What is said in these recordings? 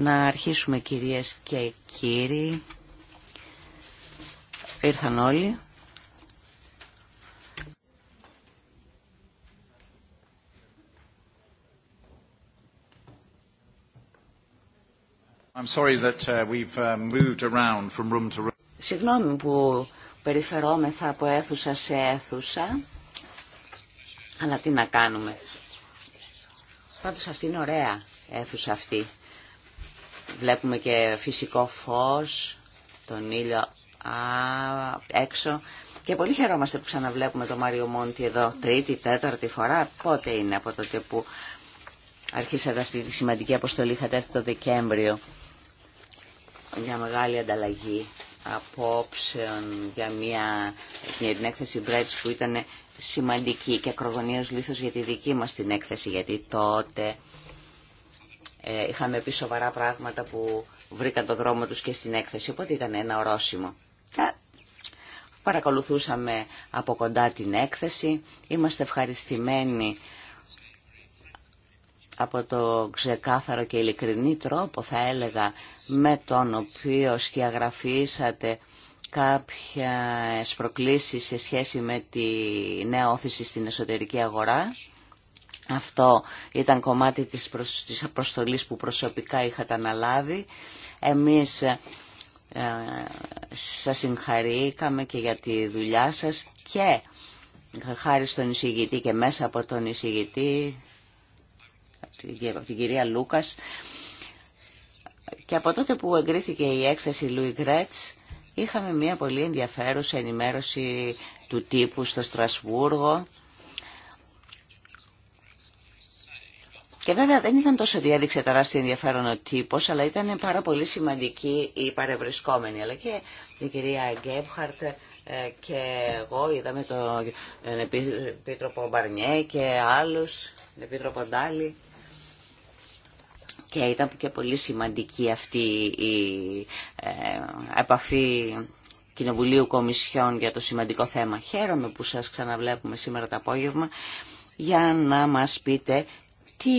Να αρχίσουμε κυρίες και κύριοι. Ήρθαν όλοι. I'm sorry that uh, we've uh, moved around from room to room. Συγγνώμη που περιφερόμεθα από αίθουσα σε αίθουσα, αλλά τι να κάνουμε. Πάντως αυτή είναι ωραία αίθουσα αυτή. Βλέπουμε και φυσικό φως, τον ήλιο α, έξω και πολύ χαιρόμαστε που ξαναβλέπουμε τον Μάριο Μόντι εδώ τρίτη, τέταρτη φορά. Πότε είναι από τότε που αρχίσατε αυτή τη σημαντική αποστολή, είχατε έρθει το Δεκέμβριο. Μια μεγάλη ανταλλαγή απόψεων για, μια, την έκθεση Μπρέτς που ήταν σημαντική και ακρογωνίως λίθος για τη δική μας την έκθεση γιατί τότε ε, είχαμε πει σοβαρά πράγματα που βρήκαν το δρόμο τους και στην έκθεση οπότε ήταν ένα ορόσημο. Παρακολουθούσαμε από κοντά την έκθεση. Είμαστε ευχαριστημένοι από το ξεκάθαρο και ειλικρινή τρόπο θα έλεγα με τον οποίο σκιαγραφίσατε κάποια προκλήσεις σε σχέση με τη νέα όθηση στην εσωτερική αγορά. Αυτό ήταν κομμάτι της, προσ... που προσωπικά είχατε αναλάβει. Εμείς ε, σας συγχαρήκαμε και για τη δουλειά σας και χάρη στον εισηγητή και μέσα από τον εισηγητή, από την κυρία Λούκας, και από τότε που εγκρίθηκε η έκθεση Louis Γκρέτς, είχαμε μια πολύ ενδιαφέρουσα ενημέρωση του τύπου στο Στρασβούργο. Και βέβαια δεν ήταν τόσο διέδειξε τεράστιο ενδιαφέρον ο τύπος, αλλά ήταν πάρα πολύ σημαντική η παρευρισκόμενη. Αλλά και η κυρία Γκέμπχαρτ ε, και εγώ είδαμε τον Επίτροπο Μπαρνιέ και άλλους, τον Επίτροπο Ντάλι. Και ήταν και πολύ σημαντική αυτή η ε, επαφή Κοινοβουλίου Κομισιών για το σημαντικό θέμα. Χαίρομαι που σας ξαναβλέπουμε σήμερα το απόγευμα για να μας πείτε τι,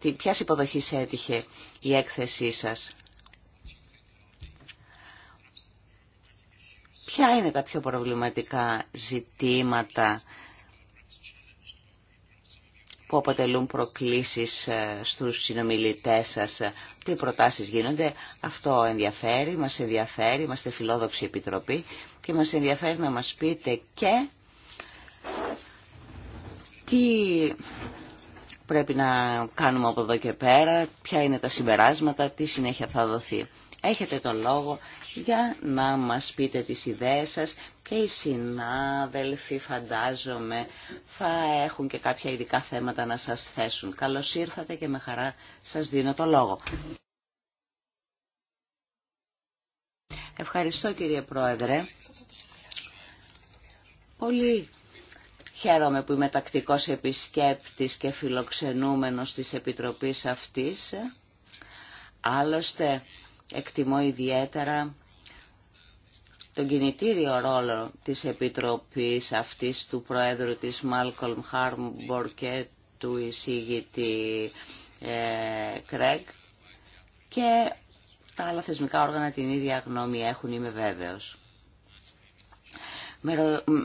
τι, ποιας έτυχε η έκθεσή σας. Ποια είναι τα πιο προβληματικά ζητήματα που αποτελούν προκλήσεις ε, στους συνομιλητές σας. Τι προτάσεις γίνονται, αυτό ενδιαφέρει, μας ενδιαφέρει, είμαστε φιλόδοξη επιτροπή και μας ενδιαφέρει να μας πείτε και τι πρέπει να κάνουμε από εδώ και πέρα, ποια είναι τα συμπεράσματα, τι συνέχεια θα δοθεί. Έχετε τον λόγο για να μας πείτε τις ιδέες σας και οι συνάδελφοι φαντάζομαι θα έχουν και κάποια ειδικά θέματα να σας θέσουν. Καλώς ήρθατε και με χαρά σας δίνω το λόγο. Ευχαριστώ κύριε Πρόεδρε. Πολύ χαίρομαι που είμαι τακτικός επισκέπτης και φιλοξενούμενος της Επιτροπής αυτής. Άλλωστε, εκτιμώ ιδιαίτερα τον κινητήριο ρόλο της Επιτροπής αυτής του Προέδρου της Μάλκολμ Χάρμπορ και του εισήγητη ε, Κρέγκ και τα άλλα θεσμικά όργανα την ίδια γνώμη έχουν, είμαι βέβαιος.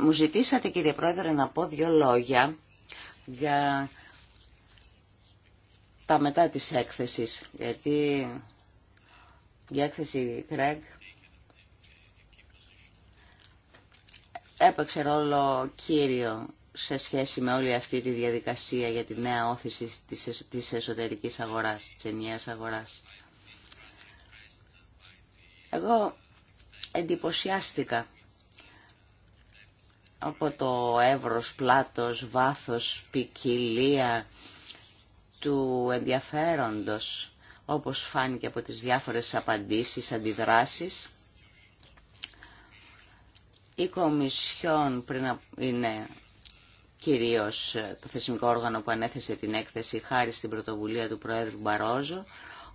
Μου ζητήσατε κύριε Πρόεδρε να πω δύο λόγια για τα μετά της έκθεσης, γιατί η έκθεση Κρέγ. έπαιξε ρόλο κύριο σε σχέση με όλη αυτή τη διαδικασία για τη νέα όθηση της εσωτερικής αγοράς, της ενιαίας αγοράς. Εγώ εντυπωσιάστηκα από το εύρος, πλάτος, βάθος, ποικιλία του ενδιαφέροντος, όπως φάνηκε από τις διάφορες απαντήσεις, αντιδράσεις, η Κομισιόν πριν είναι κυρίως ε, το θεσμικό όργανο που ανέθεσε την έκθεση χάρη στην πρωτοβουλία του Πρόεδρου Μπαρόζο,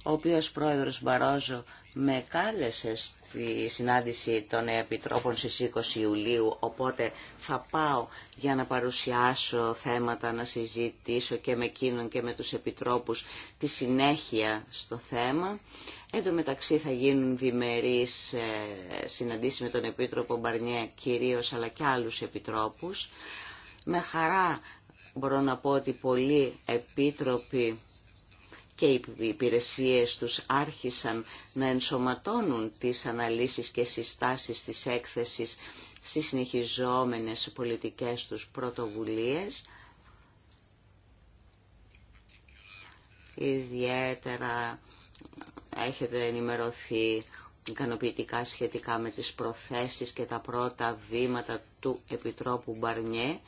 ο οποίος Πρόεδρος Μπαρόζο με κάλεσε στη συνάντηση των Επιτρόπων στις 20 Ιουλίου, οπότε θα πάω για να παρουσιάσω θέματα, να συζητήσω και με εκείνον και με τους Επιτρόπους τη συνέχεια στο θέμα. Εν τω μεταξύ θα γίνουν διμερείς ε, συναντήσεις με τον Επίτροπο Μπαρνιέ κυρίως, αλλά και άλλους Επιτρόπους. Με χαρά μπορώ να πω ότι πολλοί Επίτροποι και οι υπηρεσίες τους άρχισαν να ενσωματώνουν τις αναλύσεις και συστάσεις της έκθεσης στις συνεχιζόμενες πολιτικές τους πρωτοβουλίες, ιδιαίτερα έχετε ενημερωθεί ικανοποιητικά σχετικά με τις προθέσεις και τα πρώτα βήματα του Επιτρόπου Μπαρνιέ,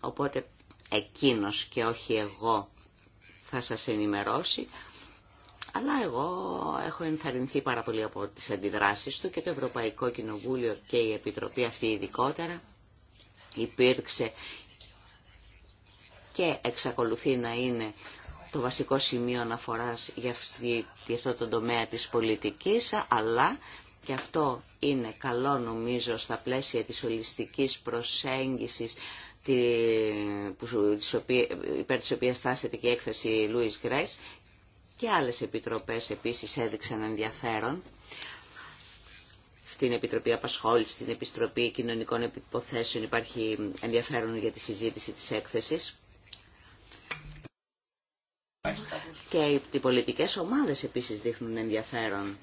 οπότε εκείνος και όχι εγώ θα σας ενημερώσει. Αλλά εγώ έχω ενθαρρυνθεί πάρα πολύ από τις αντιδράσεις του και το Ευρωπαϊκό Κοινοβούλιο και η Επιτροπή αυτή ειδικότερα υπήρξε και εξακολουθεί να είναι το βασικό σημείο αναφοράς για, αυτή, για αυτό το τομέα της πολιτικής, αλλά και αυτό είναι καλό νομίζω στα πλαίσια της ολιστικής προσέγγισης υπέρ της οποίας στάσεται και η έκθεση Λούις Γκρέις και άλλες επιτροπές επίσης έδειξαν ενδιαφέρον στην Επιτροπή Απασχόληση, στην Επιστροπή Κοινωνικών Επιποθέσεων υπάρχει ενδιαφέρον για τη συζήτηση της έκθεσης. Και οι πολιτικές ομάδες επίσης δείχνουν ενδιαφέρον.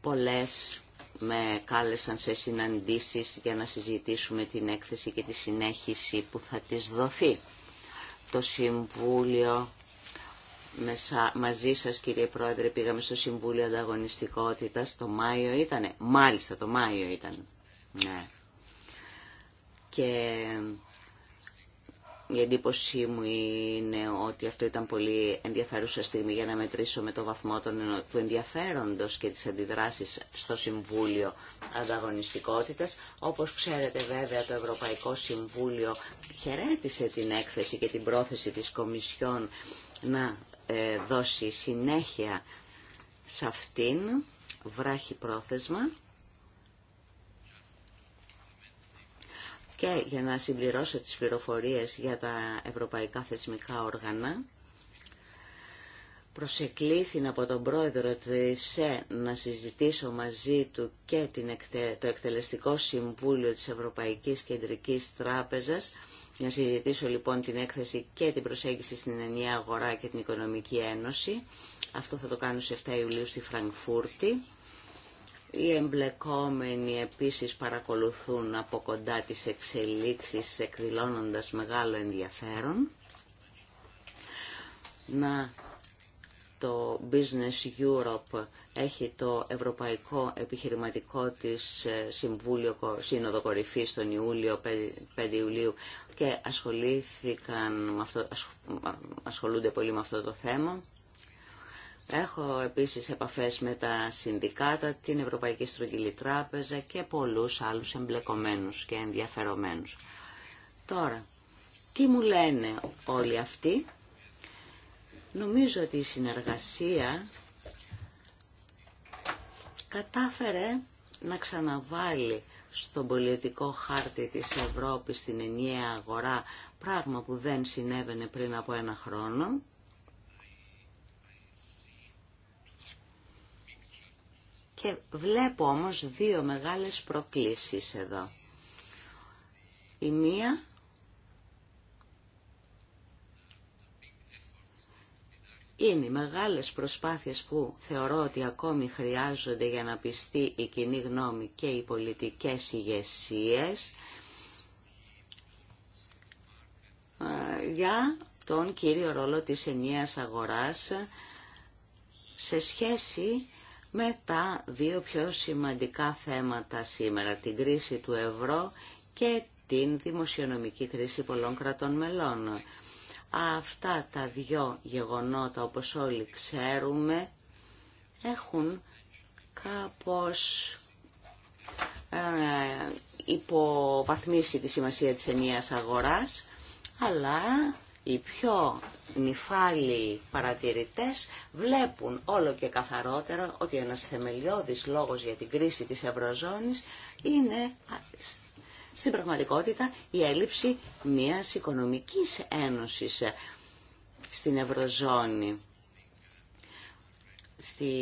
Πολλές με κάλεσαν σε συναντήσεις για να συζητήσουμε την έκθεση και τη συνέχιση που θα της δοθεί. Το Συμβούλιο, μαζί σας κύριε Πρόεδρε, πήγαμε στο Συμβούλιο Ανταγωνιστικότητας, το Μάιο ήτανε, μάλιστα το Μάιο ήταν, ναι. Και η εντύπωσή μου είναι ότι αυτό ήταν πολύ ενδιαφέρουσα στιγμή για να μετρήσω με το βαθμό του ενδιαφέροντος και της αντιδράσης στο Συμβούλιο Ανταγωνιστικότητας. Όπως ξέρετε βέβαια το Ευρωπαϊκό Συμβούλιο χαιρέτησε την έκθεση και την πρόθεση της Κομισιόν να ε, δώσει συνέχεια σε αυτήν βράχη πρόθεσμα Και για να συμπληρώσω τις πληροφορίες για τα ευρωπαϊκά θεσμικά όργανα, προσεκλήθη από τον πρόεδρο της ΕΕ να συζητήσω μαζί του και την το εκτελεστικό συμβούλιο της Ευρωπαϊκής Κεντρικής Τράπεζας, να συζητήσω λοιπόν την έκθεση και την προσέγγιση στην ενιαία αγορά και την Οικονομική Ένωση. Αυτό θα το κάνω σε 7 Ιουλίου στη Φραγκφούρτη. Οι εμπλεκόμενοι επίσης παρακολουθούν από κοντά τις εξελίξεις εκδηλώνοντας μεγάλο ενδιαφέρον. Να το Business Europe έχει το Ευρωπαϊκό Επιχειρηματικό της ε, Συμβούλιο Σύνοδο Κορυφής τον Ιούλιο, 5 Ιουλίου και ασχολήθηκαν, ασχολούνται πολύ με αυτό το θέμα. Έχω επίσης επαφές με τα συνδικάτα, την Ευρωπαϊκή Στρογγυλή Τράπεζα και πολλούς άλλους εμπλεκομένους και ενδιαφερομένους. Τώρα, τι μου λένε όλοι αυτοί. Νομίζω ότι η συνεργασία κατάφερε να ξαναβάλει στον πολιτικό χάρτη της Ευρώπης την ενιαία αγορά, πράγμα που δεν συνέβαινε πριν από ένα χρόνο Και βλέπω όμως δύο μεγάλες προκλήσεις εδώ. Η μία είναι οι μεγάλες προσπάθειες που θεωρώ ότι ακόμη χρειάζονται για να πιστεί η κοινή γνώμη και οι πολιτικές ηγεσίε για τον κύριο ρόλο της ενιαίας αγοράς σε σχέση με τα δύο πιο σημαντικά θέματα σήμερα, την κρίση του ευρώ και την δημοσιονομική κρίση πολλών κρατών μελών. Αυτά τα δύο γεγονότα, όπως όλοι ξέρουμε, έχουν κάπως ε, υποβαθμίσει τη σημασία της ενίας αγοράς, αλλά οι πιο νυφάλιοι παρατηρητές βλέπουν όλο και καθαρότερα ότι ένας θεμελιώδης λόγος για την κρίση της Ευρωζώνης είναι στην πραγματικότητα η έλλειψη μιας οικονομικής ένωσης ε, στην Ευρωζώνη. Στη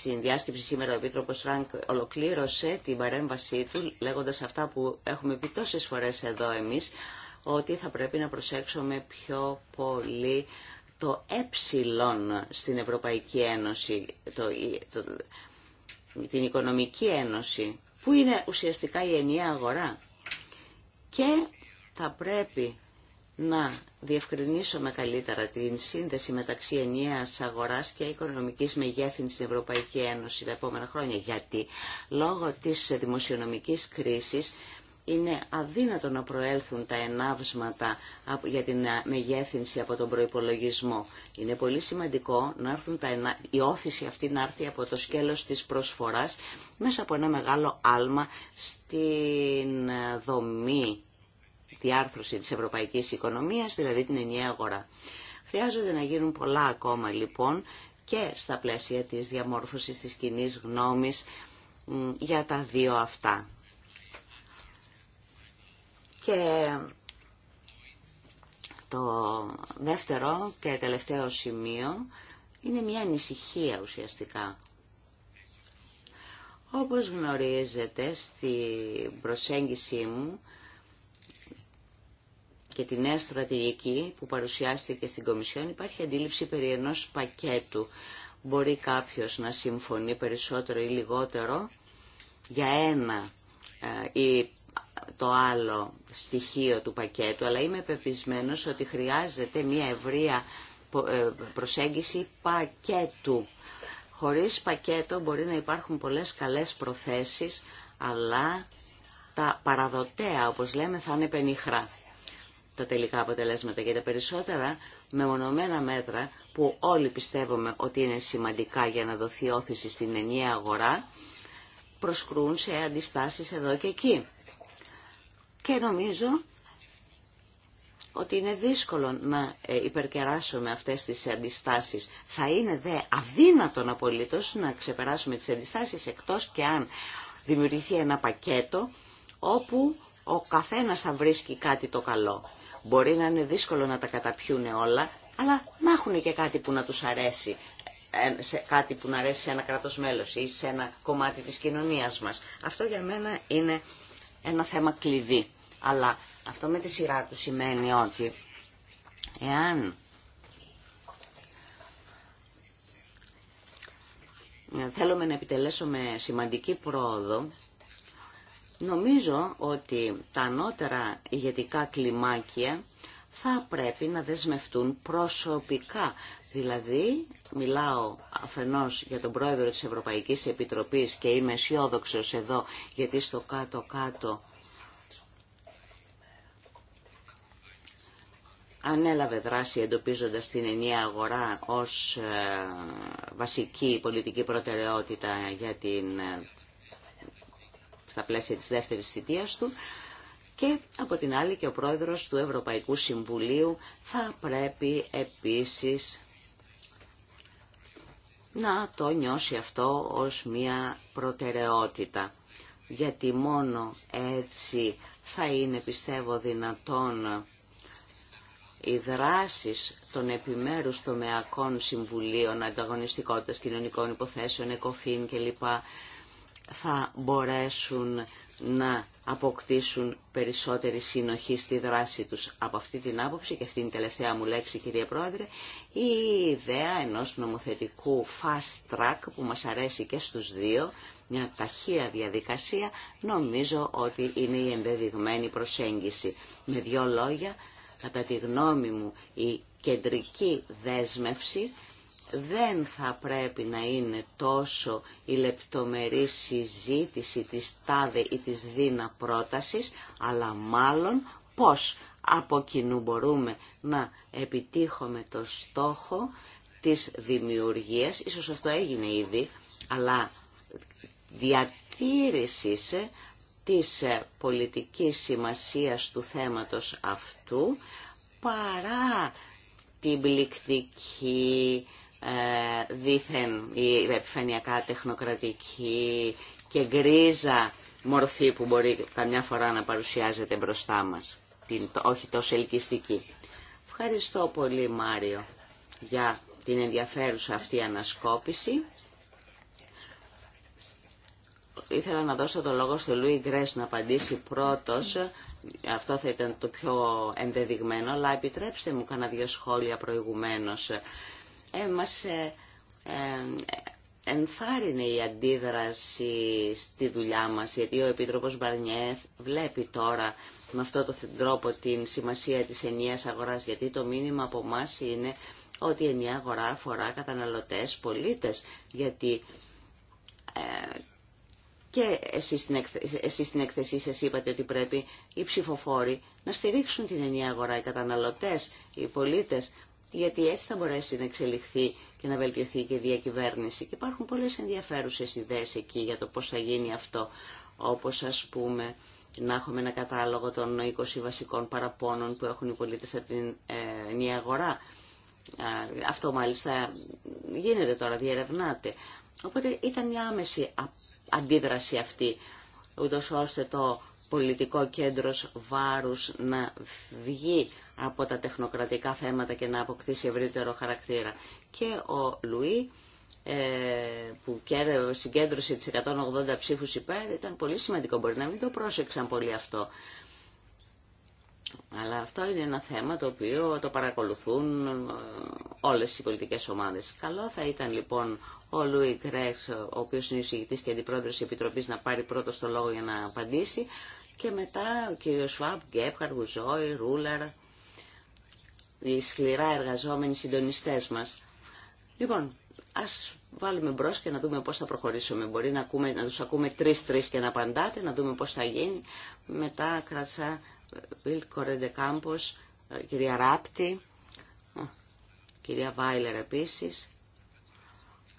συνδιάσκεψη σήμερα ο Επίτροπος Φρανκ ολοκλήρωσε την παρέμβασή του λέγοντας αυτά που έχουμε πει τόσες φορές εδώ εμείς ότι θα πρέπει να προσέξουμε πιο πολύ το ε στην Ευρωπαϊκή Ένωση, το, την Οικονομική Ένωση, που είναι ουσιαστικά η ενιαία αγορά. Και θα πρέπει να διευκρινίσουμε καλύτερα την σύνδεση μεταξύ ενιαίας αγοράς και οικονομικής μεγέθυνσης στην Ευρωπαϊκή Ένωση τα επόμενα χρόνια. Γιατί λόγω της δημοσιονομικής κρίσης είναι αδύνατο να προέλθουν τα ενάβσματα για την μεγέθυνση από τον προϋπολογισμό. Είναι πολύ σημαντικό να έρθουν τα, η όθηση αυτή να έρθει από το σκέλος της προσφοράς μέσα από ένα μεγάλο άλμα στην δομή διάρθρωση της ευρωπαϊκής οικονομίας, δηλαδή την ενιαία αγορά. Χρειάζονται να γίνουν πολλά ακόμα λοιπόν και στα πλαίσια της διαμόρφωσης της κοινή γνώμης για τα δύο αυτά και το δεύτερο και τελευταίο σημείο είναι μια ανησυχία ουσιαστικά. Όπως γνωρίζετε στη προσέγγιση μου και τη νέα στρατηγική που παρουσιάστηκε στην Κομισιόν υπάρχει αντίληψη περί ενός πακέτου. Μπορεί κάποιος να συμφωνεί περισσότερο ή λιγότερο για ένα ε, ή το άλλο στοιχείο του πακέτου, αλλά είμαι πεπισμένος ότι χρειάζεται μια ευρεία ε, προσέγγιση πακέτου. Χωρίς πακέτο μπορεί να υπάρχουν πολλές καλές προθέσεις, αλλά τα παραδοτέα, όπως λέμε, θα είναι πενιχρά τα τελικά αποτελέσματα και τα περισσότερα μονομένα μέτρα που όλοι πιστεύουμε ότι είναι σημαντικά για να δοθεί όθηση στην ενιαία αγορά προσκρούν σε αντιστάσεις εδώ και εκεί και νομίζω ότι είναι δύσκολο να ε, υπερκεράσουμε αυτές τις αντιστάσεις. Θα είναι δε αδύνατον απολύτως να ξεπεράσουμε τις αντιστάσεις εκτός και αν δημιουργηθεί ένα πακέτο όπου ο καθένας θα βρίσκει κάτι το καλό. Μπορεί να είναι δύσκολο να τα καταπιούν όλα, αλλά να έχουν και κάτι που να τους αρέσει, κάτι που να αρέσει σε ένα κράτος μέλος ή σε ένα κομμάτι της κοινωνίας μας. Αυτό για μένα είναι ένα θέμα κλειδί. Αλλά αυτό με τη σειρά του σημαίνει ότι εάν θέλουμε να επιτελέσουμε σημαντική πρόοδο, νομίζω ότι τα ανώτερα ηγετικά κλιμάκια θα πρέπει να δεσμευτούν προσωπικά. Δηλαδή, μιλάω αφενός για τον πρόεδρο της Ευρωπαϊκής Επιτροπής και είμαι αισιόδοξο εδώ, γιατί στο κάτω-κάτω ανέλαβε δράση εντοπίζοντας την ενιαία αγορά ως ε, βασική πολιτική προτεραιότητα για την, ε, στα πλαίσια της δεύτερης θητείας του και από την άλλη και ο πρόεδρος του Ευρωπαϊκού Συμβουλίου θα πρέπει επίσης να το νιώσει αυτό ως μια προτεραιότητα. Γιατί μόνο έτσι θα είναι πιστεύω δυνατόν οι δράσεις των επιμέρους τομεακών συμβουλίων, ανταγωνιστικότητας κοινωνικών υποθέσεων, εκοφήν κλπ. θα μπορέσουν να αποκτήσουν περισσότερη συνοχή στη δράση τους. Από αυτή την άποψη, και αυτή είναι η τελευταία μου λέξη κυρία Πρόεδρε, η ιδέα ενός νομοθετικού fast track που μας αρέσει και στους δύο, μια ταχεία διαδικασία, νομίζω ότι είναι η ενδεδειγμένη προσέγγιση. Με δύο λόγια, Κατά τη γνώμη μου η κεντρική δέσμευση δεν θα πρέπει να είναι τόσο η λεπτομερή συζήτηση της τάδε ή της δίνα πρότασης, αλλά μάλλον πώς από κοινού μπορούμε να επιτύχουμε το στόχο της δημιουργίας, ίσως αυτό έγινε ήδη, αλλά διατήρησης της ε, πολιτικής σημασίας του θέματος αυτού παρά την πληκτική ε, δήθεν η επιφανειακά τεχνοκρατική και γκρίζα μορφή που μπορεί καμιά φορά να παρουσιάζεται μπροστά μας, την, όχι τόσο ελκυστική. Ευχαριστώ πολύ Μάριο για την ενδιαφέρουσα αυτή ανασκόπηση ήθελα να δώσω το λόγο στο Λουί Γκρέσ να απαντήσει πρώτος. Αυτό θα ήταν το πιο ενδεδειγμένο, αλλά επιτρέψτε μου κάνα δύο σχόλια προηγουμένως. Ε, μας ε, ε, ενθάρρυνε η αντίδραση στη δουλειά μας, γιατί ο Επίτροπος Μπαρνιέθ βλέπει τώρα με αυτόν τον τρόπο την σημασία της ενιαίας αγοράς, γιατί το μήνυμα από εμά είναι ότι η ενιαία αγορά αφορά καταναλωτές, πολίτες, γιατί ε, και εσείς στην εκθεσή σας είπατε ότι πρέπει οι ψηφοφόροι να στηρίξουν την ενιαία αγορά, οι καταναλωτές, οι πολίτες, γιατί έτσι θα μπορέσει να εξελιχθεί και να βελτιωθεί και η διακυβέρνηση. Και υπάρχουν πολλές ενδιαφέρουσες ιδέες εκεί για το πώς θα γίνει αυτό, όπως ας πούμε να έχουμε ένα κατάλογο των 20 βασικών παραπώνων που έχουν οι πολίτες από την ε, ενιαία αγορά. Αυτό μάλιστα γίνεται τώρα, διερευνάται. Οπότε ήταν μια άμεση αντίδραση αυτή, ούτως ώστε το πολιτικό κέντρο βάρους να βγει από τα τεχνοκρατικά θέματα και να αποκτήσει ευρύτερο χαρακτήρα. Και ο Λουί ε, που συγκέντρωσε τις 180 ψήφους υπέρ ήταν πολύ σημαντικό. Μπορεί να μην το πρόσεξαν πολύ αυτό. Αλλά αυτό είναι ένα θέμα το οποίο το παρακολουθούν ε, όλες οι πολιτικές ομάδες. Καλό θα ήταν λοιπόν ο Λουί Κρέξ, ο οποίος είναι εισηγητής και αντιπρόεδρος της Επιτροπής, να πάρει πρώτο το λόγο για να απαντήσει. Και μετά ο κύριος Σφάμπ, Γκέπχαρ, Γουζόη, Ρούλαρ, οι σκληρά εργαζόμενοι συντονιστές μας. Λοιπόν, ας βάλουμε μπρο και να δούμε πώς θα προχωρήσουμε. Μπορεί να, ακούμε, να τους ακούμε τρεις-τρεις και να απαντάτε, να δούμε πώς θα γίνει. Μετά κρατσα Βιλτ Κορέντε Κάμπος, ε, κυρία Ράπτη, ε, κυρία Βάιλερ επίσης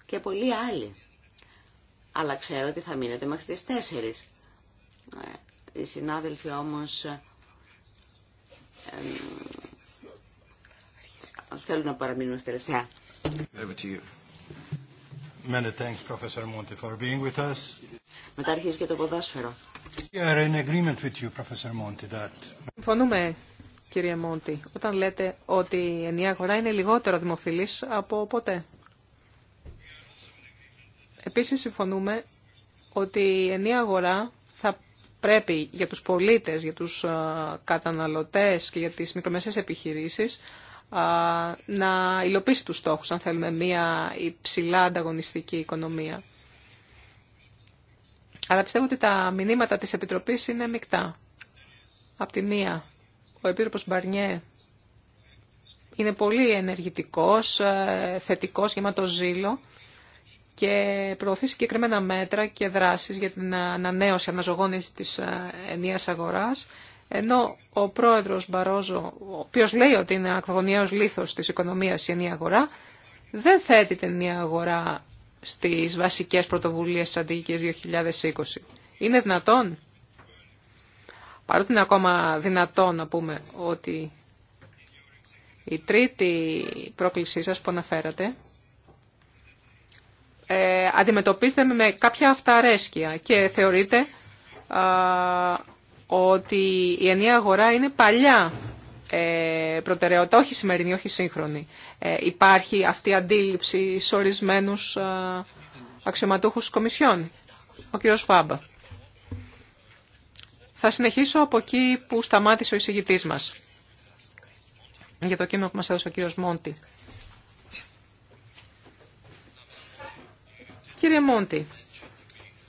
και πολλοί άλλοι. Αλλά ξέρω ότι θα μείνετε μέχρι τις τέσσερις. Ε, οι συνάδελφοι όμως ε, θέλουν να παραμείνουν τελευταία. Μετά αρχίζει και το ποδόσφαιρο. We are Συμφωνούμε, κύριε Μόντι, όταν λέτε ότι η ενιαία αγορά είναι λιγότερο δημοφιλής από ποτέ. Επίσης συμφωνούμε ότι η ενία αγορά θα πρέπει για τους πολίτες, για τους ε, καταναλωτές και για τις μικρομεσαίες επιχειρήσεις να υλοποιήσει τους στόχους, αν θέλουμε μια υψηλά ανταγωνιστική οικονομία. Αλλά πιστεύω ότι τα μηνύματα της Επιτροπής είναι μεικτά. Απ' τη μία, ο Επίτροπος Μπαρνιέ είναι πολύ ενεργητικός, ε, θετικός, γεμάτος ζήλο και προωθεί συγκεκριμένα μέτρα και δράσεις για την ανανέωση αναζωγόνηση της ε, ενίας αγοράς, ενώ ο πρόεδρος Μπαρόζο, ο οποίος λέει ότι είναι ακρογωνιαίος λίθος της οικονομίας η ενία αγορά, δεν θέτει την ενία αγορά στις βασικές πρωτοβουλίες στρατηγικής 2020. Είναι δυνατόν, παρότι είναι ακόμα δυνατόν να πούμε ότι η τρίτη πρόκλησή σας που αναφέρατε, ε, με κάποια αυταρέσκεια και θεωρείται ότι η ενιαία αγορά είναι παλιά ε, προτεραιότητα, όχι σημερινή, όχι σύγχρονη. Ε, υπάρχει αυτή η αντίληψη σε ορισμένου αξιωματούχους κομισιών. Ο κύριος Φάμπα. Θα συνεχίσω από εκεί που σταμάτησε ο εισηγητής μας για το κείμενο που μας έδωσε ο κύριος Μόντι. Κύριε Μόντι,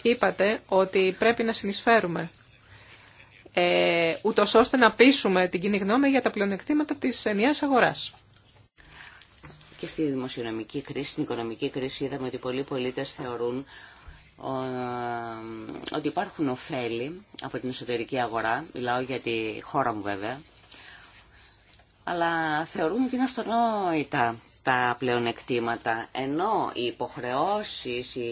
είπατε ότι πρέπει να συνεισφέρουμε ε, ώστε να πείσουμε την κοινή γνώμη για τα πλεονεκτήματα της ενιαία αγοράς. Και στη δημοσιονομική κρίση, στην οικονομική κρίση, είδαμε ότι πολλοί πολίτες θεωρούν ε, ότι υπάρχουν ωφέλη από την εσωτερική αγορά, μιλάω για τη χώρα μου βέβαια, αλλά θεωρούν ότι είναι αυτονόητα τα πλεονεκτήματα, ενώ οι υποχρεώσεις, ε,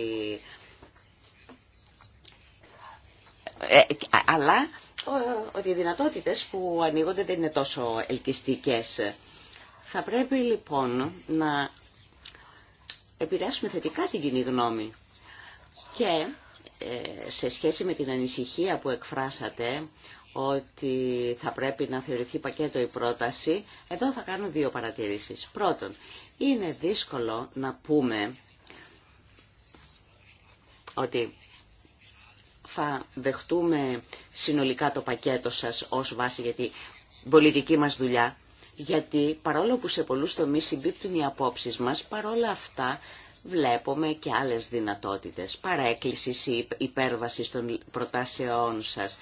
αλλά ότι οι δυνατότητες που ανοίγονται δεν είναι τόσο ελκυστικές. Θα πρέπει λοιπόν να επηρεάσουμε θετικά την κοινή γνώμη και ε, σε σχέση με την ανησυχία που εκφράσατε ότι θα πρέπει να θεωρηθεί πακέτο η πρόταση, εδώ θα κάνω δύο παρατηρήσεις. Πρώτον, είναι δύσκολο να πούμε ότι θα δεχτούμε συνολικά το πακέτο σας ως βάση για την πολιτική μας δουλειά, γιατί παρόλο που σε πολλούς τομείς συμπίπτουν οι απόψεις μας, παρόλα αυτά βλέπουμε και άλλες δυνατότητες παρέκκλησης ή υπέρβασης των προτάσεών σας.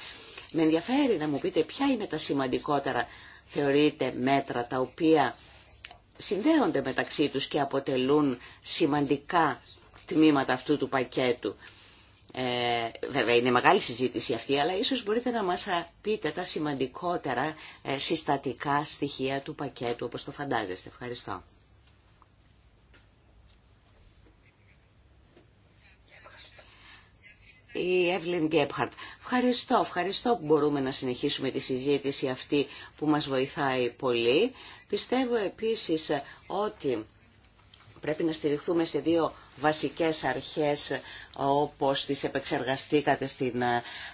Με ενδιαφέρει να μου πείτε ποια είναι τα σημαντικότερα θεωρείτε μέτρα τα οποία συνδέονται μεταξύ τους και αποτελούν σημαντικά τμήματα αυτού του πακέτου. Ε, βέβαια είναι μεγάλη συζήτηση αυτή, αλλά ίσως μπορείτε να μας πείτε τα σημαντικότερα ε, συστατικά στοιχεία του πακέτου όπως το φαντάζεστε. Ευχαριστώ. η Εύλιν Γκέπχαρτ. Ευχαριστώ, ευχαριστώ που μπορούμε να συνεχίσουμε τη συζήτηση αυτή που μας βοηθάει πολύ. Πιστεύω επίσης ότι πρέπει να στηριχθούμε σε δύο βασικές αρχές όπως τις επεξεργαστήκατε στην,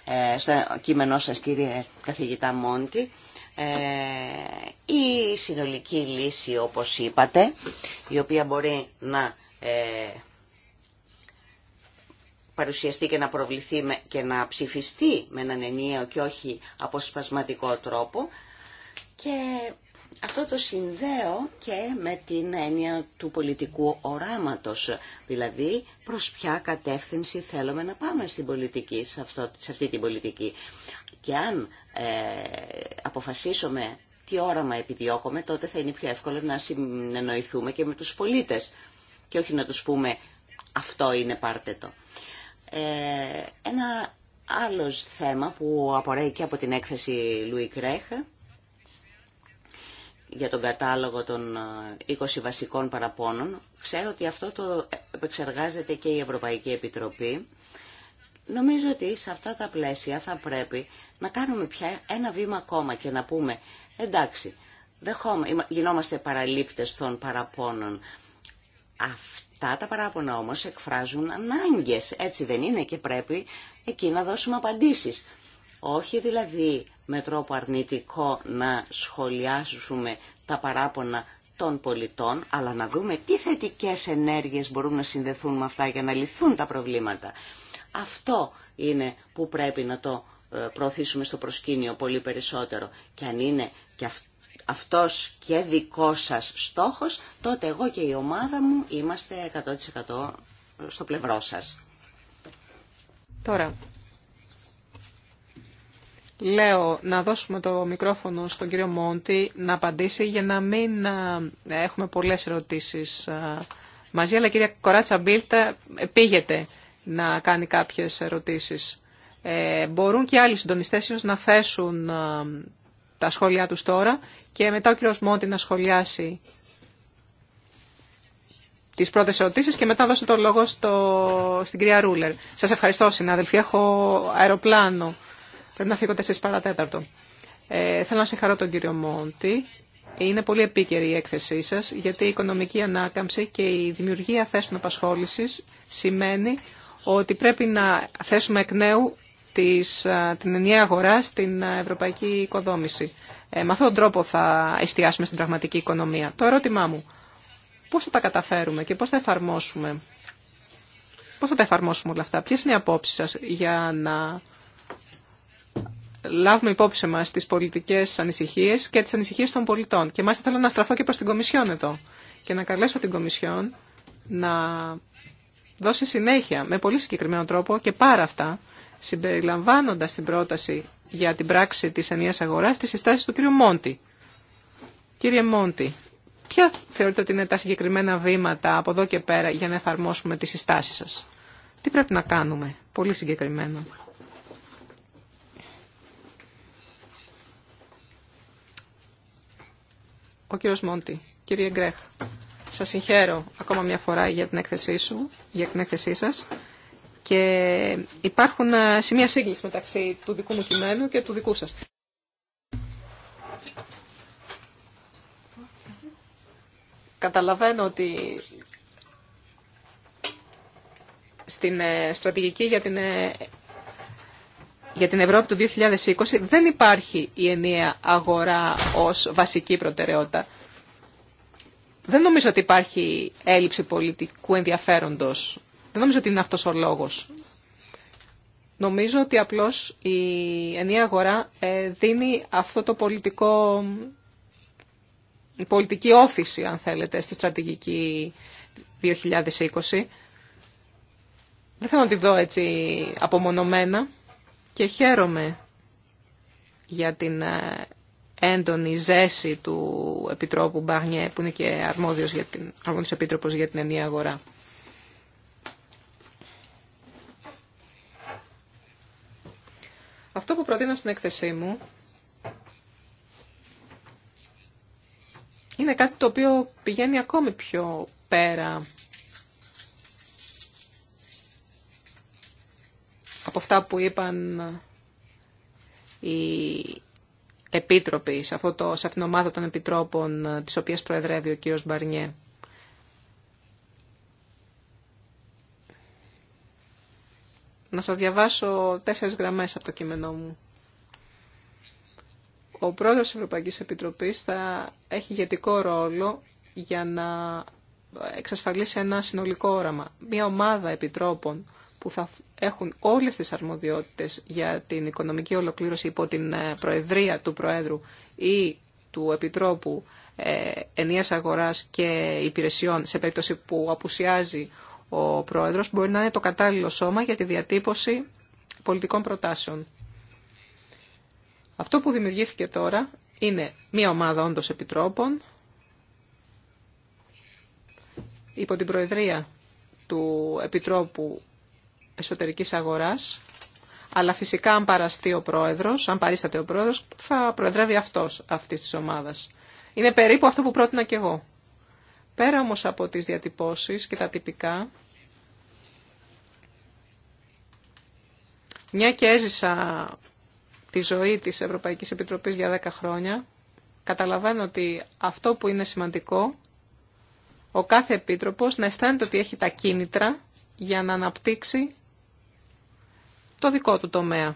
ε, στο κείμενό σας κύριε καθηγητά Μόντι ε, η συνολική λύση όπως είπατε η οποία μπορεί να ε, παρουσιαστεί και να προβληθεί και να ψηφιστεί με έναν ενιαίο και όχι αποσπασματικό τρόπο. Και αυτό το συνδέω και με την έννοια του πολιτικού οράματος, δηλαδή προς ποια κατεύθυνση θέλουμε να πάμε στην πολιτική, σε, αυτό, σε αυτή την πολιτική. Και αν ε, αποφασίσουμε τι όραμα επιδιώκουμε, τότε θα είναι πιο εύκολο να συνεννοηθούμε και με τους πολίτες και όχι να τους πούμε αυτό είναι πάρτε το. Ε, ένα άλλο θέμα που απορρέει και από την έκθεση Λουί Κρέχ για τον κατάλογο των 20 ε, βασικών παραπώνων. Ξέρω ότι αυτό το επεξεργάζεται και η Ευρωπαϊκή Επιτροπή. Νομίζω ότι σε αυτά τα πλαίσια θα πρέπει να κάνουμε πια ένα βήμα ακόμα και να πούμε εντάξει, δεχόμα, γινόμαστε παραλήπτες των παραπώνων. Αυτό Αυτά τα παράπονα όμως εκφράζουν ανάγκες, έτσι δεν είναι και πρέπει εκεί να δώσουμε απαντήσεις. Όχι δηλαδή με τρόπο αρνητικό να σχολιάσουμε τα παράπονα των πολιτών, αλλά να δούμε τι θετικές ενέργειες μπορούν να συνδεθούν με αυτά για να λυθούν τα προβλήματα. Αυτό είναι που πρέπει να το ε, προωθήσουμε στο προσκήνιο πολύ περισσότερο. Και αν είναι και αυτό αυτός και δικό σας στόχος, τότε εγώ και η ομάδα μου είμαστε 100% στο πλευρό σας. Τώρα, λέω να δώσουμε το μικρόφωνο στον κύριο Μόντι να απαντήσει για να μην έχουμε πολλές ερωτήσεις μαζί, αλλά κυρία Κοράτσα Μπίλτα πήγεται να κάνει κάποιες ερωτήσεις. Ε, μπορούν και άλλοι συντονιστές να θέσουν τα σχόλιά τους τώρα και μετά ο κύριος Μόντι να σχολιάσει τις πρώτες ερωτήσεις και μετά να δώσω το λόγο στο, στην κυρία Ρούλερ. Σας ευχαριστώ συνάδελφοι, έχω αεροπλάνο, πρέπει να φύγω 4 παρατέταρτο. Ε, θέλω να συγχαρώ τον κύριο Μόντι. Είναι πολύ επίκαιρη η έκθεσή σας, γιατί η οικονομική ανάκαμψη και η δημιουργία θέσεων απασχόλησης σημαίνει ότι πρέπει να θέσουμε εκ νέου της, την ενιαία αγορά στην ευρωπαϊκή οικοδόμηση. Ε, με αυτόν τον τρόπο θα εστιάσουμε στην πραγματική οικονομία. Το ερώτημά μου, πώς θα τα καταφέρουμε και πώς θα εφαρμόσουμε, πώς θα τα εφαρμόσουμε όλα αυτά, ποιες είναι οι απόψεις σας για να λάβουμε υπόψη μας τις πολιτικές ανησυχίες και τις ανησυχίες των πολιτών. Και μάλιστα θέλω να στραφώ και προς την Κομισιόν εδώ και να καλέσω την Κομισιόν να δώσει συνέχεια με πολύ συγκεκριμένο τρόπο και πάρα αυτά συμπεριλαμβάνοντας την πρόταση για την πράξη της ανίας αγοράς στις συστάσεις του κύριου Μόντι. Κύριε Μόντι, ποια θεωρείτε ότι είναι τα συγκεκριμένα βήματα από εδώ και πέρα για να εφαρμόσουμε τις συστάσεις σας. Τι πρέπει να κάνουμε, πολύ συγκεκριμένα. Ο κύριος Μόντι, κύριε Γκρέχ, σας συγχαίρω ακόμα μια φορά για την έκθεσή σου, για την έκθεσή σας και υπάρχουν ε, σημεία σύγκληση μεταξύ του δικού μου κειμένου και του δικού σας. Καταλαβαίνω ότι στην ε, στρατηγική για την, ε, για την Ευρώπη του 2020 δεν υπάρχει η ενιαία αγορά ως βασική προτεραιότητα. Δεν νομίζω ότι υπάρχει έλλειψη πολιτικού ενδιαφέροντος δεν νομίζω ότι είναι αυτό ο λόγος. Νομίζω ότι απλώς η ενιαία αγορά ε, δίνει αυτό το πολιτικό, πολιτική όθηση, αν θέλετε, στη στρατηγική 2020. Δεν θέλω να τη δω έτσι απομονωμένα και χαίρομαι για την ε, έντονη ζέση του Επιτρόπου Μπαγνιέ, που είναι και αρμόδιος, για την, αρμόδιος επίτροπος για την ενιαία αγορά. Αυτό που προτείνω στην έκθεσή μου είναι κάτι το οποίο πηγαίνει ακόμη πιο πέρα από αυτά που είπαν οι επίτροποι σε, αυτό σε αυτήν την ομάδα των επιτρόπων ε, της οποίας προεδρεύει ο κύριος Μπαρνιέ. να σας διαβάσω τέσσερις γραμμές από το κείμενό μου. Ο πρόεδρος της Ευρωπαϊκής Επιτροπής θα έχει ηγετικό ρόλο για να εξασφαλίσει ένα συνολικό όραμα. Μια ομάδα επιτρόπων που θα έχουν όλες τις αρμοδιότητες για την οικονομική ολοκλήρωση υπό την ε, προεδρία του Προέδρου ή του Επιτρόπου ε, Ενίας Αγοράς και Υπηρεσιών σε περίπτωση που απουσιάζει ο πρόεδρος μπορεί να είναι το κατάλληλο σώμα για τη διατύπωση πολιτικών προτάσεων. Αυτό που δημιουργήθηκε τώρα είναι μία ομάδα όντως επιτρόπων υπό την Προεδρία του Επιτρόπου Εσωτερικής Αγοράς, αλλά φυσικά αν παραστεί ο πρόεδρος, αν παρίσταται ο πρόεδρος, θα προεδρεύει αυτός αυτής της ομάδας. Είναι περίπου αυτό που πρότεινα και εγώ. Πέρα όμως από τις διατυπώσεις και τα τυπικά, Μια και έζησα τη ζωή της Ευρωπαϊκής Επιτροπής για 10 χρόνια, καταλαβαίνω ότι αυτό που είναι σημαντικό, ο κάθε επίτροπος να αισθάνεται ότι έχει τα κίνητρα για να αναπτύξει το δικό του τομέα,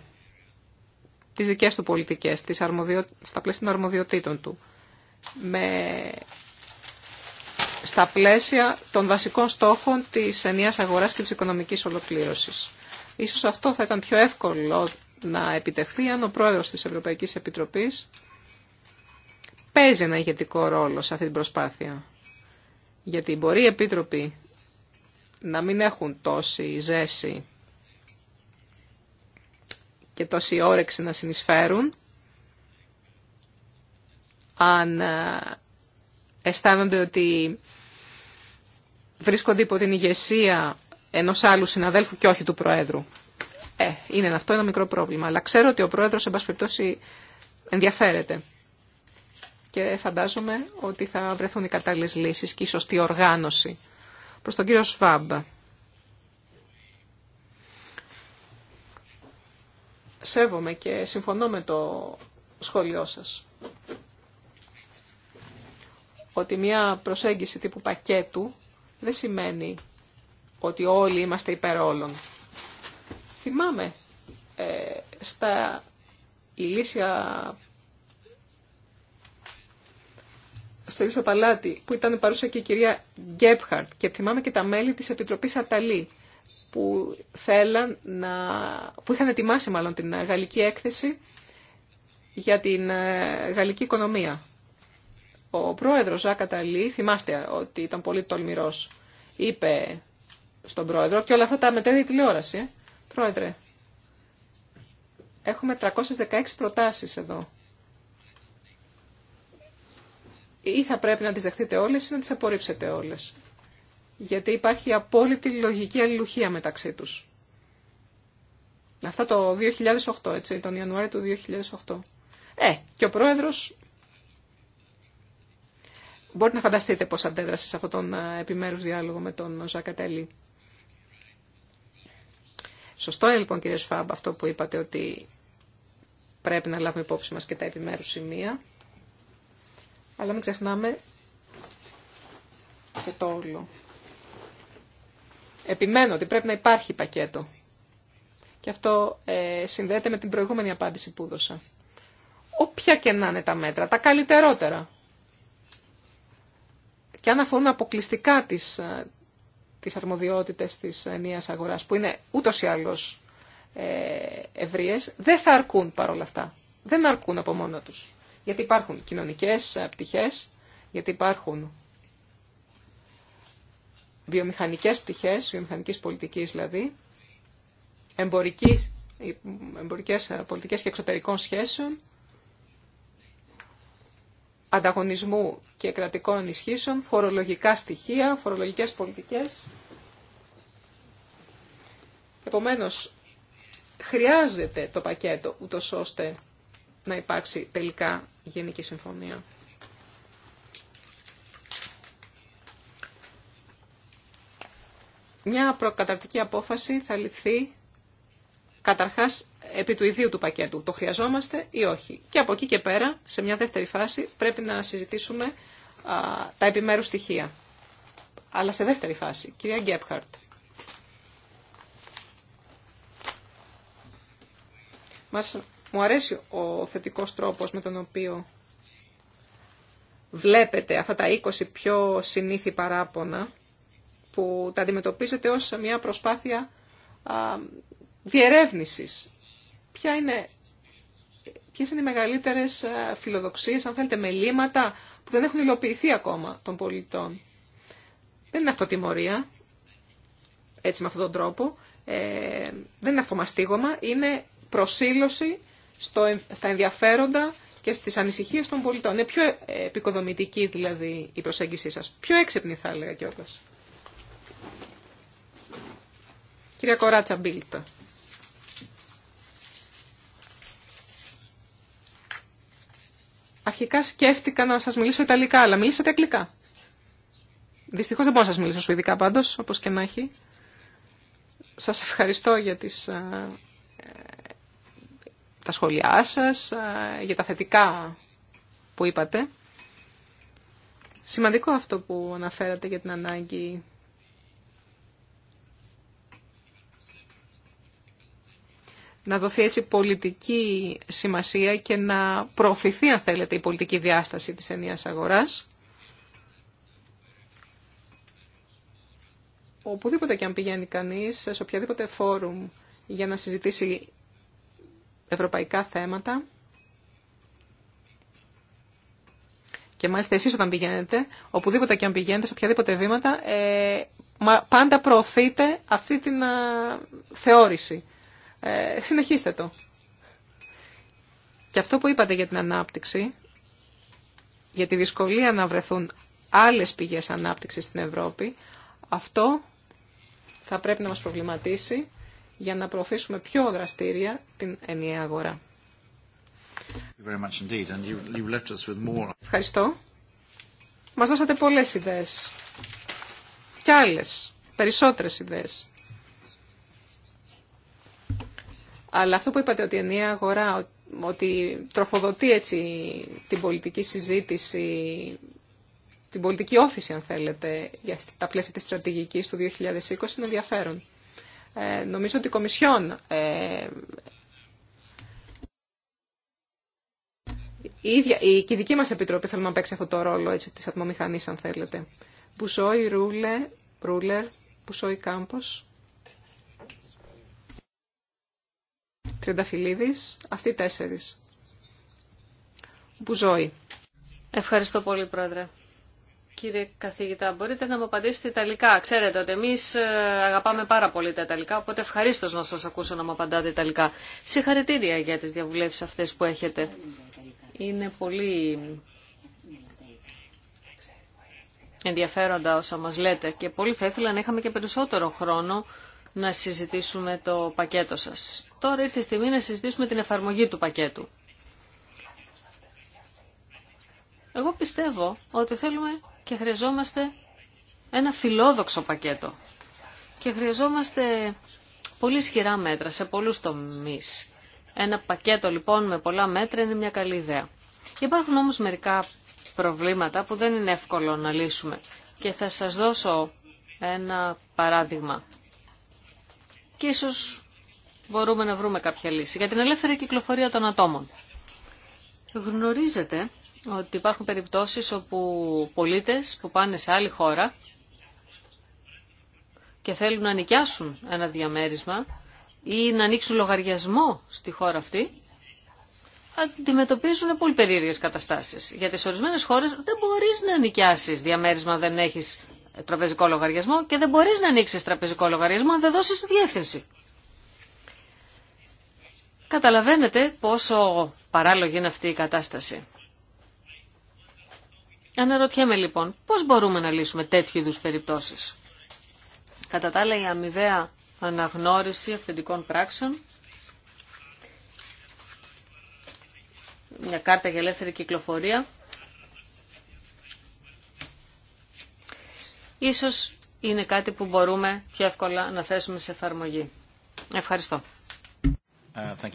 τις δικές του πολιτικές, τις αρμοδιο... στα πλαίσια των αρμοδιοτήτων του, με... στα πλαίσια των βασικών στόχων της ενίας αγοράς και της οικονομικής ολοκλήρωσης. Ίσως αυτό θα ήταν πιο εύκολο να επιτευχθεί αν ο πρόεδρος της Ευρωπαϊκής Επιτροπής παίζει ένα ηγετικό ρόλο σε αυτή την προσπάθεια. Γιατί μπορεί οι επίτροποι να μην έχουν τόση ζέση και τόση όρεξη να συνεισφέρουν αν ε, αισθάνονται ότι βρίσκονται υπό την ηγεσία Ενό άλλου συναδέλφου και όχι του Προέδρου. Ε, είναι αυτό ένα μικρό πρόβλημα. Αλλά ξέρω ότι ο πρόεδρο εν ενδιαφέρεται. Και φαντάζομαι ότι θα βρεθούν οι κατάλληλε λύσει και η σωστή οργάνωση. προ τον κύριο Σβάμπ. Σέβομαι και συμφωνώ με το σχόλιο σας. Ότι μια προσέγγιση τύπου πακέτου δεν σημαίνει ότι όλοι είμαστε υπέρ όλων. Θυμάμαι ε, στα ηλίσια στο ίδιο παλάτι που ήταν παρούσα και η κυρία Γκέπχαρτ και θυμάμαι και τα μέλη της Επιτροπής Αταλή που, θέλαν να, που είχαν ετοιμάσει μάλλον την γαλλική έκθεση για την ε, γαλλική οικονομία. Ο πρόεδρος Ζάκα θυμάστε ότι ήταν πολύ τολμηρός, είπε στον πρόεδρο και όλα αυτά τα μετέδει η τηλεόραση. Πρόεδρε, έχουμε 316 προτάσεις εδώ. Ή θα πρέπει να τις δεχτείτε όλες ή να τις απορρίψετε όλες. Γιατί υπάρχει απόλυτη λογική αλληλουχία μεταξύ τους. Αυτά το 2008, έτσι, τον Ιανουάριο του 2008. Ε, και ο πρόεδρος Μπορείτε να φανταστείτε πώς αντέδρασε σε αυτόν τον ε, επιμέρους διάλογο με τον Ζακατέλη. Σωστό είναι λοιπόν κύριε Σφάμπ αυτό που είπατε ότι πρέπει να λάβουμε υπόψη μας και τα επιμέρους σημεία. Αλλά μην ξεχνάμε και το όλο. Επιμένω ότι πρέπει να υπάρχει πακέτο. Και αυτό ε, συνδέεται με την προηγούμενη απάντηση που δώσα. Όποια και να είναι τα μέτρα, τα καλύτερότερα. Και αν αφορούν αποκλειστικά τις, ε, τις αρμοδιότητες της ενίας αγοράς, που είναι ούτως ή άλλως ε, ευρείες, δεν θα αρκούν παρόλα αυτά. Δεν αρκούν από μόνο τους. Γιατί υπάρχουν κοινωνικές ε, πτυχές, γιατί υπάρχουν βιομηχανικές πτυχές, βιομηχανικής πολιτικής δηλαδή, εμπορικής, ε, εμπορικές πολιτικές και εξωτερικών σχέσεων, ανταγωνισμού και κρατικών ενισχύσεων, φορολογικά στοιχεία, φορολογικές πολιτικές. Επομένως, χρειάζεται το πακέτο ούτω ώστε να υπάρξει τελικά γενική συμφωνία. Μια προκαταρτική απόφαση θα ληφθεί Καταρχά επί του ιδίου του πακέτου, το χρειαζόμαστε ή όχι. Και από εκεί και πέρα, σε μια δεύτερη φάση, πρέπει να συζητήσουμε τα επιμέρους στοιχεία. Αλλά σε δεύτερη φάση, κυρία Γκέπχαρτ. Μου αρέσει ο θετικός τρόπος με τον οποίο βλέπετε αυτά τα 20 πιο συνήθη παράπονα που τα αντιμετωπίζετε ως μια προσπάθεια διερεύνησης. Ποια είναι, ποιες είναι οι μεγαλύτερες φιλοδοξίες, αν θέλετε, μελήματα που δεν έχουν υλοποιηθεί ακόμα των πολιτών. Δεν είναι αυτοτιμωρία, έτσι με αυτόν τον τρόπο. Ε, δεν είναι αυτομαστίγωμα, είναι προσήλωση στο, στα ενδιαφέροντα και στις ανησυχίες των πολιτών. Είναι πιο επικοδομητική δηλαδή η προσέγγισή σας. Πιο έξυπνη θα έλεγα κιόλας. Κυρία Κοράτσα Μπίλτα. Αρχικά σκέφτηκα να σας μιλήσω Ιταλικά, αλλά μιλήσατε Αγγλικά. Δυστυχώ δεν μπορώ να σας μιλήσω Σουηδικά πάντω, όπως και να έχει. Σας ευχαριστώ για τις, ε, ε, τα σχόλιά σα ε, για τα θετικά που είπατε. Σημαντικό αυτό που αναφέρατε για την ανάγκη να δοθεί έτσι πολιτική σημασία και να προωθηθεί, αν θέλετε, η πολιτική διάσταση της ενίας αγοράς. Οπουδήποτε και αν πηγαίνει κανείς, σε οποιαδήποτε φόρουμ για να συζητήσει ευρωπαϊκά θέματα, Και μάλιστα εσείς όταν πηγαίνετε, οπουδήποτε και αν πηγαίνετε, σε οποιαδήποτε βήματα, ε, πάντα προωθείτε αυτή την θεώρηση ε, συνεχίστε το. Και αυτό που είπατε για την ανάπτυξη, για τη δυσκολία να βρεθούν άλλες πηγές ανάπτυξης στην Ευρώπη, αυτό θα πρέπει να μας προβληματίσει για να προωθήσουμε πιο δραστήρια την ενιαία αγορά. Ευχαριστώ. Μας δώσατε πολλές ιδέες. Και άλλες, περισσότερες ιδέες. Αλλά αυτό που είπατε ότι η αγορά, ότι τροφοδοτεί έτσι την πολιτική συζήτηση, την πολιτική όθηση αν θέλετε, για τα πλαίσια της στρατηγικής του 2020 είναι ενδιαφέρον. Ε, νομίζω ότι η Κομισιόν ε, η ίδια, και η δική μας επιτροπή θέλουμε να παίξει αυτό το ρόλο έτσι, της ατμομηχανής αν θέλετε. Πουσόι Ρούλε, Ρούλερ, Πουσόι Κάμπος, Τριανταφυλλίδης, αυτοί τέσσερις. Μπουζόη. Ευχαριστώ πολύ, Πρόεδρε. Κύριε καθηγητά, μπορείτε να μου απαντήσετε Ιταλικά. Ξέρετε ότι εμεί ε, αγαπάμε πάρα πολύ τα Ιταλικά, οπότε ευχαρίστω να σα ακούσω να μου απαντάτε Ιταλικά. Συγχαρητήρια για τι διαβουλεύσει αυτέ που έχετε. Είναι πολύ ενδιαφέροντα όσα μας λέτε και πολύ θα ήθελα να είχαμε και περισσότερο χρόνο να συζητήσουμε το πακέτο σας. Τώρα ήρθε η στιγμή να συζητήσουμε την εφαρμογή του πακέτου. Εγώ πιστεύω ότι θέλουμε και χρειαζόμαστε ένα φιλόδοξο πακέτο. Και χρειαζόμαστε πολύ σχηρά μέτρα σε πολλούς τομείς. Ένα πακέτο λοιπόν με πολλά μέτρα είναι μια καλή ιδέα. Υπάρχουν όμως μερικά προβλήματα που δεν είναι εύκολο να λύσουμε. Και θα σας δώσω ένα παράδειγμα και ίσως μπορούμε να βρούμε κάποια λύση. Για την ελεύθερη κυκλοφορία των ατόμων. Γνωρίζετε ότι υπάρχουν περιπτώσεις όπου πολίτες που πάνε σε άλλη χώρα και θέλουν να νοικιάσουν ένα διαμέρισμα ή να ανοίξουν λογαριασμό στη χώρα αυτή, αντιμετωπίζουν πολύ περίεργες καταστάσεις. Γιατί σε ορισμένες χώρες δεν μπορείς να νοικιάσεις διαμέρισμα δεν έχεις τραπεζικό λογαριασμό και δεν μπορείς να ανοίξεις τραπεζικό λογαριασμό αν δεν δώσεις διεύθυνση. Καταλαβαίνετε πόσο παράλογη είναι αυτή η κατάσταση. Αναρωτιέμαι λοιπόν πώς μπορούμε να λύσουμε τέτοιου είδους περιπτώσεις. Κατά τα άλλα η αμοιβαία αναγνώριση αυθεντικών πράξεων, μια κάρτα για ελεύθερη κυκλοφορία, ίσως είναι κάτι που μπορούμε πιο εύκολα να θέσουμε σε εφαρμογή. Ευχαριστώ. Ε,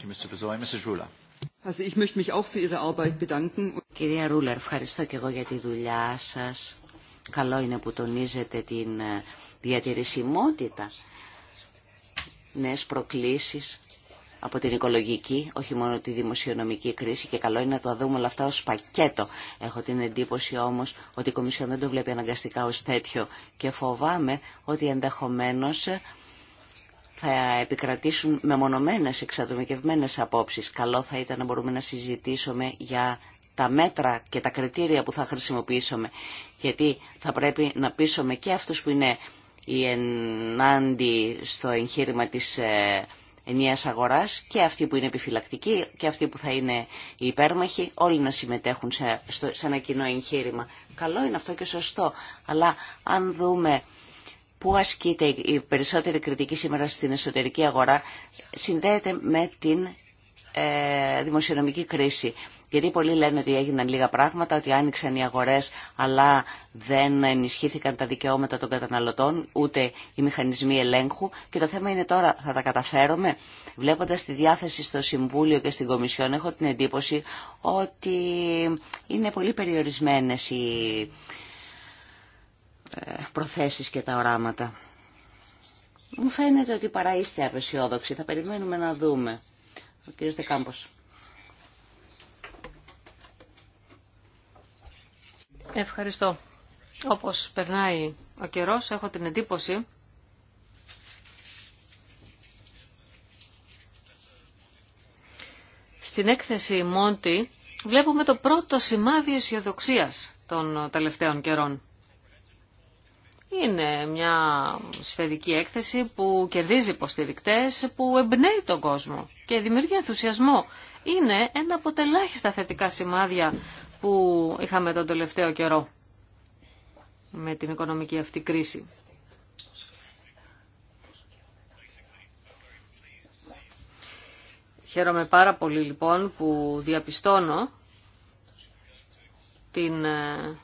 Κυρία Ρούλα, ευχαριστώ και εγώ για τη δουλειά σας. Καλό είναι που τονίζετε την ε, διατηρησιμότητα, νέες προκλήσεις από την οικολογική, όχι μόνο τη δημοσιονομική κρίση και καλό είναι να το δούμε όλα αυτά ως πακέτο. Έχω την εντύπωση όμως ότι η Κομισιόν δεν το βλέπει αναγκαστικά ως τέτοιο και φοβάμαι ότι ενδεχομένως θα επικρατήσουν μεμονωμένες εξατομικευμένες απόψεις. Καλό θα ήταν να μπορούμε να συζητήσουμε για τα μέτρα και τα κριτήρια που θα χρησιμοποιήσουμε, γιατί θα πρέπει να πείσουμε και αυτούς που είναι οι ενάντι στο εγχείρημα της ε, ενιαία αγορά και αυτοί που είναι επιφυλακτικοί και αυτοί που θα είναι οι υπέρμαχοι, όλοι να συμμετέχουν σε, σε ένα κοινό εγχείρημα. Καλό είναι αυτό και σωστό, αλλά αν δούμε που ασκείται η περισσότερη κριτική σήμερα στην εσωτερική αγορά συνδέεται με την ε, δημοσιονομική κρίση. Γιατί πολλοί λένε ότι έγιναν λίγα πράγματα, ότι άνοιξαν οι αγορές, αλλά δεν ενισχύθηκαν τα δικαιώματα των καταναλωτών, ούτε οι μηχανισμοί ελέγχου. Και το θέμα είναι τώρα, θα τα καταφέρουμε. Βλέποντας τη διάθεση στο Συμβούλιο και στην Κομισιόν, έχω την εντύπωση ότι είναι πολύ περιορισμένες οι ε, προθέσεις και τα οράματα. Μου φαίνεται ότι παρά είστε απεσιόδοξοι. Θα περιμένουμε να δούμε. Ο κ. Δεκάμπος. Ευχαριστώ. Όπως περνάει ο καιρός, έχω την εντύπωση στην έκθεση Μόντι βλέπουμε το πρώτο σημάδι αισιοδοξία των τελευταίων καιρών. Είναι μια σφαιρική έκθεση που κερδίζει υποστηρικτέ, που εμπνέει τον κόσμο και δημιουργεί ενθουσιασμό. Είναι ένα από τα ελάχιστα θετικά σημάδια που είχαμε τον τελευταίο καιρό με την οικονομική αυτή κρίση. Χαίρομαι πάρα πολύ λοιπόν που διαπιστώνω την ε,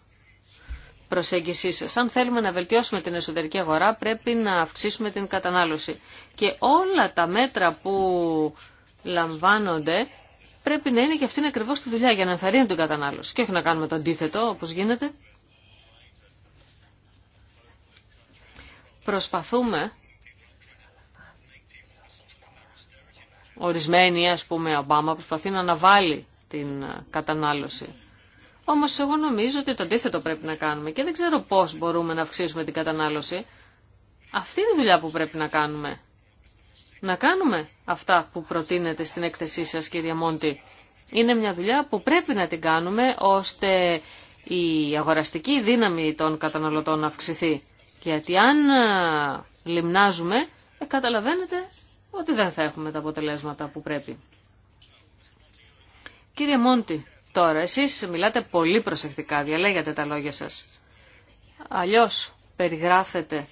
προσέγγισή σας. Αν θέλουμε να βελτιώσουμε την εσωτερική αγορά πρέπει να αυξήσουμε την κατανάλωση. Και όλα τα μέτρα που λαμβάνονται πρέπει να είναι και αυτήν ακριβώ τη δουλειά για να ενθαρρύνουν την κατανάλωση και όχι να κάνουμε το αντίθετο όπω γίνεται. Προσπαθούμε ορισμένοι, ας πούμε, ο Ομπάμα προσπαθεί να αναβάλει την ε, κατανάλωση. Όμως εγώ νομίζω ότι το αντίθετο πρέπει να κάνουμε και δεν ξέρω πώς μπορούμε να αυξήσουμε την κατανάλωση. Αυτή είναι η δουλειά που πρέπει να κάνουμε να κάνουμε αυτά που προτείνετε στην έκθεσή σας κύριε Μόντι. Είναι μια δουλειά που πρέπει να την κάνουμε ώστε η αγοραστική δύναμη των καταναλωτών να αυξηθεί. Γιατί αν λιμνάζουμε, ε, καταλαβαίνετε ότι δεν θα έχουμε τα αποτελέσματα που πρέπει. Κύριε Μόντι, τώρα εσείς μιλάτε πολύ προσεκτικά, διαλέγετε τα λόγια σας. Αλλιώς περιγράφετε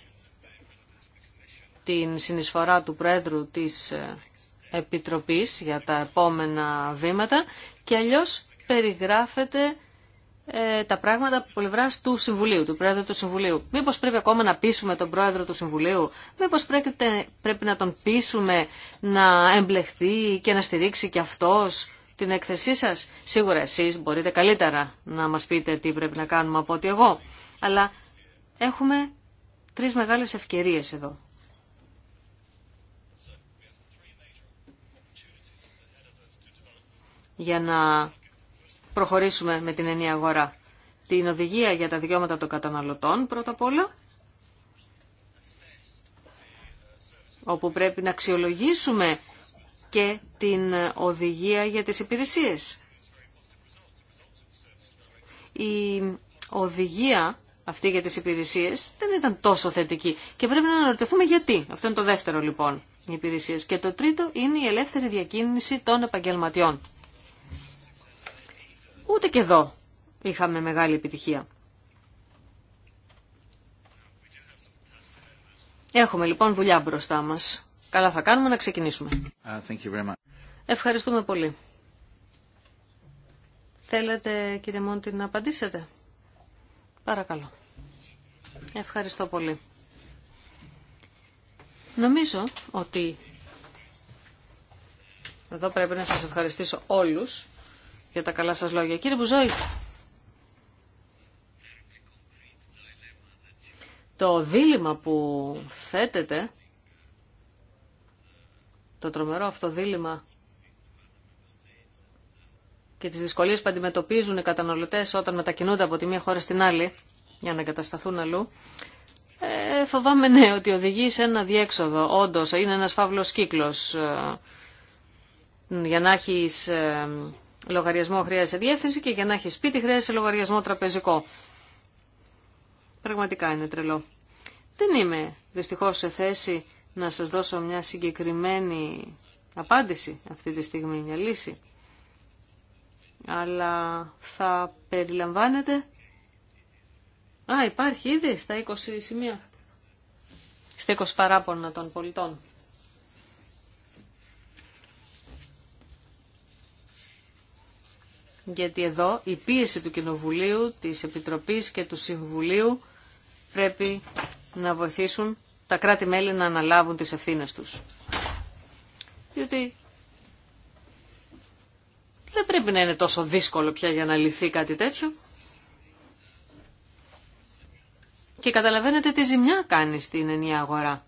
την συνεισφορά του Πρόεδρου της ε, Επιτροπής για τα επόμενα βήματα και αλλιώς περιγράφεται ε, τα πράγματα από πλευρά του Συμβουλίου, του Πρόεδρου του Συμβουλίου. Μήπως πρέπει ακόμα να πείσουμε τον Πρόεδρο του Συμβουλίου, μήπως πρέπει, πρέπει να τον πείσουμε να εμπλεχθεί και να στηρίξει και αυτός την έκθεσή σας. Σίγουρα εσεί μπορείτε καλύτερα να μας πείτε τι πρέπει να κάνουμε από ότι εγώ. Αλλά έχουμε τρεις μεγάλες ευκαιρίε εδώ. για να προχωρήσουμε με την ενία αγορά. Την οδηγία για τα δικαιώματα των καταναλωτών πρώτα απ' όλα, όπου πρέπει να αξιολογήσουμε και την οδηγία για τις υπηρεσίες. Η οδηγία αυτή για τις υπηρεσίες δεν ήταν τόσο θετική και πρέπει να αναρωτηθούμε γιατί. Αυτό είναι το δεύτερο λοιπόν, οι υπηρεσίες. Και το τρίτο είναι η ελεύθερη διακίνηση των επαγγελματιών. Ούτε και εδώ είχαμε μεγάλη επιτυχία. Έχουμε λοιπόν δουλειά μπροστά μας. Καλά θα κάνουμε να ξεκινήσουμε. Uh, Ευχαριστούμε πολύ. Θέλετε κύριε Μόντι να απαντήσετε. Παρακαλώ. Ευχαριστώ πολύ. Νομίζω ότι εδώ πρέπει να σας ευχαριστήσω όλους για τα καλά σας λόγια. Κύριε Μπουζόη, το δίλημα που θέτεται, το τρομερό αυτό δίλημα και τις δυσκολίες που αντιμετωπίζουν οι καταναλωτές όταν μετακινούνται από τη μία χώρα στην άλλη για να εγκατασταθούν αλλού, ε, φοβάμαι ναι ότι οδηγεί σε ένα διέξοδο. Όντως είναι ένας φαύλος κύκλος. Ε, για να έχεις ε, λογαριασμό χρειάζεται διεύθυνση και για να έχει σπίτι χρειάζεται λογαριασμό τραπεζικό. Πραγματικά είναι τρελό. Δεν είμαι δυστυχώς σε θέση να σας δώσω μια συγκεκριμένη απάντηση αυτή τη στιγμή, μια λύση. Αλλά θα περιλαμβάνετε. Α, υπάρχει ήδη στα 20 σημεία. Στα 20 παράπονα των πολιτών. γιατί εδώ η πίεση του Κοινοβουλίου, της Επιτροπής και του Συμβουλίου πρέπει να βοηθήσουν τα κράτη-μέλη να αναλάβουν τις ευθύνες τους. Διότι δεν πρέπει να είναι τόσο δύσκολο πια για να λυθεί κάτι τέτοιο. Και καταλαβαίνετε τι ζημιά κάνει στην ενιαία αγορά.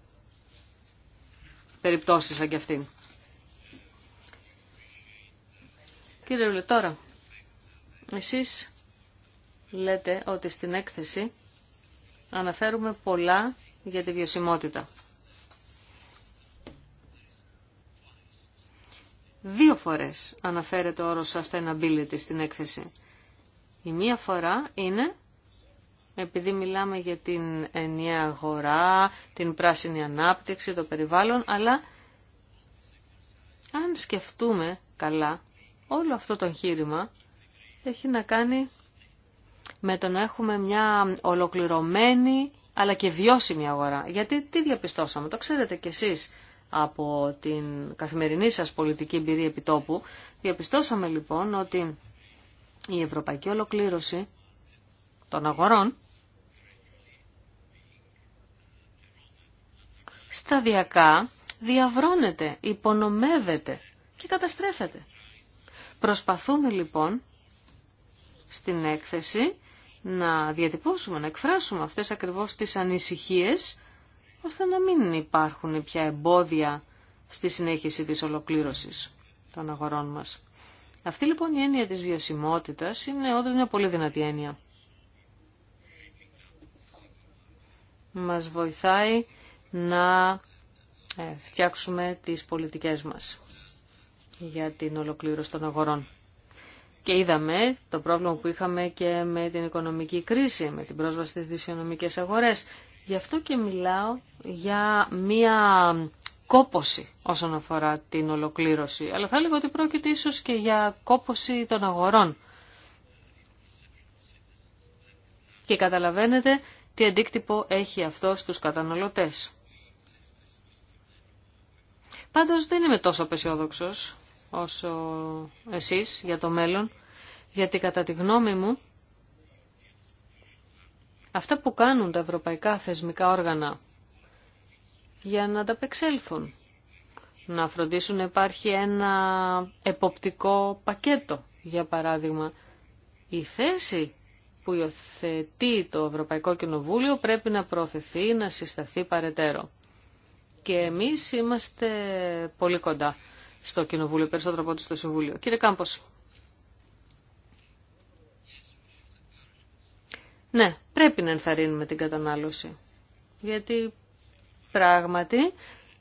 Περιπτώσεις σαν κι αυτήν. Κύριε εσείς λέτε ότι στην έκθεση αναφέρουμε πολλά για τη βιωσιμότητα. Δύο φορές αναφέρεται ο όρος sustainability στην έκθεση. Η μία φορά είναι επειδή μιλάμε για την ενιαία αγορά, την πράσινη ανάπτυξη, το περιβάλλον, αλλά αν σκεφτούμε καλά όλο αυτό το εγχείρημα έχει να κάνει με το να έχουμε μια ολοκληρωμένη αλλά και βιώσιμη αγορά. Γιατί τι διαπιστώσαμε, το ξέρετε κι εσείς από την καθημερινή σας πολιτική εμπειρία επιτόπου. Διαπιστώσαμε λοιπόν ότι η ευρωπαϊκή ολοκλήρωση των αγορών σταδιακά διαβρώνεται, υπονομεύεται και καταστρέφεται. Προσπαθούμε λοιπόν στην έκθεση να διατυπώσουμε, να εκφράσουμε αυτές ακριβώς τις ανησυχίες ώστε να μην υπάρχουν πια εμπόδια στη συνέχιση της ολοκλήρωσης των αγορών μας. Αυτή λοιπόν η έννοια της βιωσιμότητας είναι όντως μια πολύ δυνατή έννοια. Μας βοηθάει να ε, φτιάξουμε τις πολιτικές μας για την ολοκλήρωση των αγορών. Και είδαμε το πρόβλημα που είχαμε και με την οικονομική κρίση, με την πρόσβαση στις δυσιονομικές αγορές. Γι' αυτό και μιλάω για μία κόποση όσον αφορά την ολοκλήρωση. Αλλά θα έλεγα ότι πρόκειται ίσως και για κόπωση των αγορών. Και καταλαβαίνετε τι αντίκτυπο έχει αυτό στους καταναλωτές. Πάντως δεν είμαι τόσο απεσιόδοξος όσο εσείς για το μέλλον, γιατί κατά τη γνώμη μου αυτά που κάνουν τα ευρωπαϊκά θεσμικά όργανα για να τα ανταπεξέλθουν, να φροντίσουν να υπάρχει ένα εποπτικό πακέτο, για παράδειγμα, η θέση που υιοθετεί το Ευρωπαϊκό Κοινοβούλιο πρέπει να προωθηθεί, να συσταθεί παρετέρω. Και εμείς είμαστε πολύ κοντά στο Κοινοβούλιο, περισσότερο από ό,τι στο Συμβούλιο. Κύριε Κάμπος. Ναι, πρέπει να ενθαρρύνουμε την κατανάλωση. Γιατί πράγματι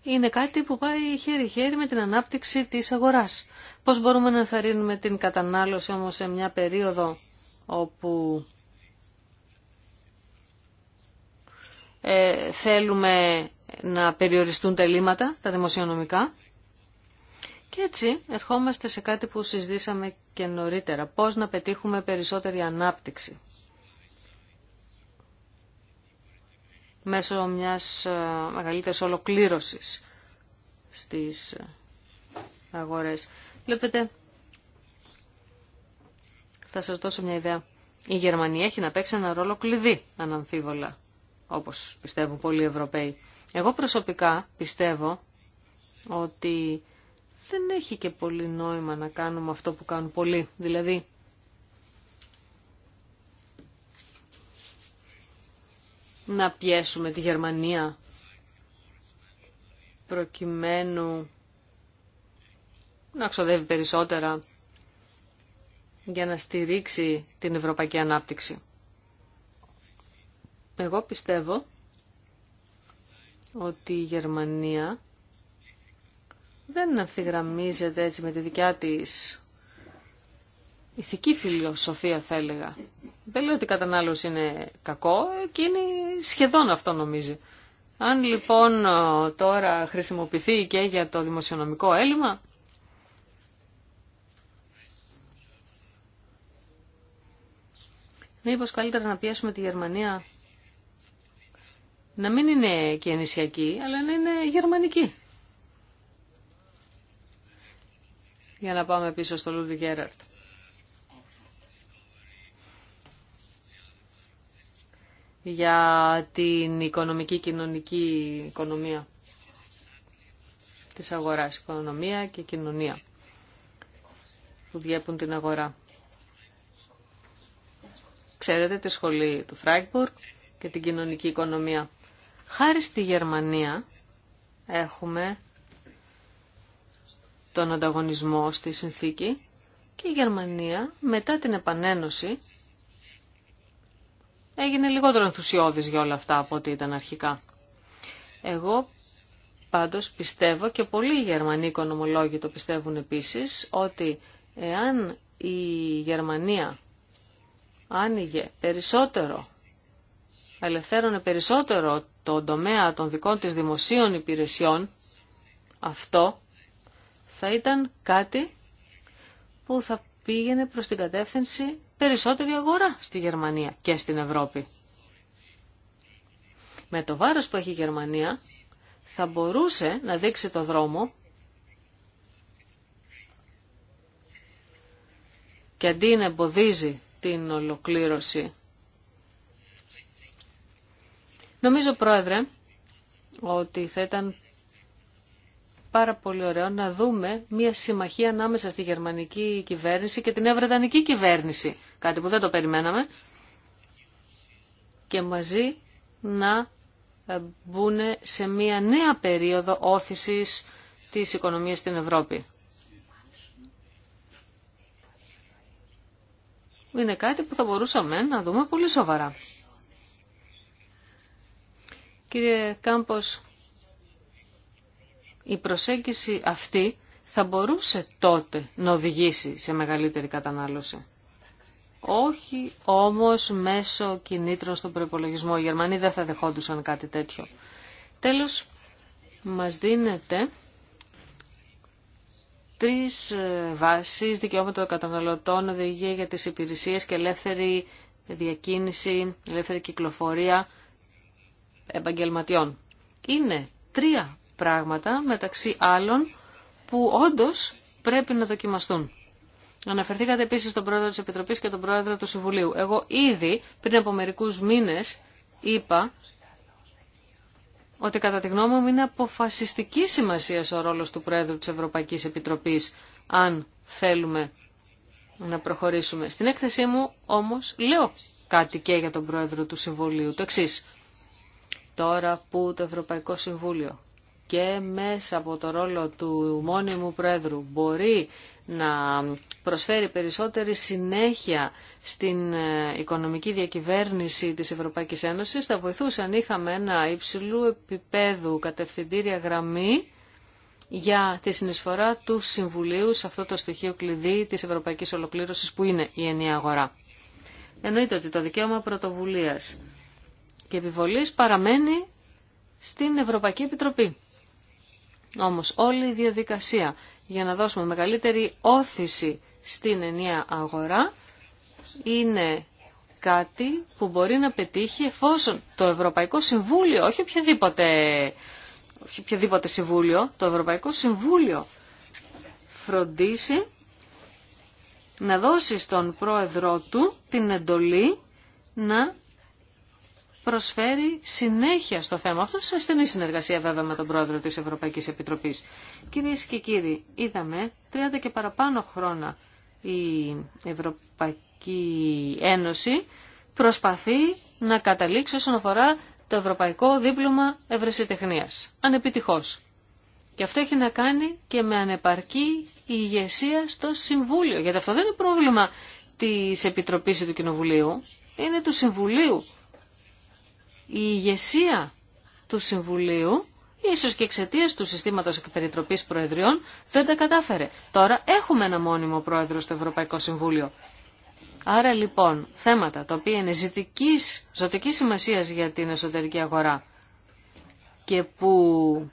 είναι κάτι που πάει χέρι-χέρι με την ανάπτυξη της αγοράς. Πώς μπορούμε να ενθαρρύνουμε την κατανάλωση όμως σε μια περίοδο όπου ε, θέλουμε να περιοριστούν τα ελλείμματα, τα δημοσιονομικά. Και έτσι ερχόμαστε σε κάτι που συζητήσαμε και νωρίτερα. Πώς να πετύχουμε περισσότερη ανάπτυξη. μέσω μιας ε, μεγαλύτερης ολοκλήρωσης στις ε, αγορές. Βλέπετε, θα σας δώσω μια ιδέα. Η Γερμανία έχει να παίξει ένα ρόλο κλειδί, αναμφίβολα, όπως πιστεύουν πολλοί Ευρωπαίοι. Εγώ προσωπικά πιστεύω ότι δεν έχει και πολύ νόημα να κάνουμε αυτό που κάνουν πολλοί. Δηλαδή, να πιέσουμε τη Γερμανία προκειμένου να ξοδεύει περισσότερα για να στηρίξει την ευρωπαϊκή ανάπτυξη. Εγώ πιστεύω ότι η Γερμανία δεν αυθυγραμμίζεται έτσι με τη δικιά της ηθική φιλοσοφία θα έλεγα. Δεν λέω ότι η κατανάλωση είναι κακό, εκείνη σχεδόν αυτό νομίζει. Αν λοιπόν ε, τώρα χρησιμοποιηθεί και για το δημοσιονομικό έλλειμμα, μήπως καλύτερα να πιέσουμε τη Γερμανία να μην είναι και ενησιακή, αλλά να είναι γερμανική. Για να πάμε πίσω στο Λούδι Γκέραρτ. για την οικονομική κοινωνική οικονομία της αγοράς, οικονομία και κοινωνία που διέπουν την αγορά. Ξέρετε τη σχολή του Φράγκμπουργκ και την κοινωνική οικονομία. Χάρη στη Γερμανία έχουμε τον ανταγωνισμό στη συνθήκη και η Γερμανία μετά την επανένωση έγινε λιγότερο ενθουσιώδης για όλα αυτά από ό,τι ήταν αρχικά. Εγώ πάντως πιστεύω και πολλοί Γερμανοί οικονομολόγοι το πιστεύουν επίσης ότι εάν η Γερμανία άνοιγε περισσότερο, ελευθέρωνε περισσότερο το τομέα των δικών της δημοσίων υπηρεσιών, αυτό θα ήταν κάτι που θα πήγαινε προς την κατεύθυνση περισσότερη αγορά στη Γερμανία και στην Ευρώπη. Με το βάρος που έχει η Γερμανία θα μπορούσε να δείξει το δρόμο και αντί να εμποδίζει την ολοκλήρωση. Νομίζω, Πρόεδρε, ότι θα ήταν πάρα πολύ ωραίο να δούμε μια συμμαχία ανάμεσα στη γερμανική κυβέρνηση και την ευρετανική κυβέρνηση. Κάτι που δεν το περιμέναμε. Και μαζί να ε, μπουν σε μια νέα περίοδο όθησης της οικονομίας στην Ευρώπη. Είναι κάτι που θα μπορούσαμε να δούμε πολύ σοβαρά. Κύριε Κάμπος, η προσέγγιση αυτή θα μπορούσε τότε να οδηγήσει σε μεγαλύτερη κατανάλωση. Όχι όμως μέσω κινήτρων στον προπολογισμό. Οι Γερμανοί δεν θα δεχόντουσαν κάτι τέτοιο. Τέλος, μας δίνεται τρεις ε, βάσεις δικαιώματα των καταναλωτών, οδηγία για τις υπηρεσίες και ελεύθερη διακίνηση, ελεύθερη κυκλοφορία επαγγελματιών. Είναι τρία πράγματα, μεταξύ άλλων, που όντως πρέπει να δοκιμαστούν. Αναφερθήκατε επίσης στον πρόεδρο της Επιτροπής και τον πρόεδρο του Συμβουλίου. Εγώ ήδη πριν από μερικούς μήνες είπα ότι κατά τη γνώμη μου είναι αποφασιστική σημασία ο ρόλος του Πρόεδρου της Ευρωπαϊκής Επιτροπής αν θέλουμε να προχωρήσουμε. Στην έκθεσή μου όμως λέω κάτι και για τον Πρόεδρο του Συμβουλίου. Το εξή. Τώρα που το Ευρωπαϊκό Συμβούλιο και μέσα από το ρόλο του μόνιμου Πρόεδρου μπορεί να προσφέρει περισσότερη συνέχεια στην ε, οικονομική διακυβέρνηση της Ευρωπαϊκής Ένωσης θα βοηθούσε αν είχαμε ένα υψηλού επίπεδου κατευθυντήρια γραμμή για τη συνεισφορά του Συμβουλίου σε αυτό το στοιχείο κλειδί της Ευρωπαϊκής Ολοκλήρωσης που είναι η ενιαία αγορά. Εννοείται ότι το δικαίωμα πρωτοβουλίας και επιβολής παραμένει στην Ευρωπαϊκή Επιτροπή. Όμως όλη η διαδικασία για να δώσουμε μεγαλύτερη όθηση στην ενιαία αγορά είναι κάτι που μπορεί να πετύχει εφόσον το Ευρωπαϊκό Συμβούλιο, όχι οποιαδήποτε, όχι οποιαδήποτε συμβούλιο, το Ευρωπαϊκό Συμβούλιο φροντίσει να δώσει στον πρόεδρό του την εντολή να προσφέρει συνέχεια στο θέμα αυτό, σε στενή συνεργασία βέβαια με τον πρόεδρο της Ευρωπαϊκής Επιτροπής. Κυρίες και κύριοι, είδαμε 30 και παραπάνω χρόνια η Ευρωπαϊκή Ένωση προσπαθεί να καταλήξει όσον αφορά το Ευρωπαϊκό Δίπλωμα Ευρεσιτεχνίας. Ανεπιτυχώς. Και αυτό έχει να κάνει και με ανεπαρκή ηγεσία στο Συμβούλιο. Γιατί αυτό δεν είναι πρόβλημα της Επιτροπής του Κοινοβουλίου, είναι του Συμβουλίου η ηγεσία του Συμβουλίου, ίσως και εξαιτία του συστήματος περιτροπής προεδριών, δεν τα κατάφερε. Τώρα έχουμε ένα μόνιμο πρόεδρο στο Ευρωπαϊκό Συμβούλιο. Άρα λοιπόν, θέματα τα οποία είναι ζητικής, ζωτικής σημασίας για την εσωτερική αγορά και που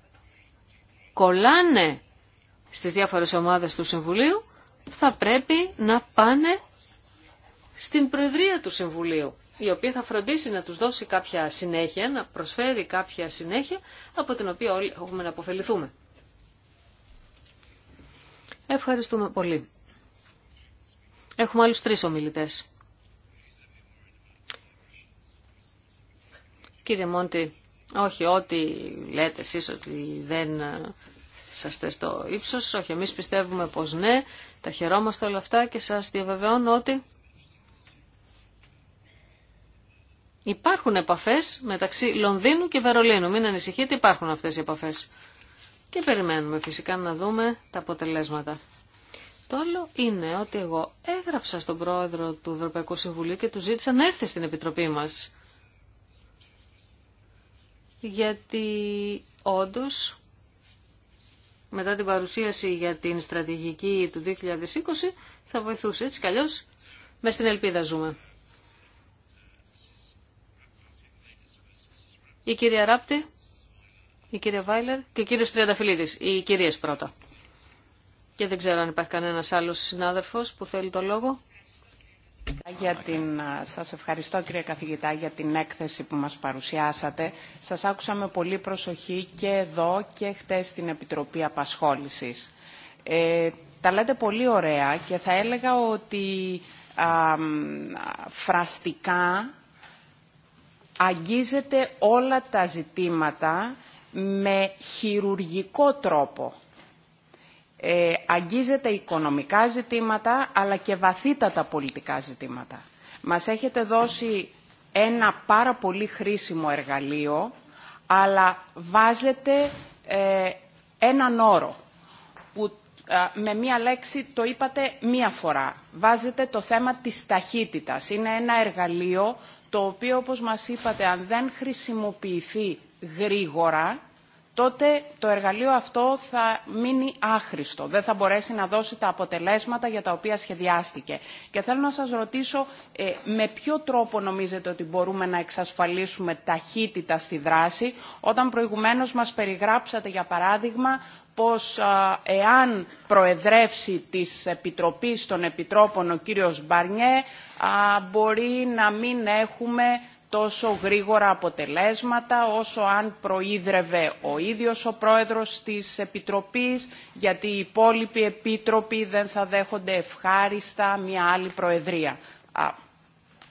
κολλάνε στις διάφορες ομάδες του Συμβουλίου, θα πρέπει να πάνε στην Προεδρία του Συμβουλίου η οποία θα φροντίσει να τους δώσει κάποια συνέχεια, να προσφέρει κάποια συνέχεια από την οποία όλοι έχουμε να αποφεληθούμε. Ευχαριστούμε πολύ. Έχουμε άλλους τρεις ομιλητές. Κύριε Μόντι, όχι ό,τι λέτε εσείς ότι δεν ε, σας θες το ύψος, όχι εμείς πιστεύουμε πως ναι, τα χαιρόμαστε όλα αυτά και σας διαβεβαιώνω ότι Υπάρχουν επαφές μεταξύ Λονδίνου και Βερολίνου. Μην ανησυχείτε, υπάρχουν αυτές οι επαφές. Και περιμένουμε φυσικά να δούμε τα αποτελέσματα. Το άλλο είναι ότι εγώ έγραψα στον πρόεδρο του Ευρωπαϊκού Συμβουλίου και του ζήτησα να έρθει στην Επιτροπή μας. Γιατί όντως μετά την παρουσίαση για την στρατηγική του 2020 θα βοηθούσε έτσι κι αλλιώς, με στην ελπίδα ζούμε. η κυρία Ράπτη, η κυρία Βάιλερ και ο κύριος Τριανταφυλλίδης. Οι κυρίες πρώτα. Και δεν ξέρω αν υπάρχει κανένας άλλος συνάδελφος που θέλει το λόγο. Για την, σας ευχαριστώ κύριε καθηγητά για την έκθεση που μας παρουσιάσατε. Σας άκουσα με πολύ προσοχή και εδώ και χτες στην Επιτροπή Απασχόλησης. Ε, τα λέτε πολύ ωραία και θα έλεγα ότι φραστικά αγγίζεται όλα τα ζητήματα με χειρουργικό τρόπο. Ε, αγγίζεται οικονομικά ζητήματα, αλλά και βαθύτατα πολιτικά ζητήματα. Μας έχετε δώσει ένα πάρα πολύ χρήσιμο εργαλείο, αλλά βάζετε ε, έναν όρο που ε, με μία λέξη το είπατε μία φορά. Βάζετε το θέμα της ταχύτητας. Είναι ένα εργαλείο το οποίο όπως μας είπατε αν δεν χρησιμοποιηθεί γρήγορα, τότε το εργαλείο αυτό θα μείνει άχρηστο. Δεν θα μπορέσει να δώσει τα αποτελέσματα για τα οποία σχεδιάστηκε. Και θέλω να σας ρωτήσω ε, με ποιο τρόπο νομίζετε ότι μπορούμε να εξασφαλίσουμε ταχύτητα στη δράση, όταν προηγουμένως μας περιγράψατε, για παράδειγμα, πως εάν προεδρεύσει της Επιτροπής των Επιτρόπων ο κύριος Μπαρνιέ μπορεί να μην έχουμε τόσο γρήγορα αποτελέσματα όσο αν προείδρευε ο ίδιος ο πρόεδρος της Επιτροπής γιατί οι υπόλοιποι επίτροποι δεν θα δέχονται ευχάριστα μια άλλη προεδρία.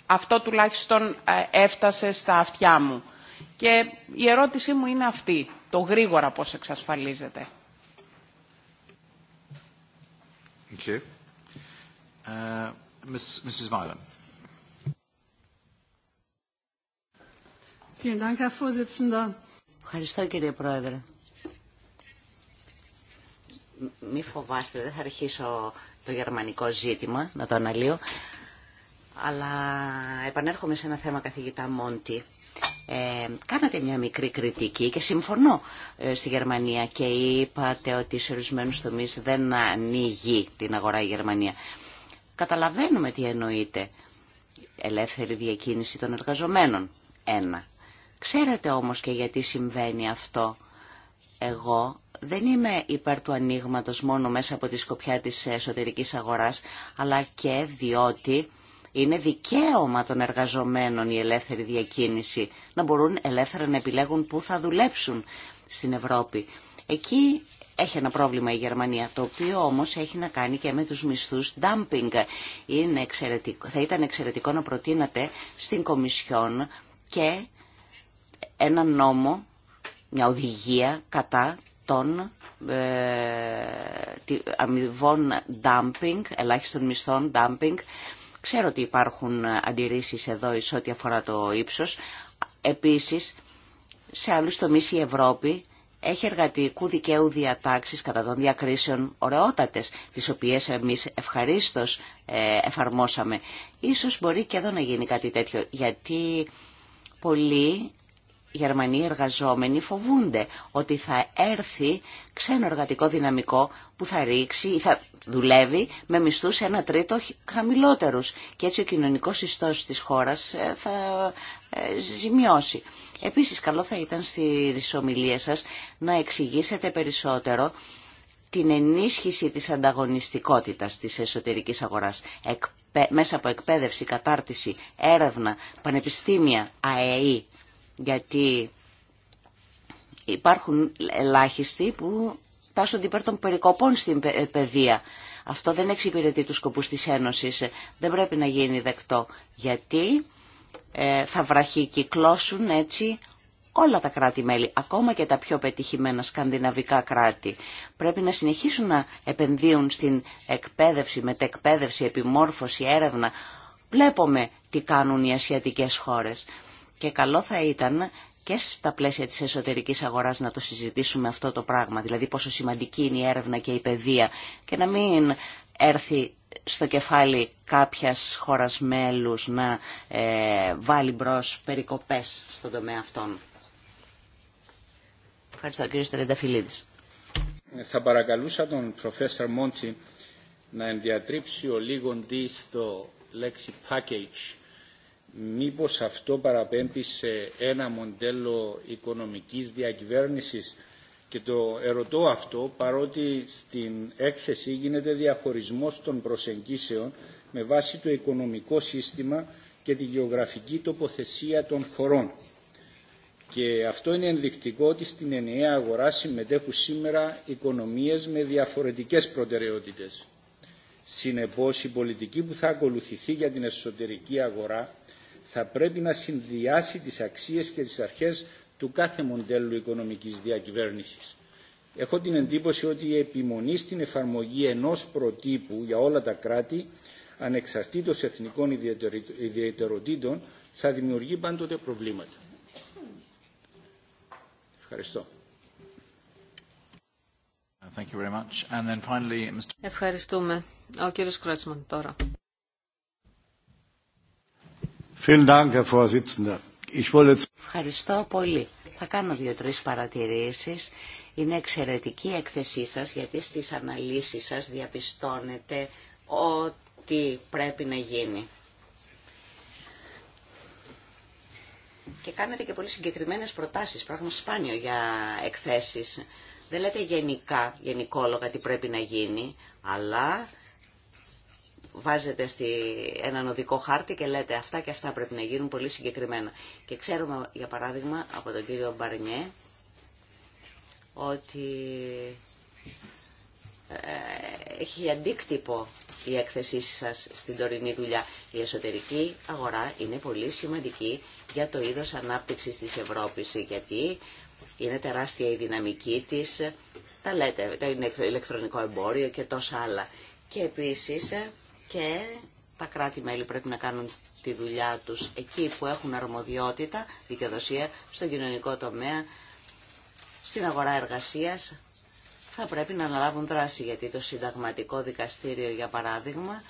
Αυτό τουλάχιστον ε, έφτασε στα αυτιά μου. Και η ερώτησή μου είναι αυτή, το γρήγορα πώς εξασφαλίζεται. Thank uh, Mrs. Weiler. Vielen Dank, Herr Vorsitzender. Ευχαριστώ κύριε Πρόεδρε. Μη φοβάστε, δεν θα αρχίσω το γερμανικό ζήτημα, να το αναλύω. Αλλά επανέρχομαι σε ένα θέμα καθηγητά Μόντι. Ε, κάνατε μια μικρή κριτική και συμφωνώ ε, στη Γερμανία και είπατε ότι σε ορισμένους τομείς δεν ανοίγει την αγορά η Γερμανία. Καταλαβαίνουμε τι εννοείται. Ελεύθερη διακίνηση των εργαζομένων. Ένα. Ξέρετε όμως και γιατί συμβαίνει αυτό. Εγώ δεν είμαι υπέρ του ανοίγματο μόνο μέσα από τη σκοπιά της εσωτερικής αγοράς, αλλά και διότι είναι δικαίωμα των εργαζομένων η ελεύθερη διακίνηση, να μπορούν ελεύθερα να επιλέγουν πού θα δουλέψουν στην Ευρώπη. Εκεί έχει ένα πρόβλημα η Γερμανία, το οποίο όμως έχει να κάνει και με τους μισθούς dumping. Είναι θα ήταν εξαιρετικό να προτείνατε στην Κομισιόν και ένα νόμο, μια οδηγία κατά των ε, αμοιβών dumping, ελάχιστων μισθών dumping, Ξέρω ότι υπάρχουν αντιρρήσεις εδώ σε ό,τι αφορά το ύψος. Επίσης, σε άλλους τομείς η Ευρώπη έχει εργατικού δικαίου διατάξεις κατά των διακρίσεων ωραιότατες, τις οποίες εμείς ευχαρίστως ε, εφαρμόσαμε. Ίσως μπορεί και εδώ να γίνει κάτι τέτοιο, γιατί πολλοί Γερμανοί εργαζόμενοι φοβούνται ότι θα έρθει ξένο εργατικό δυναμικό που θα ρίξει ή θα δουλεύει με μισθούς ένα τρίτο χαμηλότερους και έτσι ο κοινωνικός ιστός της χώρας ε, θα ε, ζημιώσει. Επίσης καλό θα ήταν στη ρησομιλία σας να εξηγήσετε περισσότερο την ενίσχυση της ανταγωνιστικότητας της εσωτερικής αγοράς μέσα από εκπαίδευση, κατάρτιση, έρευνα, πανεπιστήμια, ΑΕΗ ε, γιατί υπάρχουν ελάχιστοι που τάσσονται υπέρ των περικοπών στην ε, παιδεία. Αυτό δεν εξυπηρετεί τους σκοπούς της Ένωσης. Δεν πρέπει να γίνει δεκτό. Γιατί ε, θα βραχικυκλώσουν έτσι όλα τα κράτη-μέλη, ακόμα και τα πιο πετυχημένα σκανδιναβικά κράτη. Πρέπει να συνεχίσουν να επενδύουν στην εκπαίδευση, μετεκπαίδευση, επιμόρφωση, έρευνα. Βλέπουμε τι κάνουν οι ασιατικές χώρες. Και καλό θα ήταν και στα πλαίσια της εσωτερικής αγοράς να το συζητήσουμε αυτό το πράγμα, δηλαδή πόσο σημαντική είναι η έρευνα και η παιδεία και να μην έρθει στο κεφάλι κάποιας χώρας μέλους να ε, βάλει μπρος περικοπές στον τομέα αυτών. Ευχαριστώ κύριε Στερενταφυλίδης. Θα παρακαλούσα τον προφέσορ Μόντι να ενδιατρύψει ο λίγον στο λέξη package μήπως αυτό παραπέμπει σε ένα μοντέλο οικονομικής διακυβέρνησης και το ερωτώ αυτό παρότι στην έκθεση γίνεται διαχωρισμός των προσεγγίσεων με βάση το οικονομικό σύστημα και τη γεωγραφική τοποθεσία των χωρών. Και αυτό είναι ενδεικτικό ότι στην ενιαία αγορά συμμετέχουν σήμερα οικονομίες με διαφορετικές προτεραιότητες. Συνεπώς, η πολιτική που θα ακολουθηθεί για την εσωτερική αγορά θα πρέπει να συνδυάσει τις αξίες και τις αρχές του κάθε μοντέλου οικονομικής διακυβέρνησης. Έχω την εντύπωση ότι η επιμονή στην εφαρμογή ενός προτύπου για όλα τα κράτη, ανεξαρτήτως εθνικών ιδιαιτεροτήτων, θα δημιουργεί πάντοτε προβλήματα. Ευχαριστώ. Thank you very much. Ευχαριστούμε. Ο κύριος Κρότσμαν τώρα. Ευχαριστώ πολύ. Θα κάνω δύο-τρεις παρατηρήσεις. Είναι εξαιρετική η έκθεσή σας γιατί στις αναλύσεις σας διαπιστώνετε ότι πρέπει να γίνει. Και κάνετε και πολύ συγκεκριμένες προτάσεις, πράγμα σπάνιο για εκθέσεις. Δεν λέτε γενικά, γενικόλογα τι πρέπει να γίνει, αλλά βάζετε στη, έναν οδικό χάρτη και λέτε αυτά και αυτά πρέπει να γίνουν πολύ συγκεκριμένα. Και ξέρουμε, για παράδειγμα, από τον κύριο Μπαρνιέ, ότι ε, έχει αντίκτυπο η έκθεσή σας στην τωρινή δουλειά. Η εσωτερική αγορά είναι πολύ σημαντική για το είδος ανάπτυξης της Ευρώπης, γιατί είναι τεράστια η δυναμική της, τα λέτε, το ηλεκτρονικό εμπόριο και τόσα άλλα. Και επίσης ε, και τα κράτη-μέλη πρέπει να κάνουν τη δουλειά τους εκεί που έχουν αρμοδιότητα, δικαιοδοσία, στον κοινωνικό τομέα, στην αγορά εργασίας, θα πρέπει να αναλάβουν δράση, γιατί το συνταγματικό δικαστήριο, για παράδειγμα,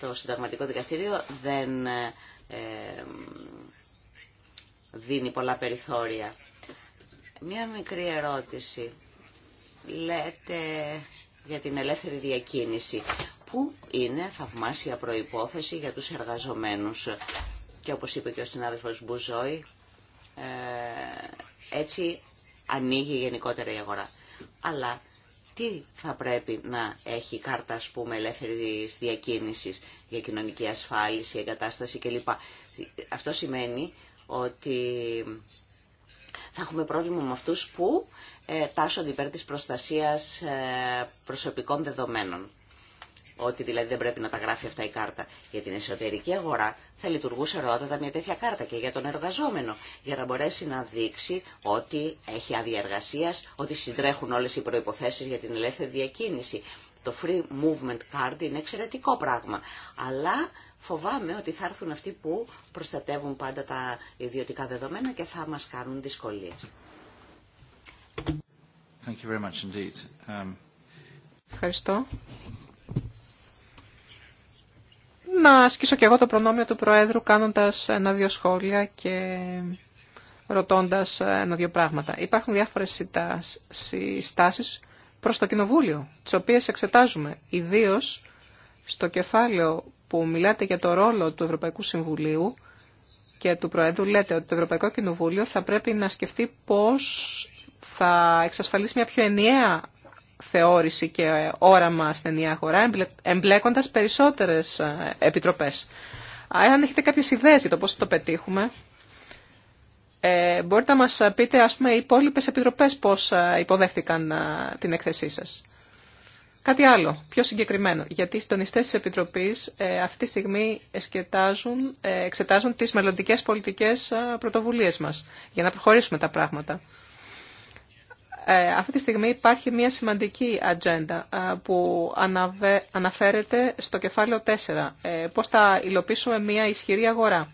το συνταγματικό δικαστήριο δεν ε, δίνει πολλά περιθώρια. Μία μικρή ερώτηση. Λέτε για την ελεύθερη διακίνηση που είναι θαυμάσια προϋπόθεση για τους εργαζομένους. Και όπως είπε και ο συνάδελφος Μπουζόη, ε, έτσι ανοίγει γενικότερα η αγορά. Αλλά τι θα πρέπει να έχει η κάρτα ας πούμε ελεύθερης διακίνησης για κοινωνική ασφάλιση, εγκατάσταση κλπ. Αυτό σημαίνει ότι θα έχουμε πρόβλημα με αυτούς που ε, τάσσονται υπέρ της προστασίας ε, προσωπικών δεδομένων. Ότι δηλαδή δεν πρέπει να τα γράφει αυτά η κάρτα. Για την εσωτερική αγορά θα λειτουργούσε ρότατα μια τέτοια κάρτα και για τον εργαζόμενο, για να μπορέσει να δείξει ότι έχει άδεια εργασία, ότι συντρέχουν όλε οι προποθέσει για την ελεύθερη διακίνηση. Το free movement card είναι εξαιρετικό πράγμα. Αλλά φοβάμαι ότι θα έρθουν αυτοί που προστατεύουν πάντα τα ιδιωτικά δεδομένα και θα μας κάνουν δυσκολίες. Thank you very much indeed. Um... Ευχαριστώ να ασκήσω και εγώ το προνόμιο του Προέδρου κάνοντας ένα-δύο σχόλια και ρωτώντας ένα-δύο πράγματα. Υπάρχουν διάφορες συστάσεις προς το Κοινοβούλιο, τις οποίες εξετάζουμε, ιδίω στο κεφάλαιο που μιλάτε για το ρόλο του Ευρωπαϊκού Συμβουλίου και του Προέδρου, λέτε ότι το Ευρωπαϊκό Κοινοβούλιο θα πρέπει να σκεφτεί πώς θα εξασφαλίσει μια πιο ενιαία θεώρηση και όραμα στην ενιαία αγορά, εμπλέκοντας περισσότερες ε, επιτροπές. Αν έχετε κάποιες ιδέες για το πώς το πετύχουμε, ε, μπορείτε να μας πείτε, α πούμε, οι υπόλοιπε επιτροπές πώς ε, υποδέχτηκαν την έκθεσή σας. Κάτι άλλο, πιο συγκεκριμένο, γιατί οι συντονιστές της Επιτροπής αυτή τη στιγμή εξετάζουν τι μελλοντικέ πολιτικέ πρωτοβουλίε μα για να προχωρήσουμε τα πράγματα. Ε, αυτή τη στιγμή υπάρχει μια σημαντική ατζέντα ε, που αναφέρεται στο κεφάλαιο 4. Ε, πώς θα υλοποιήσουμε μια ισχυρή αγορά.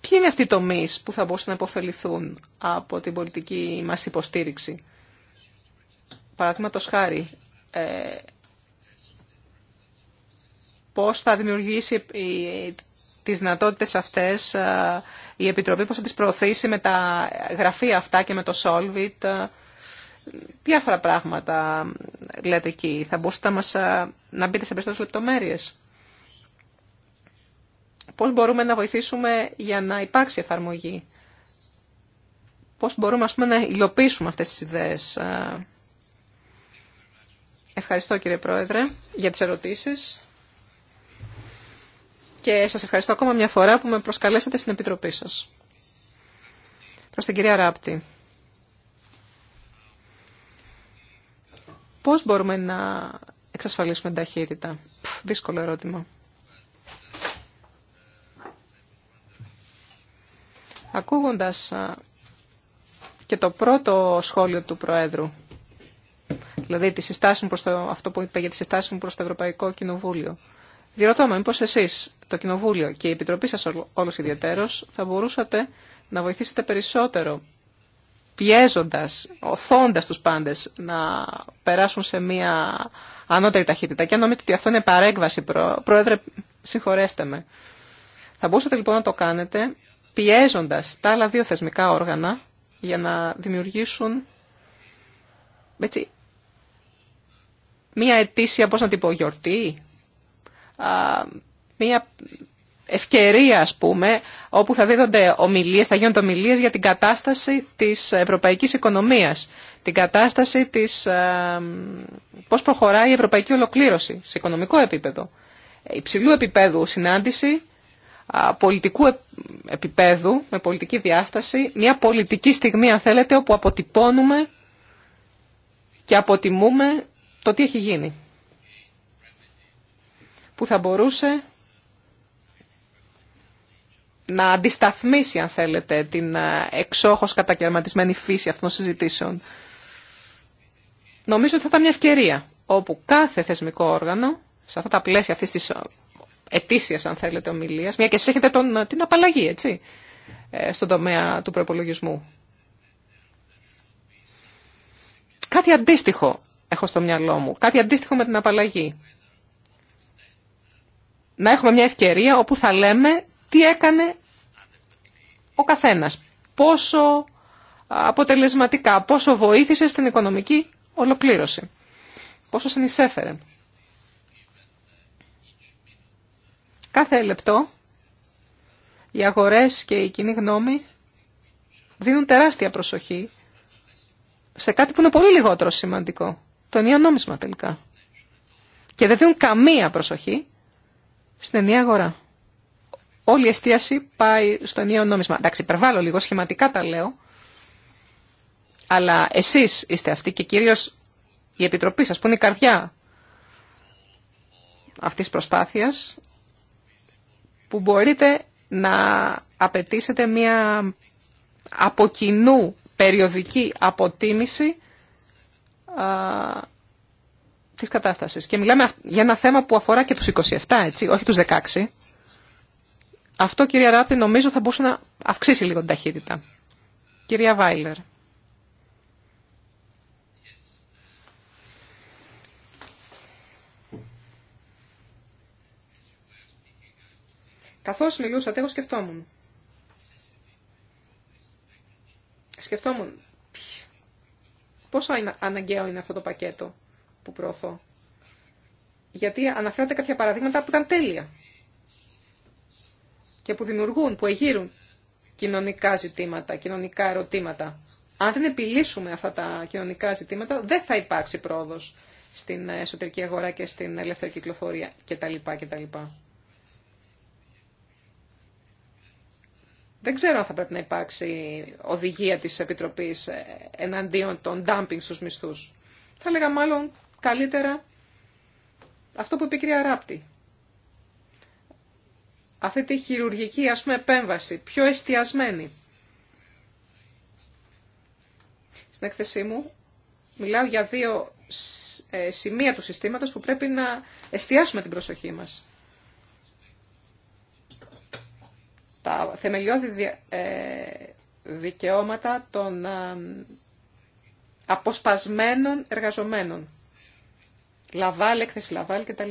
Ποιοι είναι αυτοί οι τομείς που θα μπορούσαν να υποφεληθούν από την πολιτική μας υποστήριξη. Παραδείγματο χάρη, πώς θα δημιουργήσει τις δυνατότητες αυτές η Επιτροπή πώς θα τις προωθήσει με τα γραφεία αυτά και με το Solvit. Ε, διάφορα πράγματα λέτε εκεί. Θα μπορούσατε να, μας, ε, να μπείτε σε περισσότερες λεπτομέρειες. Πώς μπορούμε να βοηθήσουμε για να υπάρξει εφαρμογή. Πώς μπορούμε ας πούμε, να υλοποιήσουμε αυτές τις ιδέες. Ε, ευχαριστώ κύριε Πρόεδρε για τις ερωτήσεις και σας ευχαριστώ ακόμα μια φορά που με προσκαλέσατε στην Επιτροπή σας. Προς την κυρία Ράπτη. Πώς μπορούμε να εξασφαλίσουμε ταχύτητα. Πφ, δύσκολο ερώτημα. Ακούγοντας και το πρώτο σχόλιο του Προέδρου, δηλαδή τη προς το, αυτό που είπε για τη συστάση μου προς το Ευρωπαϊκό Κοινοβούλιο, Διερωτώ με, μήπως εσείς, το Κοινοβούλιο και η Επιτροπή σας όλος ιδιαίτερος θα μπορούσατε να βοηθήσετε περισσότερο πιέζοντας, οθώντας τους πάντες να περάσουν σε μια ανώτερη ταχύτητα. Και αν νομίζετε ότι αυτό είναι παρέκβαση, Πρόεδρε, συγχωρέστε με. Θα μπορούσατε λοιπόν να το κάνετε πιέζοντας τα άλλα δύο θεσμικά όργανα για να δημιουργήσουν έτσι, μια ετήσια, πώς να την πω, γιορτή, μια ευκαιρία, ας πούμε, όπου θα δίδονται ομιλίες, θα γίνονται ομιλίες για την κατάσταση της ευρωπαϊκής οικονομίας, την κατάσταση της, πώς προχωράει η ευρωπαϊκή ολοκλήρωση σε οικονομικό επίπεδο. Υψηλού επίπεδου συνάντηση, πολιτικού επίπεδου, με πολιτική διάσταση, μια πολιτική στιγμή, αν θέλετε, όπου αποτυπώνουμε και αποτιμούμε το τι έχει γίνει που θα μπορούσε να αντισταθμίσει, αν θέλετε, την ε, εξόχως κατακαιρματισμένη φύση αυτών των συζητήσεων. Νομίζω ότι θα ήταν μια ευκαιρία όπου κάθε θεσμικό όργανο, σε αυτά τα πλαίσια αυτής της ε, ετήσιας, αν θέλετε, ομιλίας, μια και εσείς έχετε τον, ε, την απαλλαγή, έτσι, στον τομέα του προπολογισμού. Κάτι αντίστοιχο έχω στο μυαλό μου, κάτι αντίστοιχο με την απαλλαγή να έχουμε μια ευκαιρία όπου θα λέμε τι έκανε ο καθένας, πόσο αποτελεσματικά, πόσο βοήθησε στην οικονομική ολοκλήρωση, πόσο συνεισέφερε. Κάθε λεπτό οι αγορές και η κοινή γνώμη δίνουν τεράστια προσοχή σε κάτι που είναι πολύ λιγότερο σημαντικό, το ενιαίο νόμισμα τελικά. Και δεν δίνουν καμία προσοχή στην ενιαία αγορά. Όλη η εστίαση πάει στο ενιαίο νόμισμα. Εντάξει, υπερβάλλω λίγο, σχηματικά τα λέω. Αλλά εσείς είστε αυτοί και κυρίω η Επιτροπή σας που είναι η καρδιά αυτής προσπάθειας που μπορείτε να απαιτήσετε μια από κοινού περιοδική αποτίμηση της κατάστασης. Και μιλάμε για ένα θέμα που αφορά και τους 27, έτσι, όχι τους 16. Αυτό, κυρία Ράπτη, νομίζω θα μπορούσε να αυξήσει λίγο την ταχύτητα. Κυρία Βάιλερ. Καθώς μιλούσατε, εγώ σκεφτόμουν. Σκεφτόμουν πόσο αναγκαίο είναι αυτό το πακέτο που προωθώ. Γιατί αναφέρονται κάποια παραδείγματα που ήταν τέλεια και που δημιουργούν, που εγείρουν κοινωνικά ζητήματα, κοινωνικά ερωτήματα. Αν δεν επιλύσουμε αυτά τα κοινωνικά ζητήματα, δεν θα υπάρξει πρόοδος στην εσωτερική αγορά και στην ελεύθερη κυκλοφορία κτλ. κτλ. Δεν ξέρω αν θα πρέπει να υπάρξει οδηγία της Επιτροπής εναντίον των dumping στους μισθούς. Θα έλεγα μάλλον καλύτερα αυτό που είπε η κυρία Ράπτη. Αυτή τη χειρουργική ας πούμε επέμβαση, πιο εστιασμένη. Στην έκθεσή μου μιλάω για δύο ε, σημεία του συστήματος που πρέπει να εστιάσουμε την προσοχή μας. Τα θεμελιώδη ε, δικαιώματα των αποσπασμένων εργαζομένων. Λαβάλ, έκθεση Λαβάλ κτλ.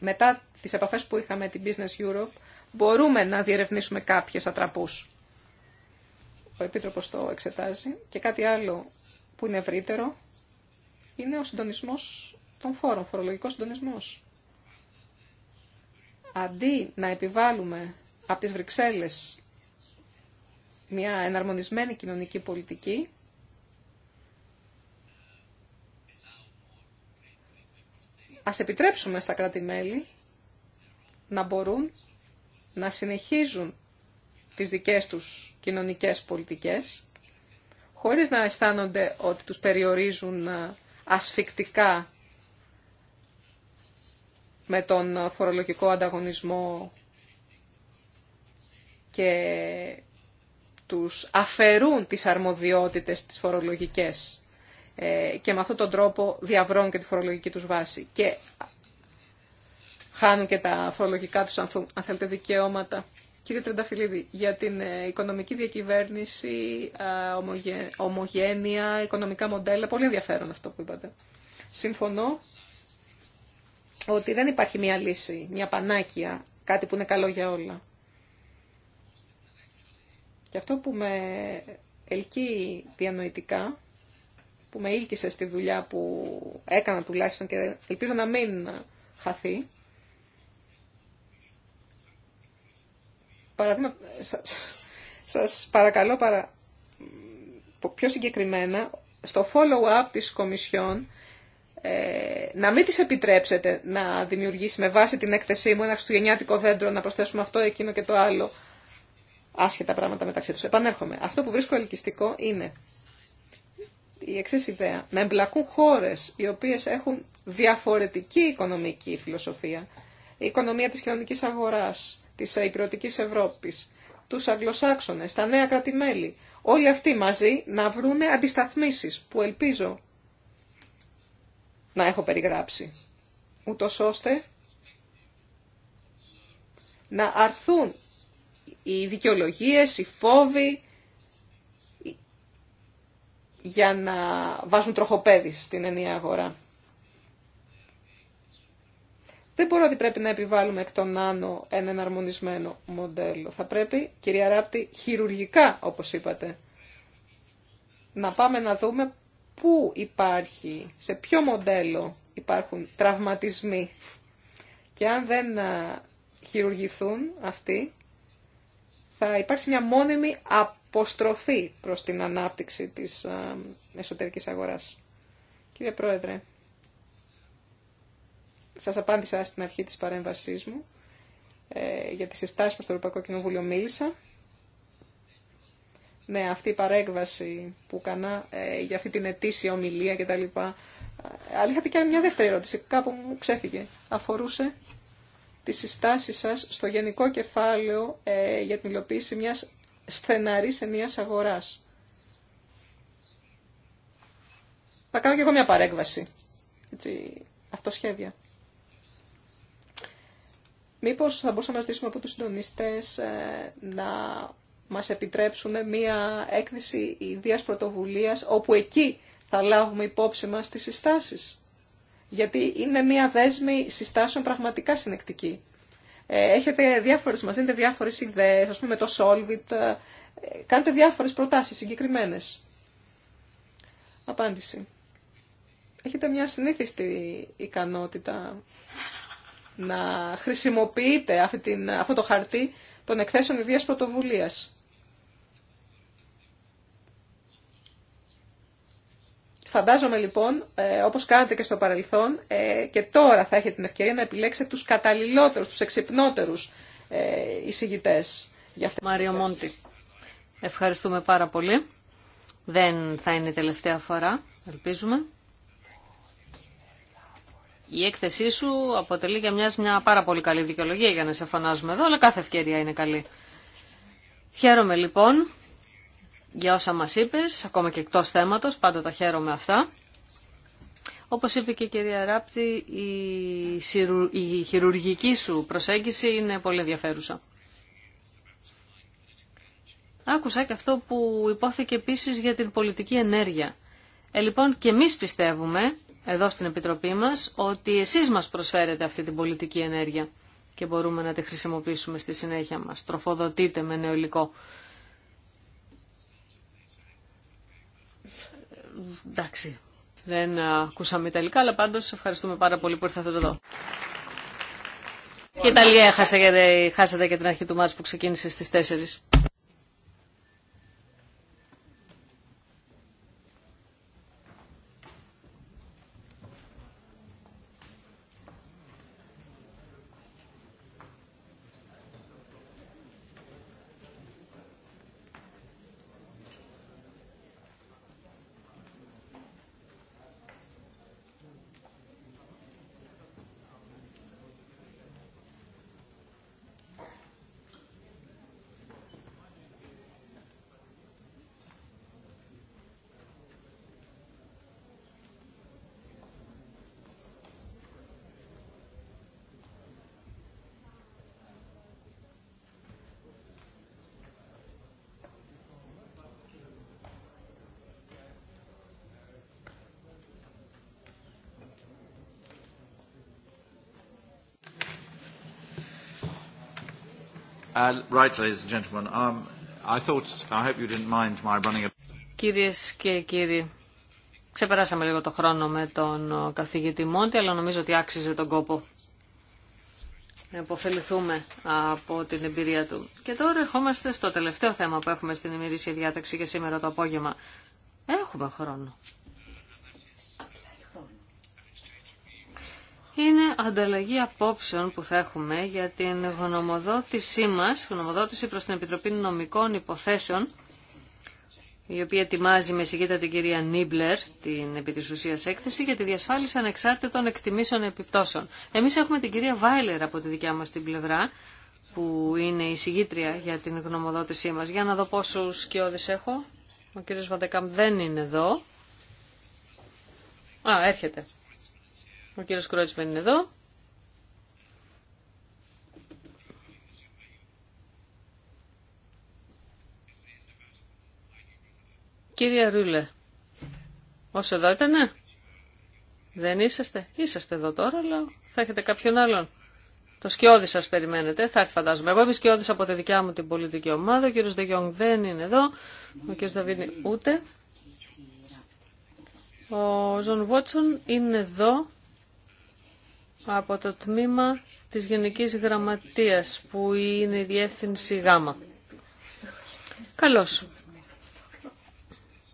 Μετά τις επαφές που είχαμε την Business Europe, μπορούμε να διερευνήσουμε κάποιες ατραπούς. Ο Επίτροπος το εξετάζει. Και κάτι άλλο που είναι ευρύτερο, είναι ο συντονισμός των φόρων, φορολογικός συντονισμός. Αντί να επιβάλλουμε από τις Βρυξέλλες μια εναρμονισμένη κοινωνική πολιτική, ας επιτρέψουμε στα κράτη-μέλη να μπορούν να συνεχίζουν τις δικές τους κοινωνικές πολιτικές, χωρίς να αισθάνονται ότι τους περιορίζουν ε, ασφικτικά με τον φορολογικό ανταγωνισμό και τους αφαιρούν τις αρμοδιότητες τις φορολογικές ε, και με αυτόν τον τρόπο διαβρώνουν και τη φορολογική τους βάση και χάνουν και τα φορολογικά τους, αν θέλετε, δικαιώματα. Κύριε Τρενταφυλλίδη, για την ε, οικονομική διακυβέρνηση, ε, ομογένεια, οικονομικά μοντέλα, πολύ ενδιαφέρον αυτό που είπατε. Συμφωνώ ότι δεν υπάρχει μια λύση, μια πανάκια, κάτι που είναι καλό για όλα. Και αυτό που με ελκύει διανοητικά που με ήλκησε στη δουλειά που έκανα τουλάχιστον και ελπίζω να μην χαθεί. Παραδείγμα, σας, σας παρακαλώ παρα, πιο συγκεκριμένα στο follow-up της Κομισιόν ε, να μην τις επιτρέψετε να δημιουργήσει με βάση την έκθεσή μου ένα χριστουγεννιάτικο δέντρο, να προσθέσουμε αυτό, εκείνο και το άλλο, άσχετα πράγματα μεταξύ τους. Επανέρχομαι. Αυτό που βρίσκω ελκυστικό είναι η εξή ιδέα. Να εμπλακούν χώρε οι οποίε έχουν διαφορετική οικονομική φιλοσοφία. Η οικονομία τη κοινωνική αγορά, της υπηρετική Ευρώπη, τους Αγγλοσάξονες, τα νέα κρατημέλη. Όλοι αυτοί μαζί να βρούνε αντισταθμίσει που ελπίζω να έχω περιγράψει. ούτω ώστε να αρθούν οι δικαιολογίε, οι φόβοι, για να βάζουν τροχοπέδι στην ενιαία αγορά. Δεν μπορώ ότι πρέπει να επιβάλλουμε εκ των άνω ένα εναρμονισμένο μοντέλο. Θα πρέπει, κυρία Ράπτη, χειρουργικά, όπως είπατε, να πάμε να δούμε πού υπάρχει, σε ποιο μοντέλο υπάρχουν τραυματισμοί. Και αν δεν ε, χειρουργηθούν αυτοί, θα υπάρξει μια μόνιμη απόλυτη υποστροφή προς την ανάπτυξη της ε, εσωτερικής αγοράς. Κύριε Πρόεδρε, σας απάντησα στην αρχή της παρέμβασής μου. Ε, για τις συστάσεις που στο Ευρωπαϊκό Κοινοβούλιο μίλησα. Ναι, αυτή η παρέκβαση που κανά ε, για αυτή την ετήσια ομιλία κτλ. Αλλά είχατε και μια δεύτερη ερώτηση, κάπου μου ξέφυγε. Αφορούσε τις συστάσεις σας στο γενικό κεφάλαιο για την υλοποίηση μιας στεναρή μιας αγοράς. Θα κάνω και εγώ μια παρέκβαση. Έτσι, σχέδια. Μήπω θα μπορούσαμε να ζητήσουμε από τους συντονιστές ε, να μας επιτρέψουν μια έκθεση ιδίας πρωτοβουλία, όπου εκεί θα λάβουμε υπόψη μα τι συστάσεις. Γιατί είναι μια δέσμη συστάσεων πραγματικά συνεκτική. Ε, έχετε διάφορες, μας δίνετε διάφορες ιδέες, ας πούμε το Solvit, ε, κάνετε διάφορες προτάσεις συγκεκριμένες. Απάντηση. Έχετε μια συνήθιστη ικανότητα να χρησιμοποιείτε αυτή την, αυτό το χαρτί των εκθέσεων ιδίας πρωτοβουλίας. Φαντάζομαι λοιπόν, ε, όπως κάνατε και στο παρελθόν, ε, και τώρα θα έχετε την ευκαιρία να επιλέξετε τους καταλληλότερους, τους εξυπνότερους ε, εισηγητές. Για Μάριο Μόντι, ευχαριστούμε πάρα πολύ. Δεν θα είναι η τελευταία φορά, ελπίζουμε. Η έκθεσή σου αποτελεί για μιας μια πάρα πολύ καλή δικαιολογία για να σε φωνάζουμε εδώ, αλλά κάθε ευκαιρία είναι καλή. Χαίρομαι λοιπόν για όσα μας είπες, ακόμα και εκτός θέματος, πάντα τα χαίρομαι αυτά. Όπως είπε και η κυρία Ράπτη, η χειρουργική σου προσέγγιση είναι πολύ ενδιαφέρουσα. Άκουσα και αυτό που υπόθηκε επίσης για την πολιτική ενέργεια. Ε, λοιπόν, και εμείς πιστεύουμε, εδώ στην Επιτροπή μας, ότι εσείς μας προσφέρετε αυτή την πολιτική ενέργεια και μπορούμε να τη χρησιμοποιήσουμε στη συνέχεια μας. Τροφοδοτείτε με νεολικό. εντάξει, δεν ακούσαμε Ιταλικά, αλλά πάντως ευχαριστούμε πάρα πολύ που ήρθατε εδώ. Και η Ιταλία χάσατε, χάσατε και την αρχή του μάτς που ξεκίνησε στις 4. Κυρίες και κύριοι, ξεπεράσαμε λίγο το χρόνο με τον ε, καθηγητή Μόντι, αλλά νομίζω ότι άξιζε τον κόπο να υποφεληθούμε από την εμπειρία του. Και τώρα ερχόμαστε στο τελευταίο θέμα που έχουμε στην ημερήσια διάταξη για σήμερα το απόγευμα. Έχουμε χρόνο. είναι ανταλλαγή απόψεων που θα έχουμε για την γνωμοδότησή μας, γνωμοδότηση προς την Επιτροπή Νομικών Υποθέσεων, η οποία ετοιμάζει με συγκίτα την κυρία Νίμπλερ την επί της ουσίας έκθεση για τη διασφάλιση ανεξάρτητων εκτιμήσεων επιπτώσεων. Εμείς έχουμε την κυρία Βάιλερ από τη δικιά μας την πλευρά, που είναι η συγκίτρια για την γνωμοδότησή μας. Για να δω πόσους σκιώδες έχω. Ο κύριος Βαντεκάμ δεν είναι εδώ. Α, έρχεται. Ο κύριος Κρότσμαν είναι εδώ. Κύριε Ρούλε, όσο εδώ ήτανε. Δεν είσαστε. Είσαστε εδώ τώρα, αλλά θα έχετε κάποιον άλλον. Το σκιώδη σας περιμένετε. Θα έρθει φαντάζομαι. Εγώ είμαι σκιώδης από τη δικιά μου την πολιτική ομάδα. Ο κύριος Δεγιόγκ δεν είναι εδώ. Ο κύριος Δαβίνη ούτε. Ο Ζων Βότσον είναι εδώ από το τμήμα της Γενικής Γραμματείας που είναι η Διεύθυνση ΓΑΜΑ. Καλώς.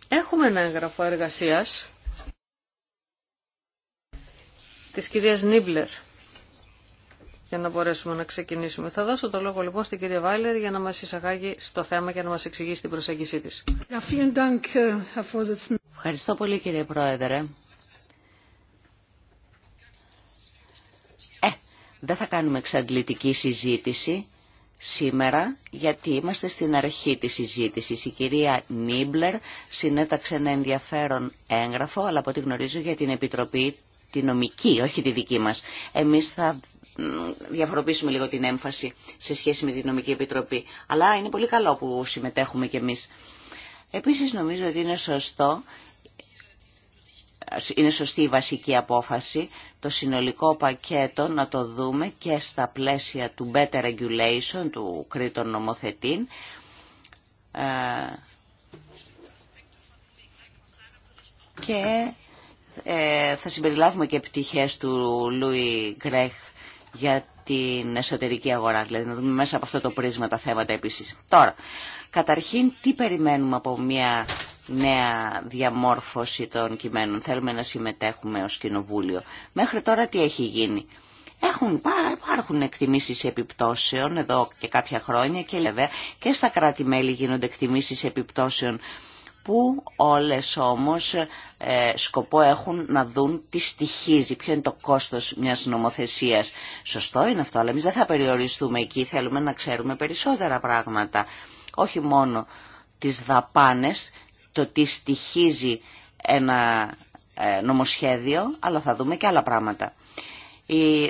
Έχουμε ένα έγγραφο εργασίας της κυρίας Νίμπλερ για να μπορέσουμε να ξεκινήσουμε. Θα δώσω το λόγο λοιπόν στην κυρία Βάιλερ για να μας εισαγάγει στο θέμα και να μας εξηγήσει την προσέγγιση της. Ευχαριστώ πολύ κύριε Πρόεδρε. Δεν θα κάνουμε εξαντλητική συζήτηση σήμερα, γιατί είμαστε στην αρχή της συζήτησης. Η κυρία Νίμπλερ συνέταξε ένα ενδιαφέρον έγγραφο, αλλά από ό,τι γνωρίζω για την Επιτροπή τη νομική, όχι τη δική μας. Εμείς θα διαφοροποιήσουμε λίγο την έμφαση σε σχέση με την νομική επιτροπή. Αλλά είναι πολύ καλό που συμμετέχουμε κι εμείς. Επίσης νομίζω ότι είναι σωστό, είναι σωστή η βασική απόφαση το συνολικό πακέτο να το δούμε και στα πλαίσια του Better Regulation, του Κρήτων Νομοθετήν. Ε, και ε, θα συμπεριλάβουμε και επιτυχίες του Λούι Γκρέχ για την εσωτερική αγορά, δηλαδή να δούμε μέσα από αυτό το πρίσμα τα θέματα επίσης. Τώρα, καταρχήν τι περιμένουμε από μια νέα διαμόρφωση των κειμένων. Θέλουμε να συμμετέχουμε ως κοινοβούλιο. Μέχρι τώρα τι έχει γίνει. Έχουν, υπάρχουν εκτιμήσεις επιπτώσεων εδώ και κάποια χρόνια και λεβέ και στα κράτη-μέλη γίνονται εκτιμήσεις επιπτώσεων που όλες όμως ε, σκοπό έχουν να δουν τι στοιχίζει, ποιο είναι το κόστος μιας νομοθεσίας. Σωστό είναι αυτό, αλλά εμείς δεν θα περιοριστούμε εκεί, θέλουμε να ξέρουμε περισσότερα πράγματα. Όχι μόνο τις δαπάνες, το τι στοιχίζει ένα ε, νομοσχέδιο, αλλά θα δούμε και άλλα πράγματα.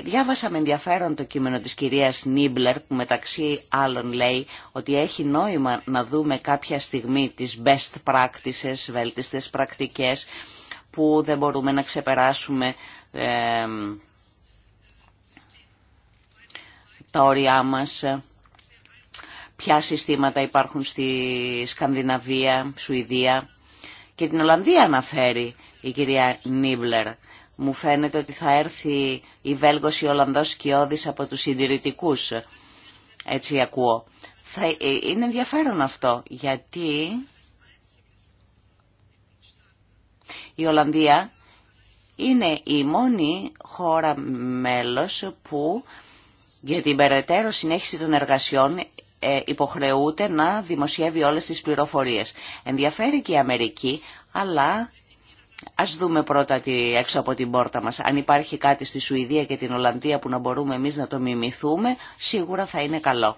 Διάβασα με ενδιαφέρον το κείμενο της κυρίας Νίμπλερ που μεταξύ άλλων λέει ότι έχει νόημα να δούμε κάποια στιγμή τις best practices, βέλτιστες πρακτικές που δεν μπορούμε να ξεπεράσουμε ε, τα όρια μας ποια συστήματα υπάρχουν στη Σκανδιναβία, Σουηδία και την Ολλανδία αναφέρει η κυρία Νίμπλερ. Μου φαίνεται ότι θα έρθει η Βέλγος ή Ολλανδός σκιώδης από τους συντηρητικού. Έτσι ακούω. Θα, ε, είναι ενδιαφέρον αυτό γιατί η Ολλανδία είναι η μόνη χώρα μέλος που για την περαιτέρω συνέχιση των εργασιών ε, υποχρεούται να δημοσιεύει όλες τις πληροφορίες. Ενδιαφέρει και η Αμερική, αλλά ας δούμε πρώτα τι, έξω από την πόρτα μας. Αν υπάρχει κάτι στη Σουηδία και την Ολλανδία που να μπορούμε εμείς να το μιμηθούμε, σίγουρα θα είναι καλό.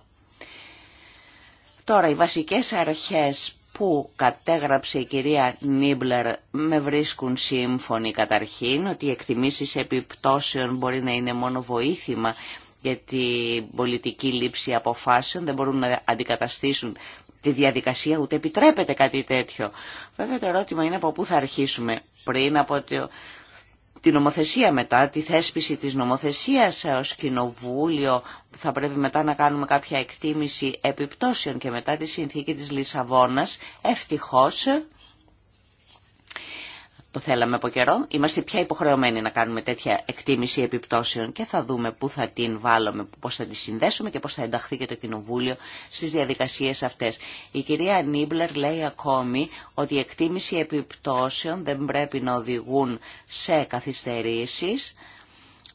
Τώρα, οι βασικές αρχές που κατέγραψε η κυρία Νίμπλερ με βρίσκουν σύμφωνοι καταρχήν ότι οι εκτιμήσεις επιπτώσεων μπορεί να είναι μόνο βοήθημα για την πολιτική λήψη αποφάσεων, δεν μπορούν να αντικαταστήσουν τη διαδικασία, ούτε επιτρέπεται κάτι τέτοιο. Βέβαια το ερώτημα είναι από πού θα αρχίσουμε πριν από την νομοθεσία μετά, τη θέσπιση της νομοθεσίας ως κοινοβούλιο, θα πρέπει μετά να κάνουμε κάποια εκτίμηση επιπτώσεων και μετά τη συνθήκη της Λισαβόνας, ευτυχώς το θέλαμε από καιρό. Είμαστε πια υποχρεωμένοι να κάνουμε τέτοια εκτίμηση επιπτώσεων και θα δούμε πού θα την βάλουμε, πώς θα τη συνδέσουμε και πώς θα ενταχθεί και το Κοινοβούλιο στις διαδικασίες αυτές. Η κυρία Νίμπλερ λέει ακόμη ότι η εκτίμηση επιπτώσεων δεν πρέπει να οδηγούν σε καθυστερήσει.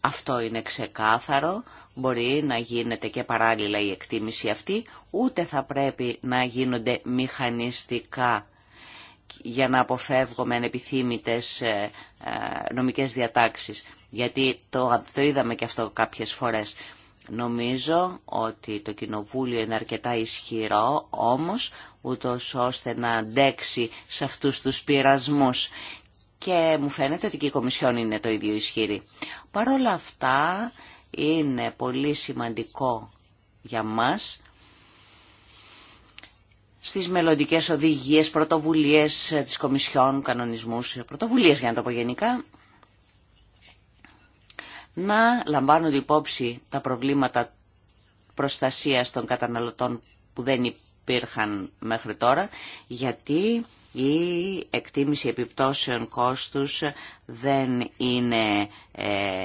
Αυτό είναι ξεκάθαρο. Μπορεί να γίνεται και παράλληλα η εκτίμηση αυτή, ούτε θα πρέπει να γίνονται μηχανιστικά για να αποφεύγουμε ανεπιθύμητες ε, ε, νομικές διατάξεις. Γιατί το, το είδαμε και αυτό κάποιες φορές. Νομίζω ότι το Κοινοβούλιο είναι αρκετά ισχυρό, όμως ούτω ώστε να αντέξει σε αυτούς τους πειρασμούς. Και μου φαίνεται ότι και η Κομισιόν είναι το ίδιο ισχυρή. Παρ' όλα αυτά είναι πολύ σημαντικό για μας στις μελλοντικές οδηγίες, πρωτοβουλίες ε, της Κομισιόν, κανονισμούς, πρωτοβουλίες για να το πω γενικά, να λαμβάνονται υπόψη τα προβλήματα προστασίας των καταναλωτών που δεν υπήρχαν μέχρι τώρα, γιατί η εκτίμηση επιπτώσεων κόστους δεν είναι ε,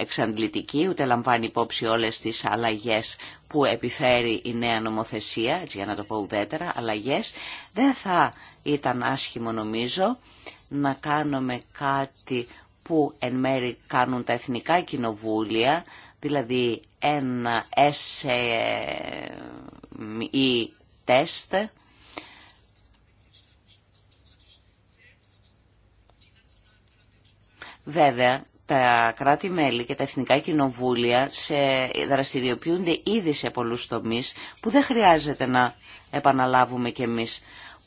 εξαντλητική, ούτε λαμβάνει υπόψη όλες τις αλλαγές που επιφέρει η νέα νομοθεσία, έτσι για να το πω ουδέτερα, αλλαγές. Δεν θα ήταν άσχημο νομίζω να κάνουμε κάτι που εν μέρη κάνουν τα εθνικά κοινοβούλια, δηλαδή ένα SME τεστ, Βέβαια, τα κράτη-μέλη και τα εθνικά κοινοβούλια σε, δραστηριοποιούνται ήδη σε πολλούς τομείς που δεν χρειάζεται να επαναλάβουμε κι εμείς.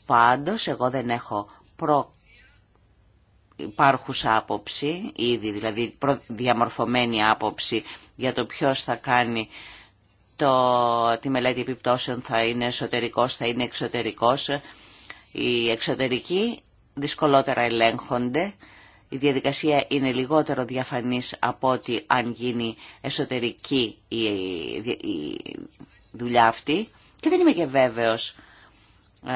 Πάντως εγώ δεν έχω προ... υπάρχουσα άποψη, ήδη δηλαδή διαμορφωμένη άποψη για το ποιος θα κάνει το... τη μελέτη επιπτώσεων θα είναι εσωτερικός, θα είναι εξωτερικός. Οι εξωτερικοί δυσκολότερα ελέγχονται η διαδικασία είναι λιγότερο διαφανής από ότι αν γίνει εσωτερική η δουλειά αυτή και δεν είμαι και βέβαιος ε,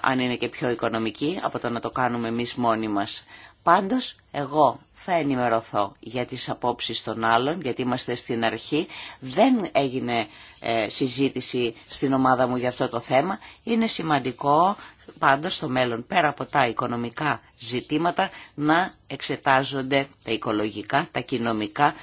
αν είναι και πιο οικονομική από το να το κάνουμε εμείς μόνοι μας. Πάντως, εγώ θα ενημερωθώ για τις απόψεις των άλλων, γιατί είμαστε στην αρχή. Δεν έγινε ε, συζήτηση στην ομάδα μου για αυτό το θέμα. Είναι σημαντικό πάντως στο μέλλον πέρα από τα οικονομικά ζητήματα να εξετάζονται τα οικολογικά, τα κοινωνικά,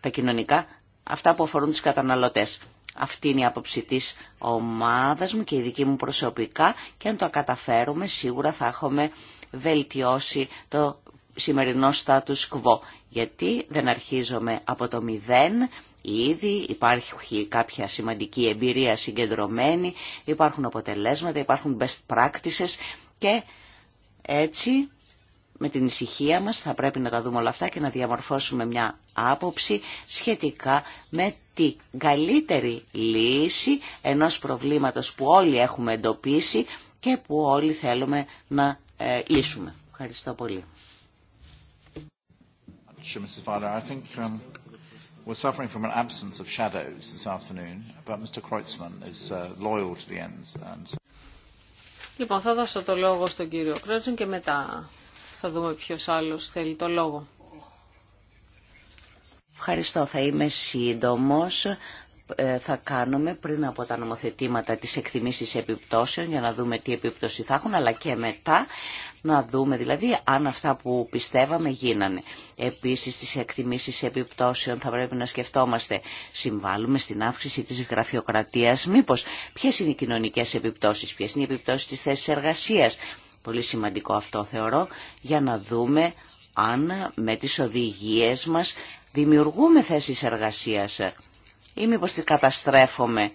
τα κοινωνικά αυτά που αφορούν τους καταναλωτές. Αυτή είναι η άποψη της ομάδας μου και η δική μου προσωπικά και αν το καταφέρουμε σίγουρα θα έχουμε βελτιώσει το σημερινό status quo. Γιατί δεν αρχίζομαι από το μηδέν, ήδη, υπάρχει κάποια σημαντική εμπειρία συγκεντρωμένη, υπάρχουν αποτελέσματα, υπάρχουν best practices και έτσι με την ησυχία μας θα πρέπει να τα δούμε όλα αυτά και να διαμορφώσουμε μια άποψη σχετικά με την καλύτερη λύση ενός προβλήματος που όλοι έχουμε εντοπίσει και που όλοι θέλουμε να ε, λύσουμε. Ευχαριστώ πολύ. Um, suffering from an absence of shadows this afternoon, but Mr. is uh, loyal to the ends. And... Λοιπόν, θα δώσω το λόγο στον κύριο Κρότζεν και μετά θα δούμε ποιος άλλος θέλει το λόγο. Ευχαριστώ, θα είμαι σύντομος. Ε, θα κάνουμε πριν από τα νομοθετήματα τις εκτιμήσεις επιπτώσεων για να δούμε τι επιπτώσεις θα έχουν, αλλά και μετά να δούμε δηλαδή αν αυτά που πιστεύαμε γίνανε. Επίσης στις εκτιμήσεις επιπτώσεων θα πρέπει να σκεφτόμαστε συμβάλλουμε στην αύξηση της γραφειοκρατίας μήπως ποιες είναι οι κοινωνικές επιπτώσεις, ποιες είναι οι επιπτώσεις της θέσης εργασίας. Πολύ σημαντικό αυτό θεωρώ για να δούμε αν με τις οδηγίες μας δημιουργούμε θέσεις εργασίας ή μήπως τις καταστρέφουμε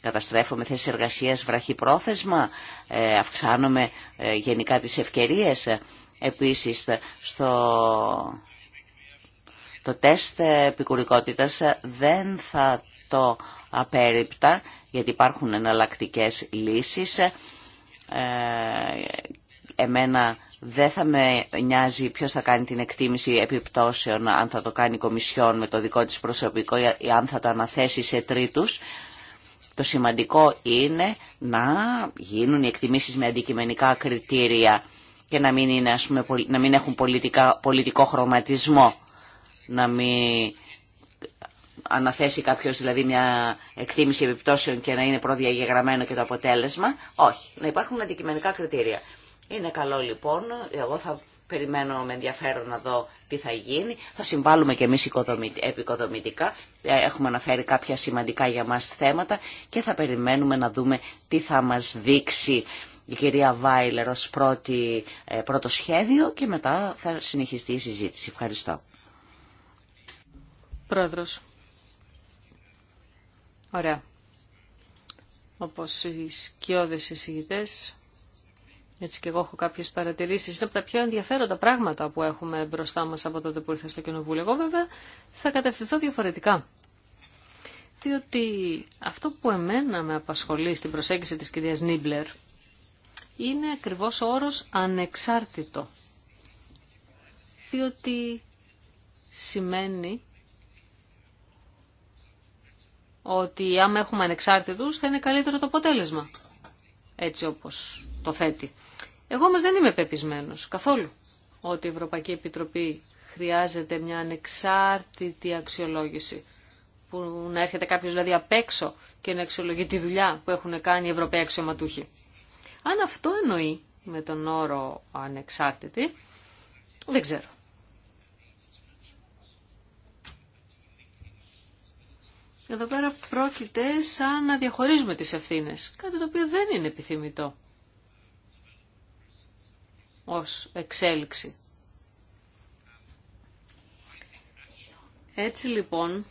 καταστρέφουμε θέσεις εργασία βραχυπρόθεσμα, ε, αυξάνουμε ε, γενικά τις ευκαιρίες. Ε, επίσης, στο... το τεστ επικουρικότητας δεν θα το απέριπτα, γιατί υπάρχουν εναλλακτικέ λύσεις. εμένα δεν θα με νοιάζει ποιος θα κάνει την εκτίμηση επιπτώσεων, αν θα το κάνει η Κομισιόν με το δικό της προσωπικό ή αν θα το αναθέσει σε τρίτους. Το σημαντικό είναι να γίνουν οι εκτιμήσεις με αντικειμενικά κριτήρια και να μην, είναι, να μην έχουν πολιτικά, πολιτικό χρωματισμό. Να μην αναθέσει κάποιος δηλαδή μια εκτίμηση επιπτώσεων και να είναι προδιαγεγραμμένο και το αποτέλεσμα. Όχι, να υπάρχουν αντικειμενικά κριτήρια. Είναι καλό λοιπόν, εγώ θα Περιμένω με ενδιαφέρον να δω τι θα γίνει. Θα συμβάλλουμε και εμείς επικοδομητικά. Ε, έχουμε αναφέρει κάποια σημαντικά για μας θέματα και θα περιμένουμε να δούμε τι θα μας δείξει η κυρία Βάιλερ ως ε, πρώτο σχέδιο και μετά θα συνεχιστεί η συζήτηση. Ευχαριστώ. Πρόεδρος. Ωραία. Όπως οι σκιώδες εισηγητές, έτσι και εγώ έχω κάποιε παρατηρήσει Είναι από τα πιο ενδιαφέροντα πράγματα που έχουμε μπροστά μας από τότε που ήρθα στο Κοινοβούλιο. Εγώ βέβαια θα κατευθυνθώ διαφορετικά. Διότι αυτό που εμένα με απασχολεί στην προσέγγιση της κυρίας Νίμπλερ είναι ακριβώς ο όρος ανεξάρτητο. Διότι σημαίνει ότι άμα έχουμε ανεξάρτητους θα είναι καλύτερο το αποτέλεσμα. Έτσι όπως το θέτει. Εγώ όμως δεν είμαι πεπισμένος καθόλου ότι η Ευρωπαϊκή Επιτροπή χρειάζεται μια ανεξάρτητη αξιολόγηση που να έρχεται κάποιος δηλαδή απ' έξω και να αξιολογεί τη δουλειά που έχουν κάνει οι Ευρωπαίοι αξιωματούχοι. Αν αυτό εννοεί με τον όρο ανεξάρτητη, δεν ξέρω. Εδώ πέρα πρόκειται σαν να διαχωρίζουμε τις ευθύνες, κάτι το οποίο δεν είναι επιθυμητό ως εξέλιξη. Έτσι λοιπόν,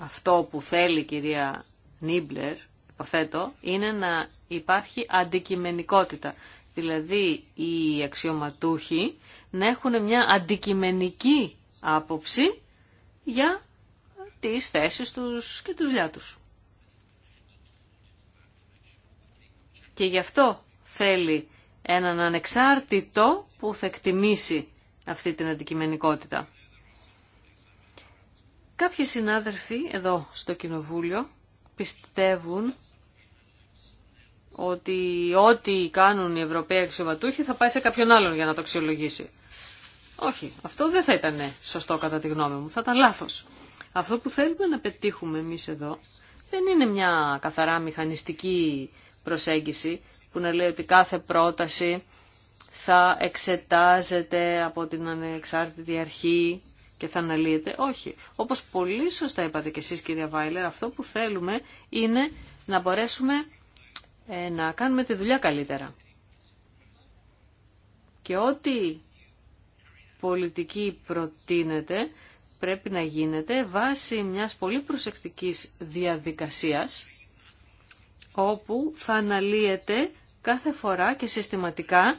αυτό που θέλει η κυρία Νίμπλερ, υποθέτω, είναι να υπάρχει αντικειμενικότητα. Δηλαδή οι αξιωματούχοι να έχουν μια αντικειμενική άποψη για τις θέσεις τους και τη δουλειά τους. Και γι' αυτό θέλει έναν ανεξάρτητο που θα εκτιμήσει αυτή την αντικειμενικότητα. Κάποιοι συνάδελφοι εδώ στο Κοινοβούλιο πιστεύουν ότι ό,τι κάνουν οι Ευρωπαίοι αξιωματούχοι θα πάει σε κάποιον άλλον για να το αξιολογήσει. Όχι, αυτό δεν θα ήταν σωστό κατά τη γνώμη μου, θα ήταν λάθος. Αυτό που θέλουμε να πετύχουμε εμείς εδώ δεν είναι μια καθαρά μηχανιστική προσέγγιση που να λέει ότι κάθε πρόταση θα εξετάζεται από την ανεξάρτητη αρχή και θα αναλύεται. Όχι. Όπως πολύ σωστά είπατε και εσείς κυρία Βάιλερ, αυτό που θέλουμε είναι να μπορέσουμε ε, να κάνουμε τη δουλειά καλύτερα. Και ό,τι πολιτική προτείνεται πρέπει να γίνεται βάσει μιας πολύ προσεκτικής διαδικασίας όπου θα αναλύεται κάθε φορά και συστηματικά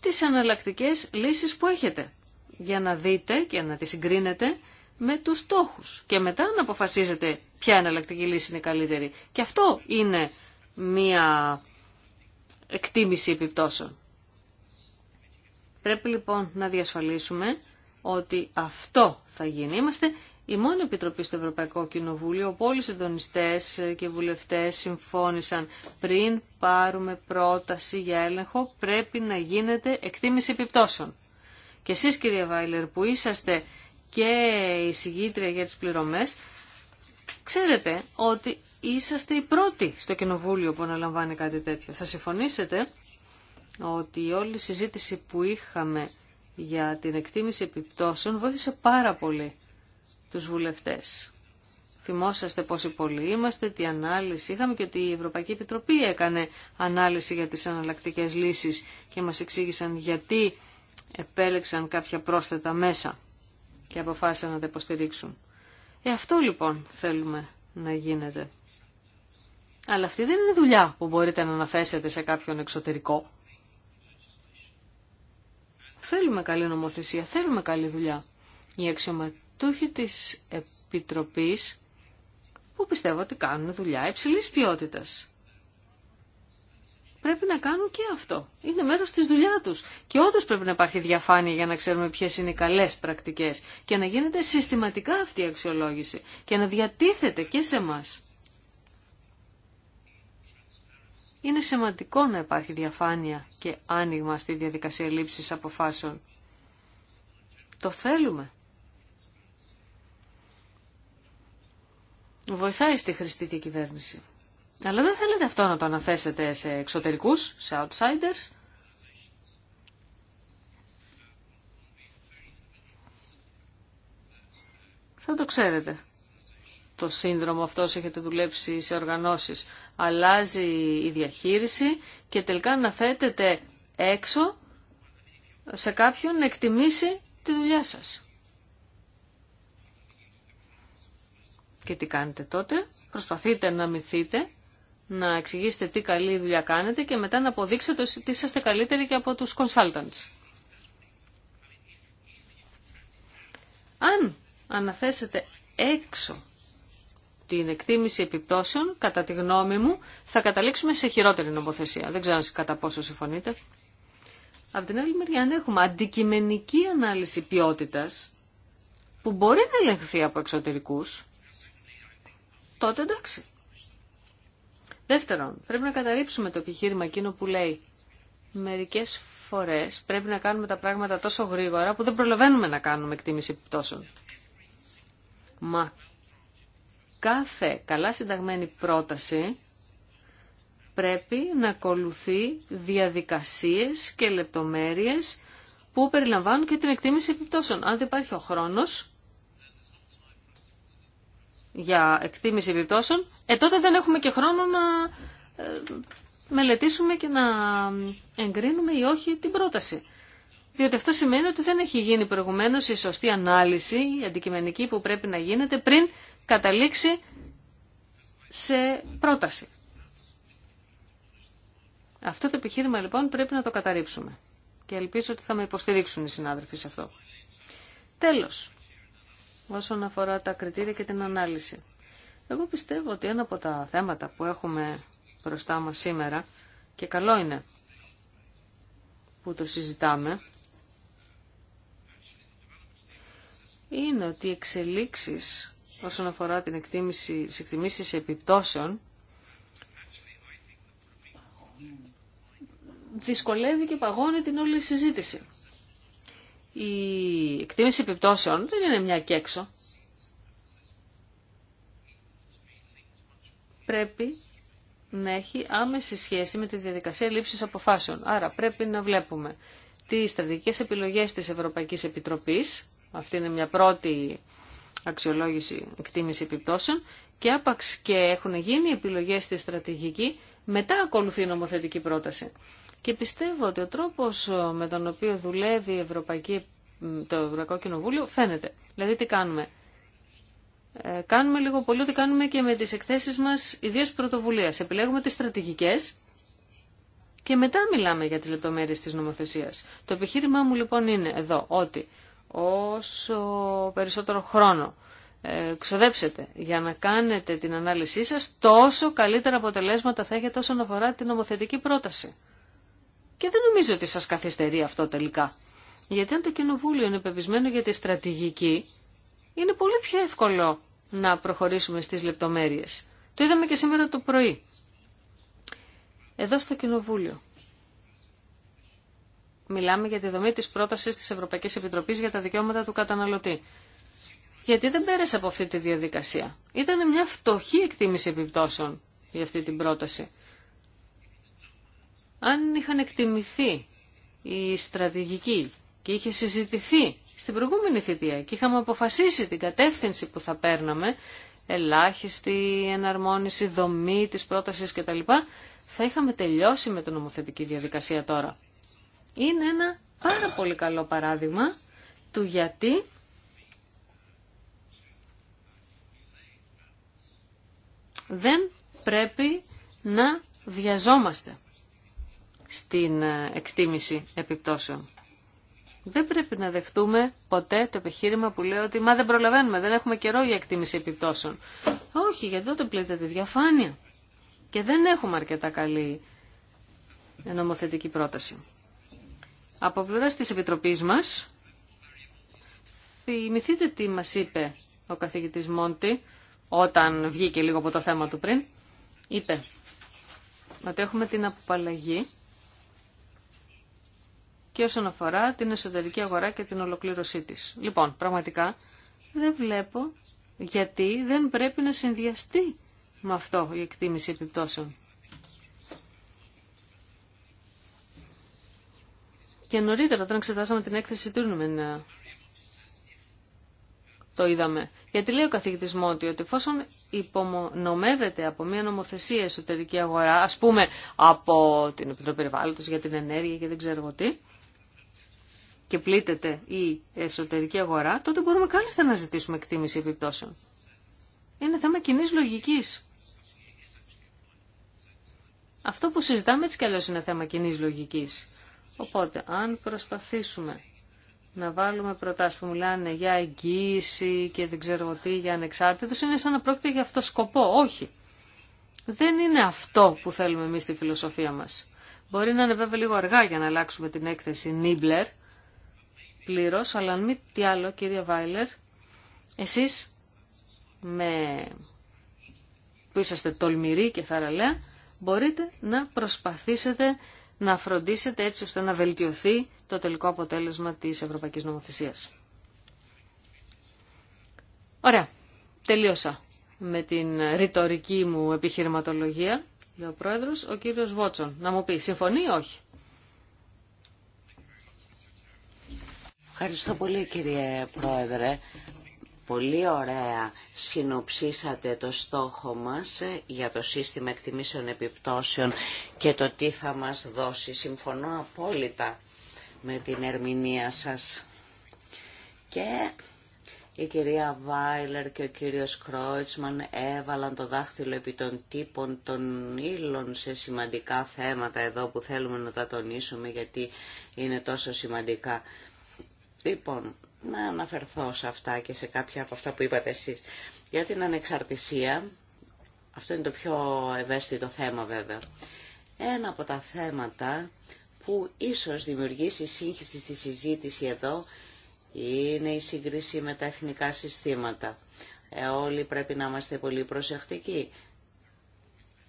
τις αναλλακτικέ λύσεις που έχετε για να δείτε και να τις συγκρίνετε με τους στόχους και μετά να αποφασίζετε ποια εναλλακτική λύση είναι καλύτερη. Και αυτό είναι μία εκτίμηση επιπτώσεων. Πρέπει λοιπόν να διασφαλίσουμε ότι αυτό θα γίνει. Είμαστε η μόνη επιτροπή στο Ευρωπαϊκό Κοινοβούλιο όπου όλοι οι συντονιστέ και βουλευτέ βουλευτές συμφώνησαν πριν πάρουμε πρόταση για έλεγχο πρέπει να γίνεται εκτίμηση επιπτώσεων. Και εσεί, κυρία Βάιλερ που είσαστε και η συγγήτρια για τις πληρωμές ξέρετε ότι είσαστε οι πρώτοι στο Κοινοβούλιο που αναλαμβάνει κάτι τέτοιο. Θα συμφωνήσετε ότι όλη η συζήτηση που είχαμε για την εκτίμηση επιπτώσεων βοήθησε πάρα πολύ τους βουλευτές. Θυμόσαστε πόσοι πολλοί είμαστε, τι ανάλυση είχαμε και ότι η Ευρωπαϊκή Επιτροπή έκανε ανάλυση για τις αναλλακτικέ λύσεις και μας εξήγησαν γιατί επέλεξαν κάποια πρόσθετα μέσα και αποφάσισαν να τα υποστηρίξουν. Ε, αυτό λοιπόν θέλουμε να γίνεται. Αλλά αυτή δεν είναι δουλειά που μπορείτε να αναφέσετε σε κάποιον εξωτερικό. Θέλουμε καλή νομοθεσία, θέλουμε καλή δουλειά. Η αξιωματική έχει της Επιτροπής που πιστεύω ότι κάνουν δουλειά υψηλής ποιότητας. Πρέπει να κάνουν και αυτό. Είναι μέρος της δουλειά τους. Και όντως πρέπει να υπάρχει διαφάνεια για να ξέρουμε ποιες είναι οι καλές πρακτικές και να γίνεται συστηματικά αυτή η αξιολόγηση και να διατίθεται και σε μας. Είναι σημαντικό να υπάρχει διαφάνεια και άνοιγμα στη διαδικασία λήψης αποφάσεων. Το θέλουμε. βοηθάει στη χρηστή και κυβέρνηση. Αλλά δεν θέλετε αυτό να το αναθέσετε σε εξωτερικούς, σε outsiders. Θα το ξέρετε. Το σύνδρομο αυτό έχετε δουλέψει σε οργανώσεις. Αλλάζει η διαχείριση και τελικά αναθέτεται έξω σε κάποιον να εκτιμήσει τη δουλειά σας. Και τι κάνετε τότε, προσπαθείτε να μυθείτε, να εξηγήσετε τι καλή δουλειά κάνετε και μετά να αποδείξετε ότι είσαστε καλύτεροι και από τους consultants. Αν αναθέσετε έξω την εκτίμηση επιπτώσεων, κατά τη γνώμη μου, θα καταλήξουμε σε χειρότερη νομοθεσία. Δεν ξέρω κατά πόσο συμφωνείτε. Από την άλλη μεριά, αν έχουμε αντικειμενική ανάλυση ποιότητας, που μπορεί να ελεγχθεί από εξωτερικούς, τότε εντάξει. Δεύτερον, πρέπει να καταρρύψουμε το επιχείρημα εκείνο που λέει μερικές φορές πρέπει να κάνουμε τα πράγματα τόσο γρήγορα που δεν προλαβαίνουμε να κάνουμε εκτίμηση επιπτώσεων. Μα κάθε καλά συνταγμένη πρόταση πρέπει να ακολουθεί διαδικασίες και λεπτομέρειες που περιλαμβάνουν και την εκτίμηση επιπτώσεων. Αν δεν υπάρχει ο χρόνος, για εκτίμηση επιπτώσεων, ε, τότε δεν έχουμε και χρόνο να ε, μελετήσουμε και να εγκρίνουμε ή όχι την πρόταση. Διότι αυτό σημαίνει ότι δεν έχει γίνει προηγουμένω η σωστή ανάλυση, η αντικειμενική που πρέπει να γίνεται πριν καταλήξει σε πρόταση. Αυτό το επιχείρημα λοιπόν πρέπει να το καταρρύψουμε. Και ελπίζω ότι θα με υποστηρίξουν οι συνάδελφοι σε αυτό. Τέλος, όσον αφορά τα κριτήρια και την ανάλυση. Εγώ πιστεύω ότι ένα από τα θέματα που έχουμε μπροστά μας σήμερα και καλό είναι που το συζητάμε είναι ότι οι εξελίξεις όσον αφορά την εκτίμηση, τις εκτιμήσεις επιπτώσεων δυσκολεύει και παγώνει την όλη συζήτηση. Η εκτίμηση επιπτώσεων δεν είναι μια και Πρέπει να έχει άμεση σχέση με τη διαδικασία λήψης αποφάσεων. Άρα πρέπει να βλέπουμε τις στρατηγικές επιλογές της Ευρωπαϊκής Επιτροπής, αυτή είναι μια πρώτη αξιολόγηση εκτίμηση επιπτώσεων, και άπαξ και έχουν γίνει επιλογές στη στρατηγική, μετά ακολουθεί η νομοθετική πρόταση. Και πιστεύω ότι ο τρόπος ε, με τον οποίο δουλεύει η Ευρωπαϊκή, το Ευρωπαϊκό Κοινοβούλιο φαίνεται. Δηλαδή τι κάνουμε. Ε, κάνουμε λίγο πολύ ότι κάνουμε και με τις εκθέσεις μας ιδίας πρωτοβουλίας. Επιλέγουμε τις στρατηγικές και μετά μιλάμε για τις λεπτομέρειες της νομοθεσίας. Το επιχείρημά μου λοιπόν είναι εδώ ότι όσο περισσότερο χρόνο ε, ξοδέψετε για να κάνετε την ανάλυση σας, τόσο καλύτερα αποτελέσματα θα έχετε όσον αφορά την νομοθετική πρόταση. Και δεν νομίζω ότι σας καθυστερεί αυτό τελικά. Γιατί αν το Κοινοβούλιο είναι πεπισμένο για τη στρατηγική, είναι πολύ πιο εύκολο να προχωρήσουμε στις λεπτομέρειες. Το είδαμε και σήμερα το πρωί. Εδώ στο Κοινοβούλιο. Μιλάμε για τη δομή της πρότασης της Ευρωπαϊκής Επιτροπής για τα δικαιώματα του καταναλωτή. Γιατί δεν πέρασε από αυτή τη διαδικασία. Ήταν μια φτωχή εκτίμηση επιπτώσεων για αυτή την πρόταση. Αν είχαν εκτιμηθεί η στρατηγική και είχε συζητηθεί στην προηγούμενη θητεία και είχαμε αποφασίσει την κατεύθυνση που θα παίρναμε, ελάχιστη εναρμόνιση, δομή της πρότασης κτλ, θα είχαμε τελειώσει με την νομοθετική διαδικασία τώρα. Είναι ένα πάρα πολύ καλό παράδειγμα του γιατί δεν πρέπει να βιαζόμαστε στην ε, εκτίμηση επιπτώσεων. Δεν πρέπει να δεχτούμε ποτέ το επιχείρημα που λέει ότι «Μα δεν προλαβαίνουμε, δεν έχουμε καιρό για εκτίμηση επιπτώσεων». Όχι, γιατί τότε πλήττεται τη διαφάνεια. Και δεν έχουμε αρκετά καλή ε, νομοθετική πρόταση. Από πλευρά τη Επιτροπή μας, θυμηθείτε τι μας είπε ο καθηγητής Μόντι, όταν βγήκε λίγο από το θέμα του πριν, είπε ότι έχουμε την αποπαλλαγή και όσον αφορά την εσωτερική αγορά και την ολοκλήρωσή της. Λοιπόν, πραγματικά δεν βλέπω γιατί δεν πρέπει να συνδυαστεί με αυτό η εκτίμηση επιπτώσεων. Και νωρίτερα όταν εξετάσαμε την έκθεση του ε, το είδαμε. Γιατί λέει ο καθηγητής Μότι ότι εφόσον υπονομεύεται από μια νομοθεσία εσωτερική αγορά, ας πούμε από την Επιτροπή Περιβάλλοντος για την ενέργεια και δεν ξέρω τι, και πλήττεται η εσωτερική αγορά, τότε μπορούμε κάλλιστα να ζητήσουμε εκτίμηση επιπτώσεων. Είναι θέμα κοινή λογική. Αυτό που συζητάμε έτσι κι αλλιώς είναι θέμα κοινή λογική. Οπότε, αν προσπαθήσουμε να βάλουμε προτάσει που μιλάνε για εγγύηση και δεν ξέρω τι, για ανεξάρτητος, είναι σαν να πρόκειται για αυτό σκοπό. Όχι. Δεν είναι αυτό που θέλουμε εμεί στη φιλοσοφία μα. Μπορεί να είναι βέβαια λίγο αργά για να αλλάξουμε την έκθεση Νίμπλερ, αλλά αν μη τι άλλο κύριε Βάιλερ, εσείς με... που είσαστε τολμηροί και θαραλέα, μπορείτε να προσπαθήσετε να φροντίσετε έτσι ώστε να βελτιωθεί το τελικό αποτέλεσμα της Ευρωπαϊκής Νομοθεσίας. Ωραία, τελείωσα με την ρητορική μου επιχειρηματολογία, λέει ο Πρόεδρος, ο κύριος Βότσον. Να μου πει, συμφωνεί ή όχι. Ευχαριστώ πολύ κύριε Πρόεδρε. Πολύ ωραία συνοψίσατε το στόχο μας για το σύστημα εκτιμήσεων επιπτώσεων και το τι θα μας δώσει. Συμφωνώ απόλυτα με την ερμηνεία σας. Και η κυρία Βάιλερ και ο κύριος Κρόιτσμαν έβαλαν το δάχτυλο επί των τύπων των ύλων σε σημαντικά θέματα εδώ που θέλουμε να τα τονίσουμε γιατί είναι τόσο σημαντικά. Λοιπόν, να αναφερθώ σε αυτά και σε κάποια από αυτά που είπατε εσείς. Για την ανεξαρτησία, αυτό είναι το πιο ευαίσθητο θέμα βέβαια. Ένα από τα θέματα που ίσως δημιουργήσει σύγχυση στη συζήτηση εδώ είναι η σύγκριση με τα εθνικά συστήματα. Ε, όλοι πρέπει να είμαστε πολύ προσεκτικοί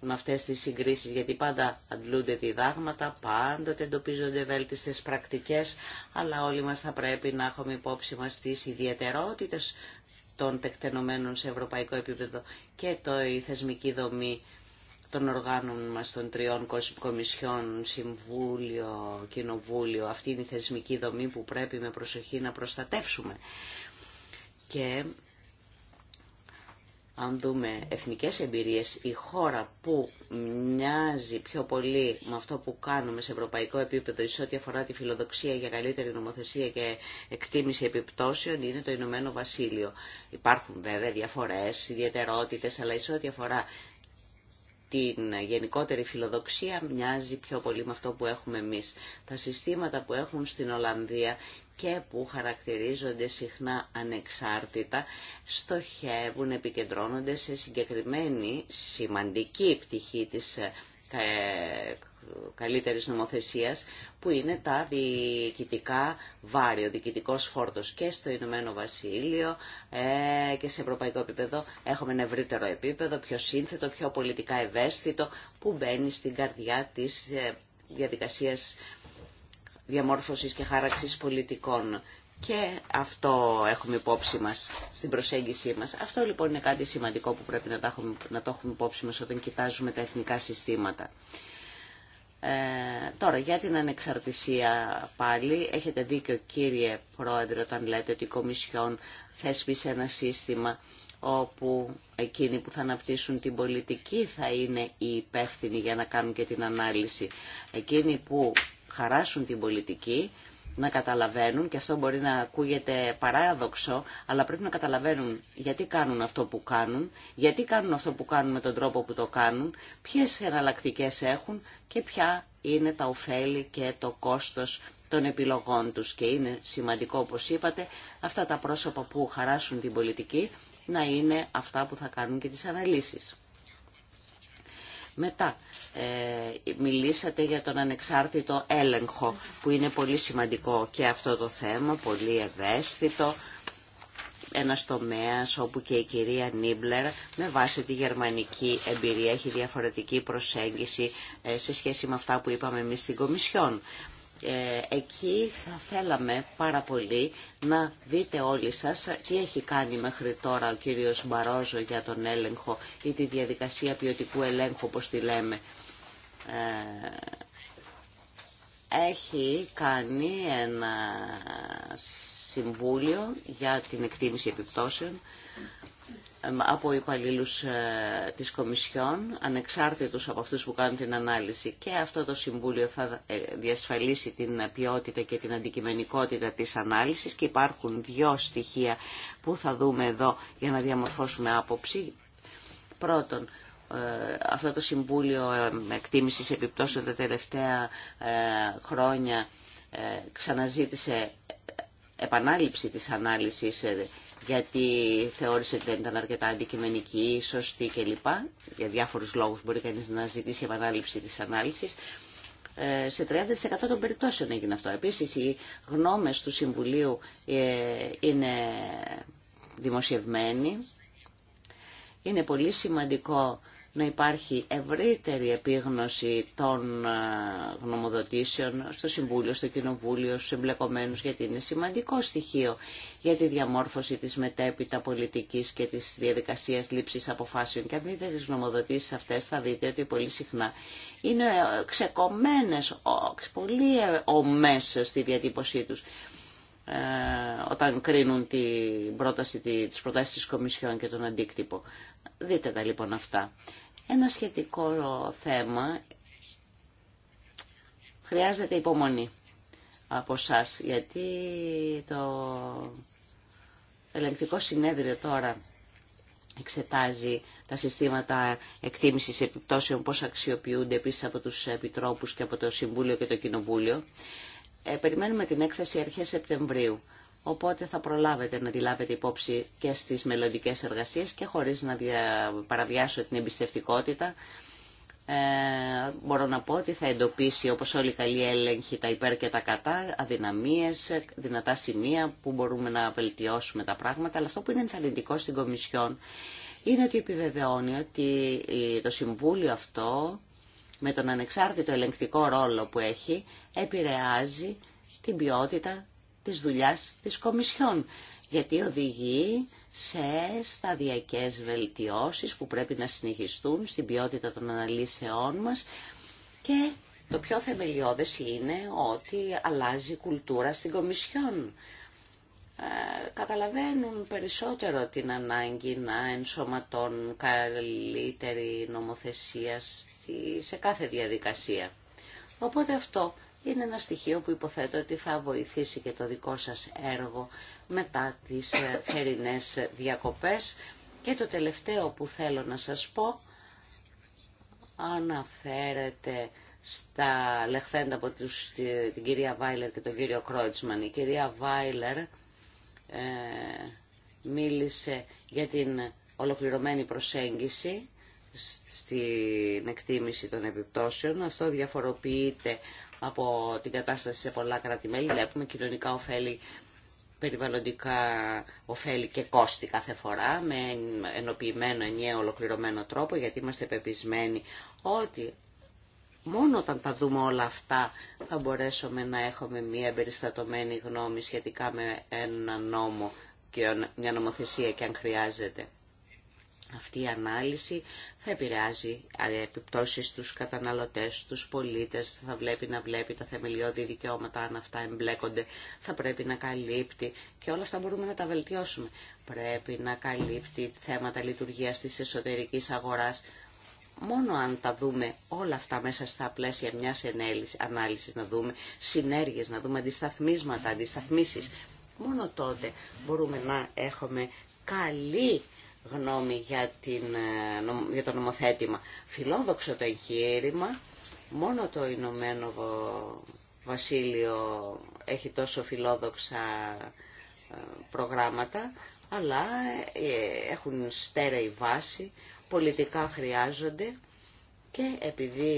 με αυτές τις συγκρίσεις, γιατί πάντα αντλούνται διδάγματα, πάντοτε εντοπίζονται βέλτιστες πρακτικές, αλλά όλοι μας θα πρέπει να έχουμε υπόψη μας τις ιδιαιτερότητες των τεκτενωμένων σε ευρωπαϊκό επίπεδο και το, η θεσμική δομή των οργάνων μας των τριών κομισιών, Συμβούλιο, Κοινοβούλιο. Αυτή είναι η θεσμική δομή που πρέπει με προσοχή να προστατεύσουμε. Και αν δούμε εθνικές εμπειρίες, η χώρα που μοιάζει πιο πολύ με αυτό που κάνουμε σε ευρωπαϊκό επίπεδο εις ό,τι αφορά τη φιλοδοξία για καλύτερη νομοθεσία και εκτίμηση επιπτώσεων είναι το Ηνωμένο Βασίλειο. Υπάρχουν βέβαια διαφορές, ιδιαιτερότητες, αλλά εις ό,τι αφορά την γενικότερη φιλοδοξία μοιάζει πιο πολύ με αυτό που έχουμε εμείς. Τα συστήματα που έχουν στην Ολλανδία και που χαρακτηρίζονται συχνά ανεξάρτητα, στοχεύουν, επικεντρώνονται σε συγκεκριμένη σημαντική πτυχή της ε, ε, καλύτερης νομοθεσίας που είναι τα διοικητικά βάρη, ο διοικητικός φόρτος και στο Ηνωμένο Βασίλειο ε, και σε ευρωπαϊκό επίπεδο έχουμε ένα ευρύτερο επίπεδο, πιο σύνθετο, πιο πολιτικά ευαίσθητο που μπαίνει στην καρδιά της διαδικασίας διαμόρφωσης και χάραξης πολιτικών. Και αυτό έχουμε υπόψη μας στην προσέγγιση μας. Αυτό λοιπόν είναι κάτι σημαντικό που πρέπει να το έχουμε, να υπόψη μας όταν κοιτάζουμε τα εθνικά συστήματα. Ε, τώρα, για την ανεξαρτησία πάλι, έχετε δίκιο κύριε Πρόεδρε όταν λέτε ότι η Κομισιόν θέσπισε ένα σύστημα όπου εκείνοι που θα αναπτύσσουν την πολιτική θα είναι οι υπεύθυνοι για να κάνουν και την ανάλυση. Εκείνοι που χαράσουν την πολιτική να καταλαβαίνουν, και αυτό μπορεί να ακούγεται παράδοξο, αλλά πρέπει να καταλαβαίνουν γιατί κάνουν αυτό που κάνουν, γιατί κάνουν αυτό που κάνουν με τον τρόπο που το κάνουν, ποιες εναλλακτικέ έχουν και ποια είναι τα ωφέλη και το κόστος των επιλογών τους. Και είναι σημαντικό, όπως είπατε, αυτά τα πρόσωπα που χαράσουν την πολιτική να είναι αυτά που θα κάνουν και τις αναλύσεις. Μετά, ε, μιλήσατε για τον ανεξάρτητο έλεγχο, που είναι πολύ σημαντικό και αυτό το θέμα, πολύ ευαίσθητο. Ένα τομέα όπου και η κυρία Νίμπλερ με βάση τη γερμανική εμπειρία έχει διαφορετική προσέγγιση ε, σε σχέση με αυτά που είπαμε εμείς στην Κομισιόν. Ε, εκεί θα θέλαμε πάρα πολύ να δείτε όλοι σας τι έχει κάνει μέχρι τώρα ο κύριος Μπαρόζο για τον έλεγχο ή τη διαδικασία ποιοτικού ελέγχου, όπως τη λέμε. Ε, έχει κάνει ένα συμβούλιο για την εκτίμηση επιπτώσεων από υπαλλήλου ε, της Κομισιόν, ανεξάρτητους από αυτούς που κάνουν την ανάλυση. Και αυτό το Συμβούλιο θα ε, διασφαλίσει την ποιότητα και την αντικειμενικότητα της ανάλυσης και υπάρχουν δυο στοιχεία που θα δούμε εδώ για να διαμορφώσουμε άποψη. Πρώτον, ε, αυτό το Συμβούλιο Εκτίμησης Επιπτώσεων τα τελευταία χρόνια ξαναζήτησε επανάληψη της ανάλυσης γιατί θεώρησε ότι δεν ήταν αρκετά αντικειμενική, σωστή κλπ. Για διάφορους λόγους μπορεί κανείς να ζητήσει επανάληψη της ανάλυσης. Ε, σε 30% των περιπτώσεων έγινε αυτό. Επίσης, οι γνώμες του Συμβουλίου ε, είναι δημοσιευμένοι. Είναι πολύ σημαντικό να υπάρχει ευρύτερη επίγνωση των ε, γνωμοδοτήσεων στο Συμβούλιο, στο Κοινοβούλιο, στους εμπλεκομένους, γιατί είναι σημαντικό στοιχείο για τη διαμόρφωση της μετέπειτα πολιτικής και της διαδικασίας λήψης αποφάσεων. Και αν δείτε τις γνωμοδοτήσεις αυτές θα δείτε ότι πολύ συχνά είναι ξεκομμένες, πολύ ομές στη διατύπωσή τους ε, όταν κρίνουν την πρόταση, τις προτάσεις της Κομισιόν και τον αντίκτυπο. Δείτε τα λοιπόν αυτά. Ένα σχετικό θέμα χρειάζεται υπομονή από εσά, γιατί το ελεγκτικό συνέδριο τώρα εξετάζει τα συστήματα εκτίμησης επιπτώσεων, πώς αξιοποιούνται επίσης από τους επιτρόπους και από το Συμβούλιο και το Κοινοβούλιο. Ε, περιμένουμε την έκθεση αρχές Σεπτεμβρίου οπότε θα προλάβετε να τη λάβετε υπόψη και στις μελλοντικέ εργασίες και χωρίς να παραβιάσω την εμπιστευτικότητα. Ε, μπορώ να πω ότι θα εντοπίσει όπως όλοι οι καλοί έλεγχοι τα υπέρ και τα κατά, αδυναμίες, δυνατά σημεία που μπορούμε να βελτιώσουμε τα πράγματα, αλλά αυτό που είναι ενθαρρυντικό στην Κομισιόν είναι ότι επιβεβαιώνει ότι το Συμβούλιο αυτό με τον ανεξάρτητο ελεγκτικό ρόλο που έχει επηρεάζει την ποιότητα της δουλειάς της Κομισιόν, γιατί οδηγεί σε σταδιακές βελτιώσεις που πρέπει να συνεχιστούν στην ποιότητα των αναλύσεών μας και το πιο θεμελιώδες είναι ότι αλλάζει κουλτούρα στην Κομισιόν. Ε, καταλαβαίνουν περισσότερο την ανάγκη να ενσωματώνουν καλύτερη νομοθεσία σε κάθε διαδικασία. Οπότε αυτό είναι ένα στοιχείο που υποθέτω ότι θα βοηθήσει και το δικό σας έργο μετά τις ε, θερινές διακοπές. Και το τελευταίο που θέλω να σας πω αναφέρεται στα λεχθέντα από τους, την κυρία Βάιλερ και τον κύριο Κρότσμαν. Η κυρία Βάιλερ ε, μίλησε για την ολοκληρωμένη προσέγγιση στην εκτίμηση των επιπτώσεων. Αυτό διαφοροποιείται από την κατάσταση σε πολλά κράτη-μέλη. Βλέπουμε κοινωνικά ωφέλη, περιβαλλοντικά ωφέλη και κόστη κάθε φορά με ενοποιημένο, ενιαίο, ολοκληρωμένο τρόπο γιατί είμαστε πεπισμένοι ότι Μόνο όταν τα δούμε όλα αυτά θα μπορέσουμε να έχουμε μια εμπεριστατωμένη γνώμη σχετικά με ένα νόμο και μια νομοθεσία και αν χρειάζεται. Αυτή η ανάλυση θα επηρεάζει επιπτώσεις στους καταναλωτές, στους πολίτες, θα βλέπει να βλέπει τα θεμελιώδη δικαιώματα αν αυτά εμπλέκονται, θα πρέπει να καλύπτει και όλα αυτά μπορούμε να τα βελτιώσουμε. Πρέπει να καλύπτει θέματα λειτουργίας της εσωτερικής αγοράς. Μόνο αν τα δούμε όλα αυτά μέσα στα πλαίσια μιας ανάλυσης, να δούμε συνέργειες, να δούμε αντισταθμίσματα, αντισταθμίσεις, μόνο τότε μπορούμε να έχουμε καλή γνώμη για, την, ε, για το νομοθέτημα. Φιλόδοξο το εγχείρημα, μόνο το Ηνωμένο Βασίλειο έχει τόσο φιλόδοξα ε, προγράμματα, αλλά ε, έχουν στέρεη βάση, πολιτικά χρειάζονται και επειδή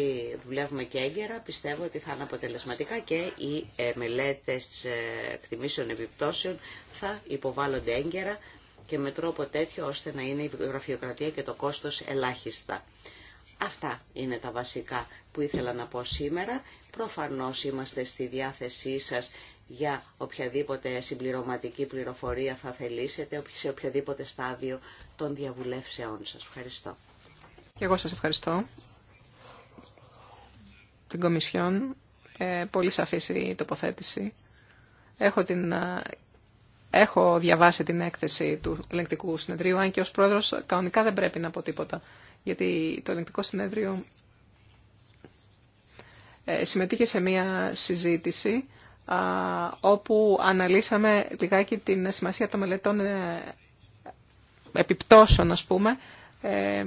δουλεύουμε και έγκαιρα πιστεύω ότι θα είναι αποτελεσματικά και οι μελέτες εκτιμήσεων επιπτώσεων θα υποβάλλονται έγκαιρα και με τρόπο τέτοιο ώστε να είναι η γραφειοκρατία και το κόστος ελάχιστα. Αυτά είναι τα βασικά που ήθελα να πω σήμερα. Προφανώς είμαστε στη διάθεσή σας για οποιαδήποτε συμπληρωματική πληροφορία θα θελήσετε σε οποιοδήποτε στάδιο των διαβουλεύσεών σας. Ευχαριστώ. Και εγώ σας ευχαριστώ. Την Κομισιόν, ε, πολύ σαφής η τοποθέτηση. Έχω την ε, Έχω διαβάσει την έκθεση του ελεγκτικού συνεδρίου, αν και ως πρόεδρος κανονικά δεν πρέπει να πω τίποτα, γιατί το ελεγκτικό συνεδρίο ε, συμμετείχε σε μία συζήτηση όπου αναλύσαμε λιγάκι την σημασία των μελετών ε, επιπτώσεων, ας πούμε, ε,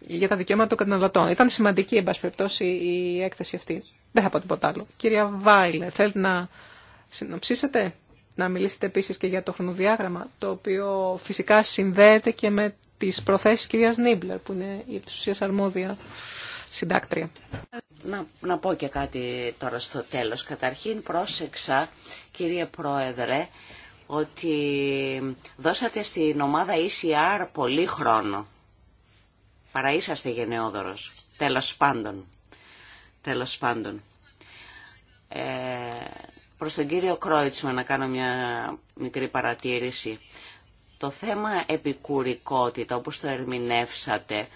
για τα δικαιώματα των καταναλωτών. Ήταν σημαντική, εν η έκθεση αυτή. Δεν θα πω τίποτα άλλο. Κυρία Βάιλε, θέλετε να συνοψίσετε να μιλήσετε επίσης και για το χρονοδιάγραμμα, το οποίο φυσικά συνδέεται και με τις προθέσεις κυρίας Νίμπλερ, που είναι η εξουσίας αρμόδια συντάκτρια. Να, να πω και κάτι τώρα στο τέλος. Καταρχήν πρόσεξα, κύριε Πρόεδρε, ότι δώσατε στην ομάδα ECR πολύ χρόνο. Παρά είσαστε γενναιόδωρος. Τέλος πάντων. Τέλος πάντων. Ε, Προς τον κύριο Κρόιτσμα να κάνω μια μικρή παρατήρηση. Το θέμα επικουρικότητα, όπως το ερμηνεύσατε,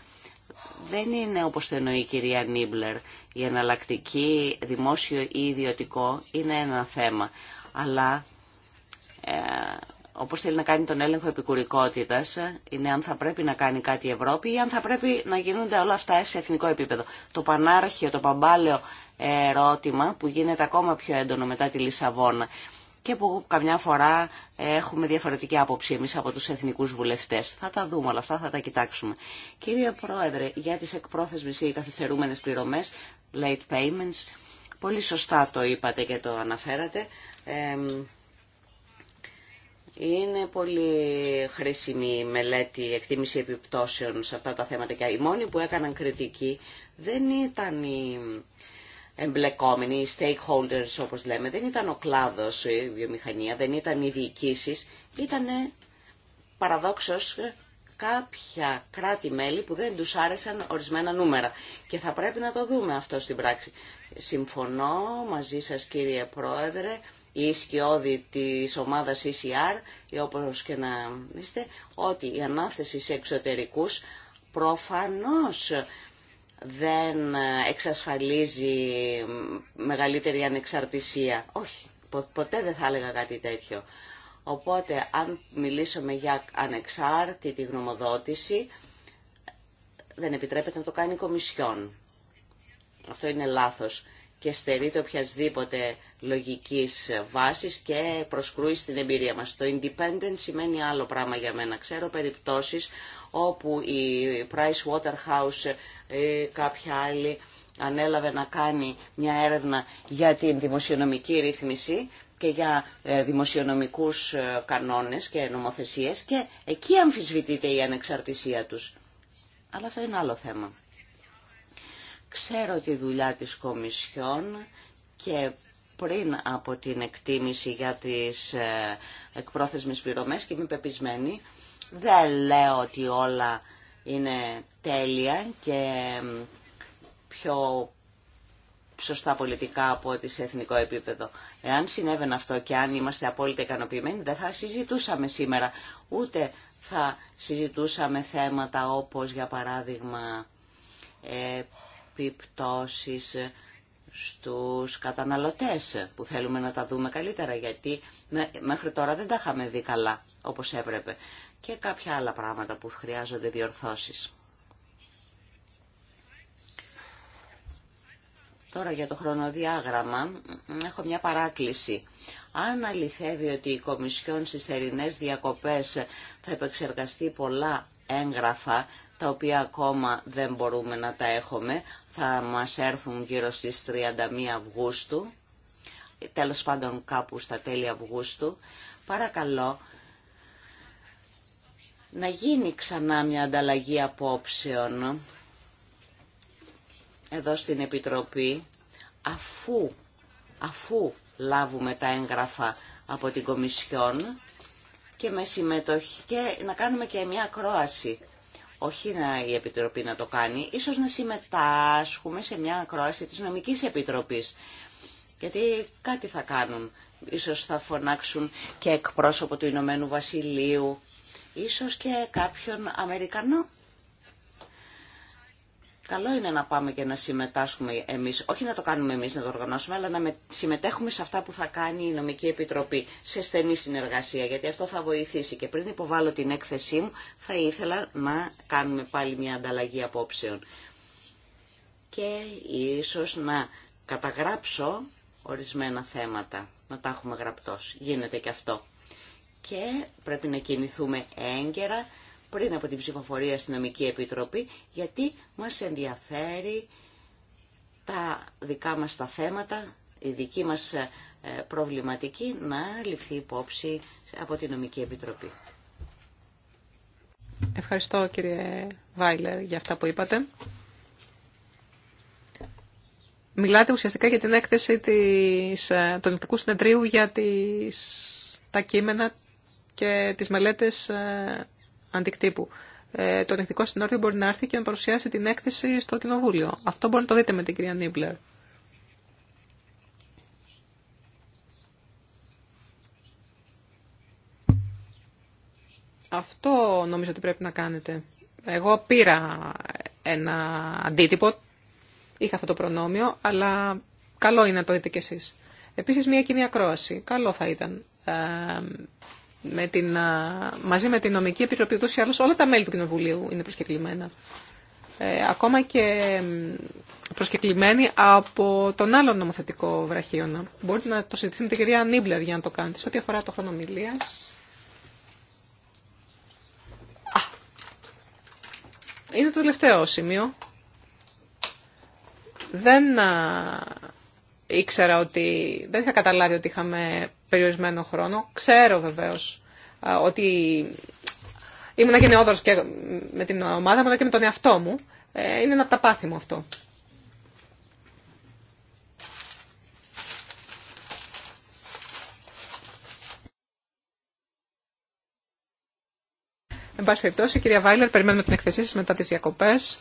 δεν είναι όπως το εννοεί η κυρία Νίμπλερ. Η εναλλακτική, δημόσιο ή ιδιωτικό, είναι ένα θέμα. Αλλά ε, όπως θέλει να κάνει τον έλεγχο επικουρικότητας, είναι αν θα πρέπει να κάνει κάτι η Ευρώπη ή αν θα πρέπει να γίνονται όλα αυτά σε εθνικό επίπεδο. Το πανάρχιο, το παμπάλαιο ερώτημα που γίνεται ακόμα πιο έντονο μετά τη Λισαβόνα και που καμιά φορά έχουμε διαφορετική άποψη εμείς από τους εθνικούς βουλευτές. Θα τα δούμε όλα αυτά, θα τα κοιτάξουμε. Κύριε Πρόεδρε, για τις εκπρόθεσμες ή καθυστερούμενες πληρωμές, late payments, πολύ σωστά το είπατε και το αναφέρατε. Είναι πολύ χρήσιμη η μελέτη εκτίμηση επιπτώσεων σε αυτά τα θέματα και οι μόνοι που έκαναν κριτική δεν ήταν οι εμπλεκόμενοι, οι stakeholders όπως λέμε, δεν ήταν ο κλάδος, η βιομηχανία, δεν ήταν οι διοικήσεις, ήταν παραδόξως κάποια κράτη-μέλη που δεν τους άρεσαν ορισμένα νούμερα. Και θα πρέπει να το δούμε αυτό στην πράξη. Συμφωνώ μαζί σας κύριε Πρόεδρε οι σκιώδη της ομάδας ECR ή όπως και να είστε, ότι η ανάθεση σε εξωτερικούς προφανώς δεν εξασφαλίζει μεγαλύτερη ανεξαρτησία. Όχι, ποτέ δεν θα έλεγα κάτι τέτοιο. Οπότε αν μιλήσουμε για ανεξάρτητη γνωμοδότηση, δεν επιτρέπεται να το κάνει η Κομισιόν. Αυτό είναι λάθος και στερείται οποιασδήποτε λογικής βάσης και προσκρούει στην εμπειρία μας. Το independent σημαίνει άλλο πράγμα για μένα. Ξέρω περιπτώσεις όπου η Price Waterhouse ή ε, κάποια άλλη ανέλαβε να κάνει μια έρευνα για την δημοσιονομική ρύθμιση και για ε, δημοσιονομικούς ε, κανόνες και νομοθεσίες και εκεί αμφισβητείται η ανεξαρτησία τους. Αλλά αυτό είναι άλλο θέμα. Ξέρω τη δουλειά της Κομισιόν και πριν από την εκτίμηση για τις ε, εκπρόθεσμες πληρωμές και είμαι πεπισμένη. Δεν λέω ότι όλα είναι τέλεια και πιο σωστά πολιτικά από ότι σε εθνικό επίπεδο. Εάν συνέβαινε αυτό και αν είμαστε απόλυτα ικανοποιημένοι, δεν θα συζητούσαμε σήμερα. Ούτε θα συζητούσαμε θέματα όπως για παράδειγμα ε, πτώσεις στους καταναλωτές που θέλουμε να τα δούμε καλύτερα γιατί μέχρι τώρα δεν τα είχαμε δει καλά όπως έπρεπε και κάποια άλλα πράγματα που χρειάζονται διορθώσεις. Τώρα για το χρονοδιάγραμμα έχω μια παράκληση. Αν αληθεύει ότι η Κομισιόν στις θερινές διακοπές θα επεξεργαστεί πολλά έγγραφα τα οποία ακόμα δεν μπορούμε να τα έχουμε. Θα μας έρθουν γύρω στις 31 Αυγούστου, τέλος πάντων κάπου στα τέλη Αυγούστου. Παρακαλώ να γίνει ξανά μια ανταλλαγή απόψεων εδώ στην Επιτροπή, αφού, αφού λάβουμε τα έγγραφα από την Κομισιόν και, με συμμετοχή, και να κάνουμε και μια ακρόαση όχι να, η Επιτροπή να το κάνει, ίσως να συμμετάσχουμε σε μια ακρόαση της Νομικής Επιτροπής. Γιατί κάτι θα κάνουν. Ίσως θα φωνάξουν και εκπρόσωπο του Ηνωμένου Βασιλείου, ίσως και κάποιον Αμερικανό καλό είναι να πάμε και να συμμετάσχουμε εμείς, όχι να το κάνουμε εμείς να το οργανώσουμε, αλλά να συμμετέχουμε σε αυτά που θα κάνει η Νομική Επιτροπή, σε στενή συνεργασία, γιατί αυτό θα βοηθήσει. Και πριν υποβάλω την έκθεσή μου, θα ήθελα να κάνουμε πάλι μια ανταλλαγή απόψεων. Και ίσως να καταγράψω ορισμένα θέματα, να τα έχουμε γραπτός. Γίνεται και αυτό. Και πρέπει να κινηθούμε έγκαιρα πριν από την ψηφοφορία στην Νομική Επιτροπή, γιατί μας ενδιαφέρει τα δικά μας τα θέματα, η δική μας ε, προβληματική να ληφθεί υπόψη από την Νομική Επιτροπή. Ευχαριστώ κύριε Βάιλερ για αυτά που είπατε. Μιλάτε ουσιαστικά για την έκθεση της, ε, του Ελληνικού Συνεδρίου για τις, τα κείμενα και τις μελέτες ε, αντικτύπου. Ε, το τεχνικό συνόριο μπορεί να έρθει και να παρουσιάσει την έκθεση στο Κοινοβούλιο. Αυτό μπορεί να το δείτε με την κυρία Νίμπλερ. Αυτό νομίζω ότι πρέπει να κάνετε. Εγώ πήρα ένα αντίτυπο, είχα αυτό το προνόμιο, αλλά καλό είναι να το δείτε κι εσείς. Επίσης μια κοινή ακρόαση, καλό θα ήταν. Ε, με την, μαζί με την νομική επιτροπή, του ή όλα τα μέλη του Κοινοβουλίου είναι προσκεκλημένα. Ε, ακόμα και προσκεκλημένοι από τον άλλο νομοθετικό βραχίωνα. Μπορείτε να το συζητήσετε με την κυρία Νίμπλερ για να το κάνετε. Σε ό,τι αφορά το χρόνο μιλίας. είναι το τελευταίο σημείο. Δεν ήξερα ότι, δεν είχα καταλάβει ότι είχαμε περιορισμένο χρόνο. Ξέρω βεβαίω ότι ήμουν γενναιόδωρος και με την ομάδα μου αλλά και με τον εαυτό μου. Ε, είναι ένα από τα πάθη μου αυτό. Εν πάση περιπτώσει, κυρία Βάιλερ, περιμένουμε την εκθεσή σας μετά τις διακοπές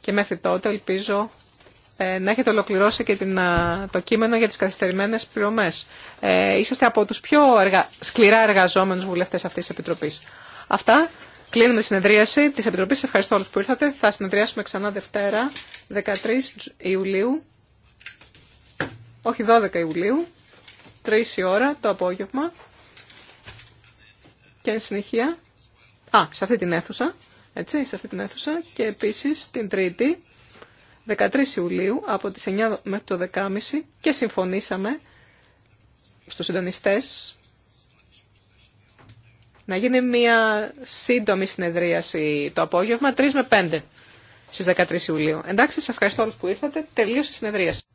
και μέχρι τότε ελπίζω ε, να έχετε ολοκληρώσει και την, το κείμενο για τις καθυστερημένες πληρωμές. Ε, είσαστε από τους πιο σκληρά εργαζόμενους βουλευτές αυτής της Επιτροπής. Αυτά. Κλείνουμε τη συνεδρίαση της Επιτροπής. Σας ευχαριστώ όλους που ήρθατε. Θα συνεδριάσουμε ξανά Δευτέρα, 13 Ιουλίου, όχι 12 Ιουλίου, 3 η ώρα το απόγευμα και εν συνεχεία, α, σε αυτή την αίθουσα, έτσι, σε αυτή την αίθουσα και επίσης την Τρίτη, 13 Ιουλίου από τις 9 μέχρι το 10.30 και συμφωνήσαμε στους συντονιστές να γίνει μια σύντομη συνεδρίαση το απόγευμα, 3 με 5 στις 13 Ιουλίου. Εντάξει, σας ευχαριστώ όλους που ήρθατε. Τελείωσε η συνεδρίαση.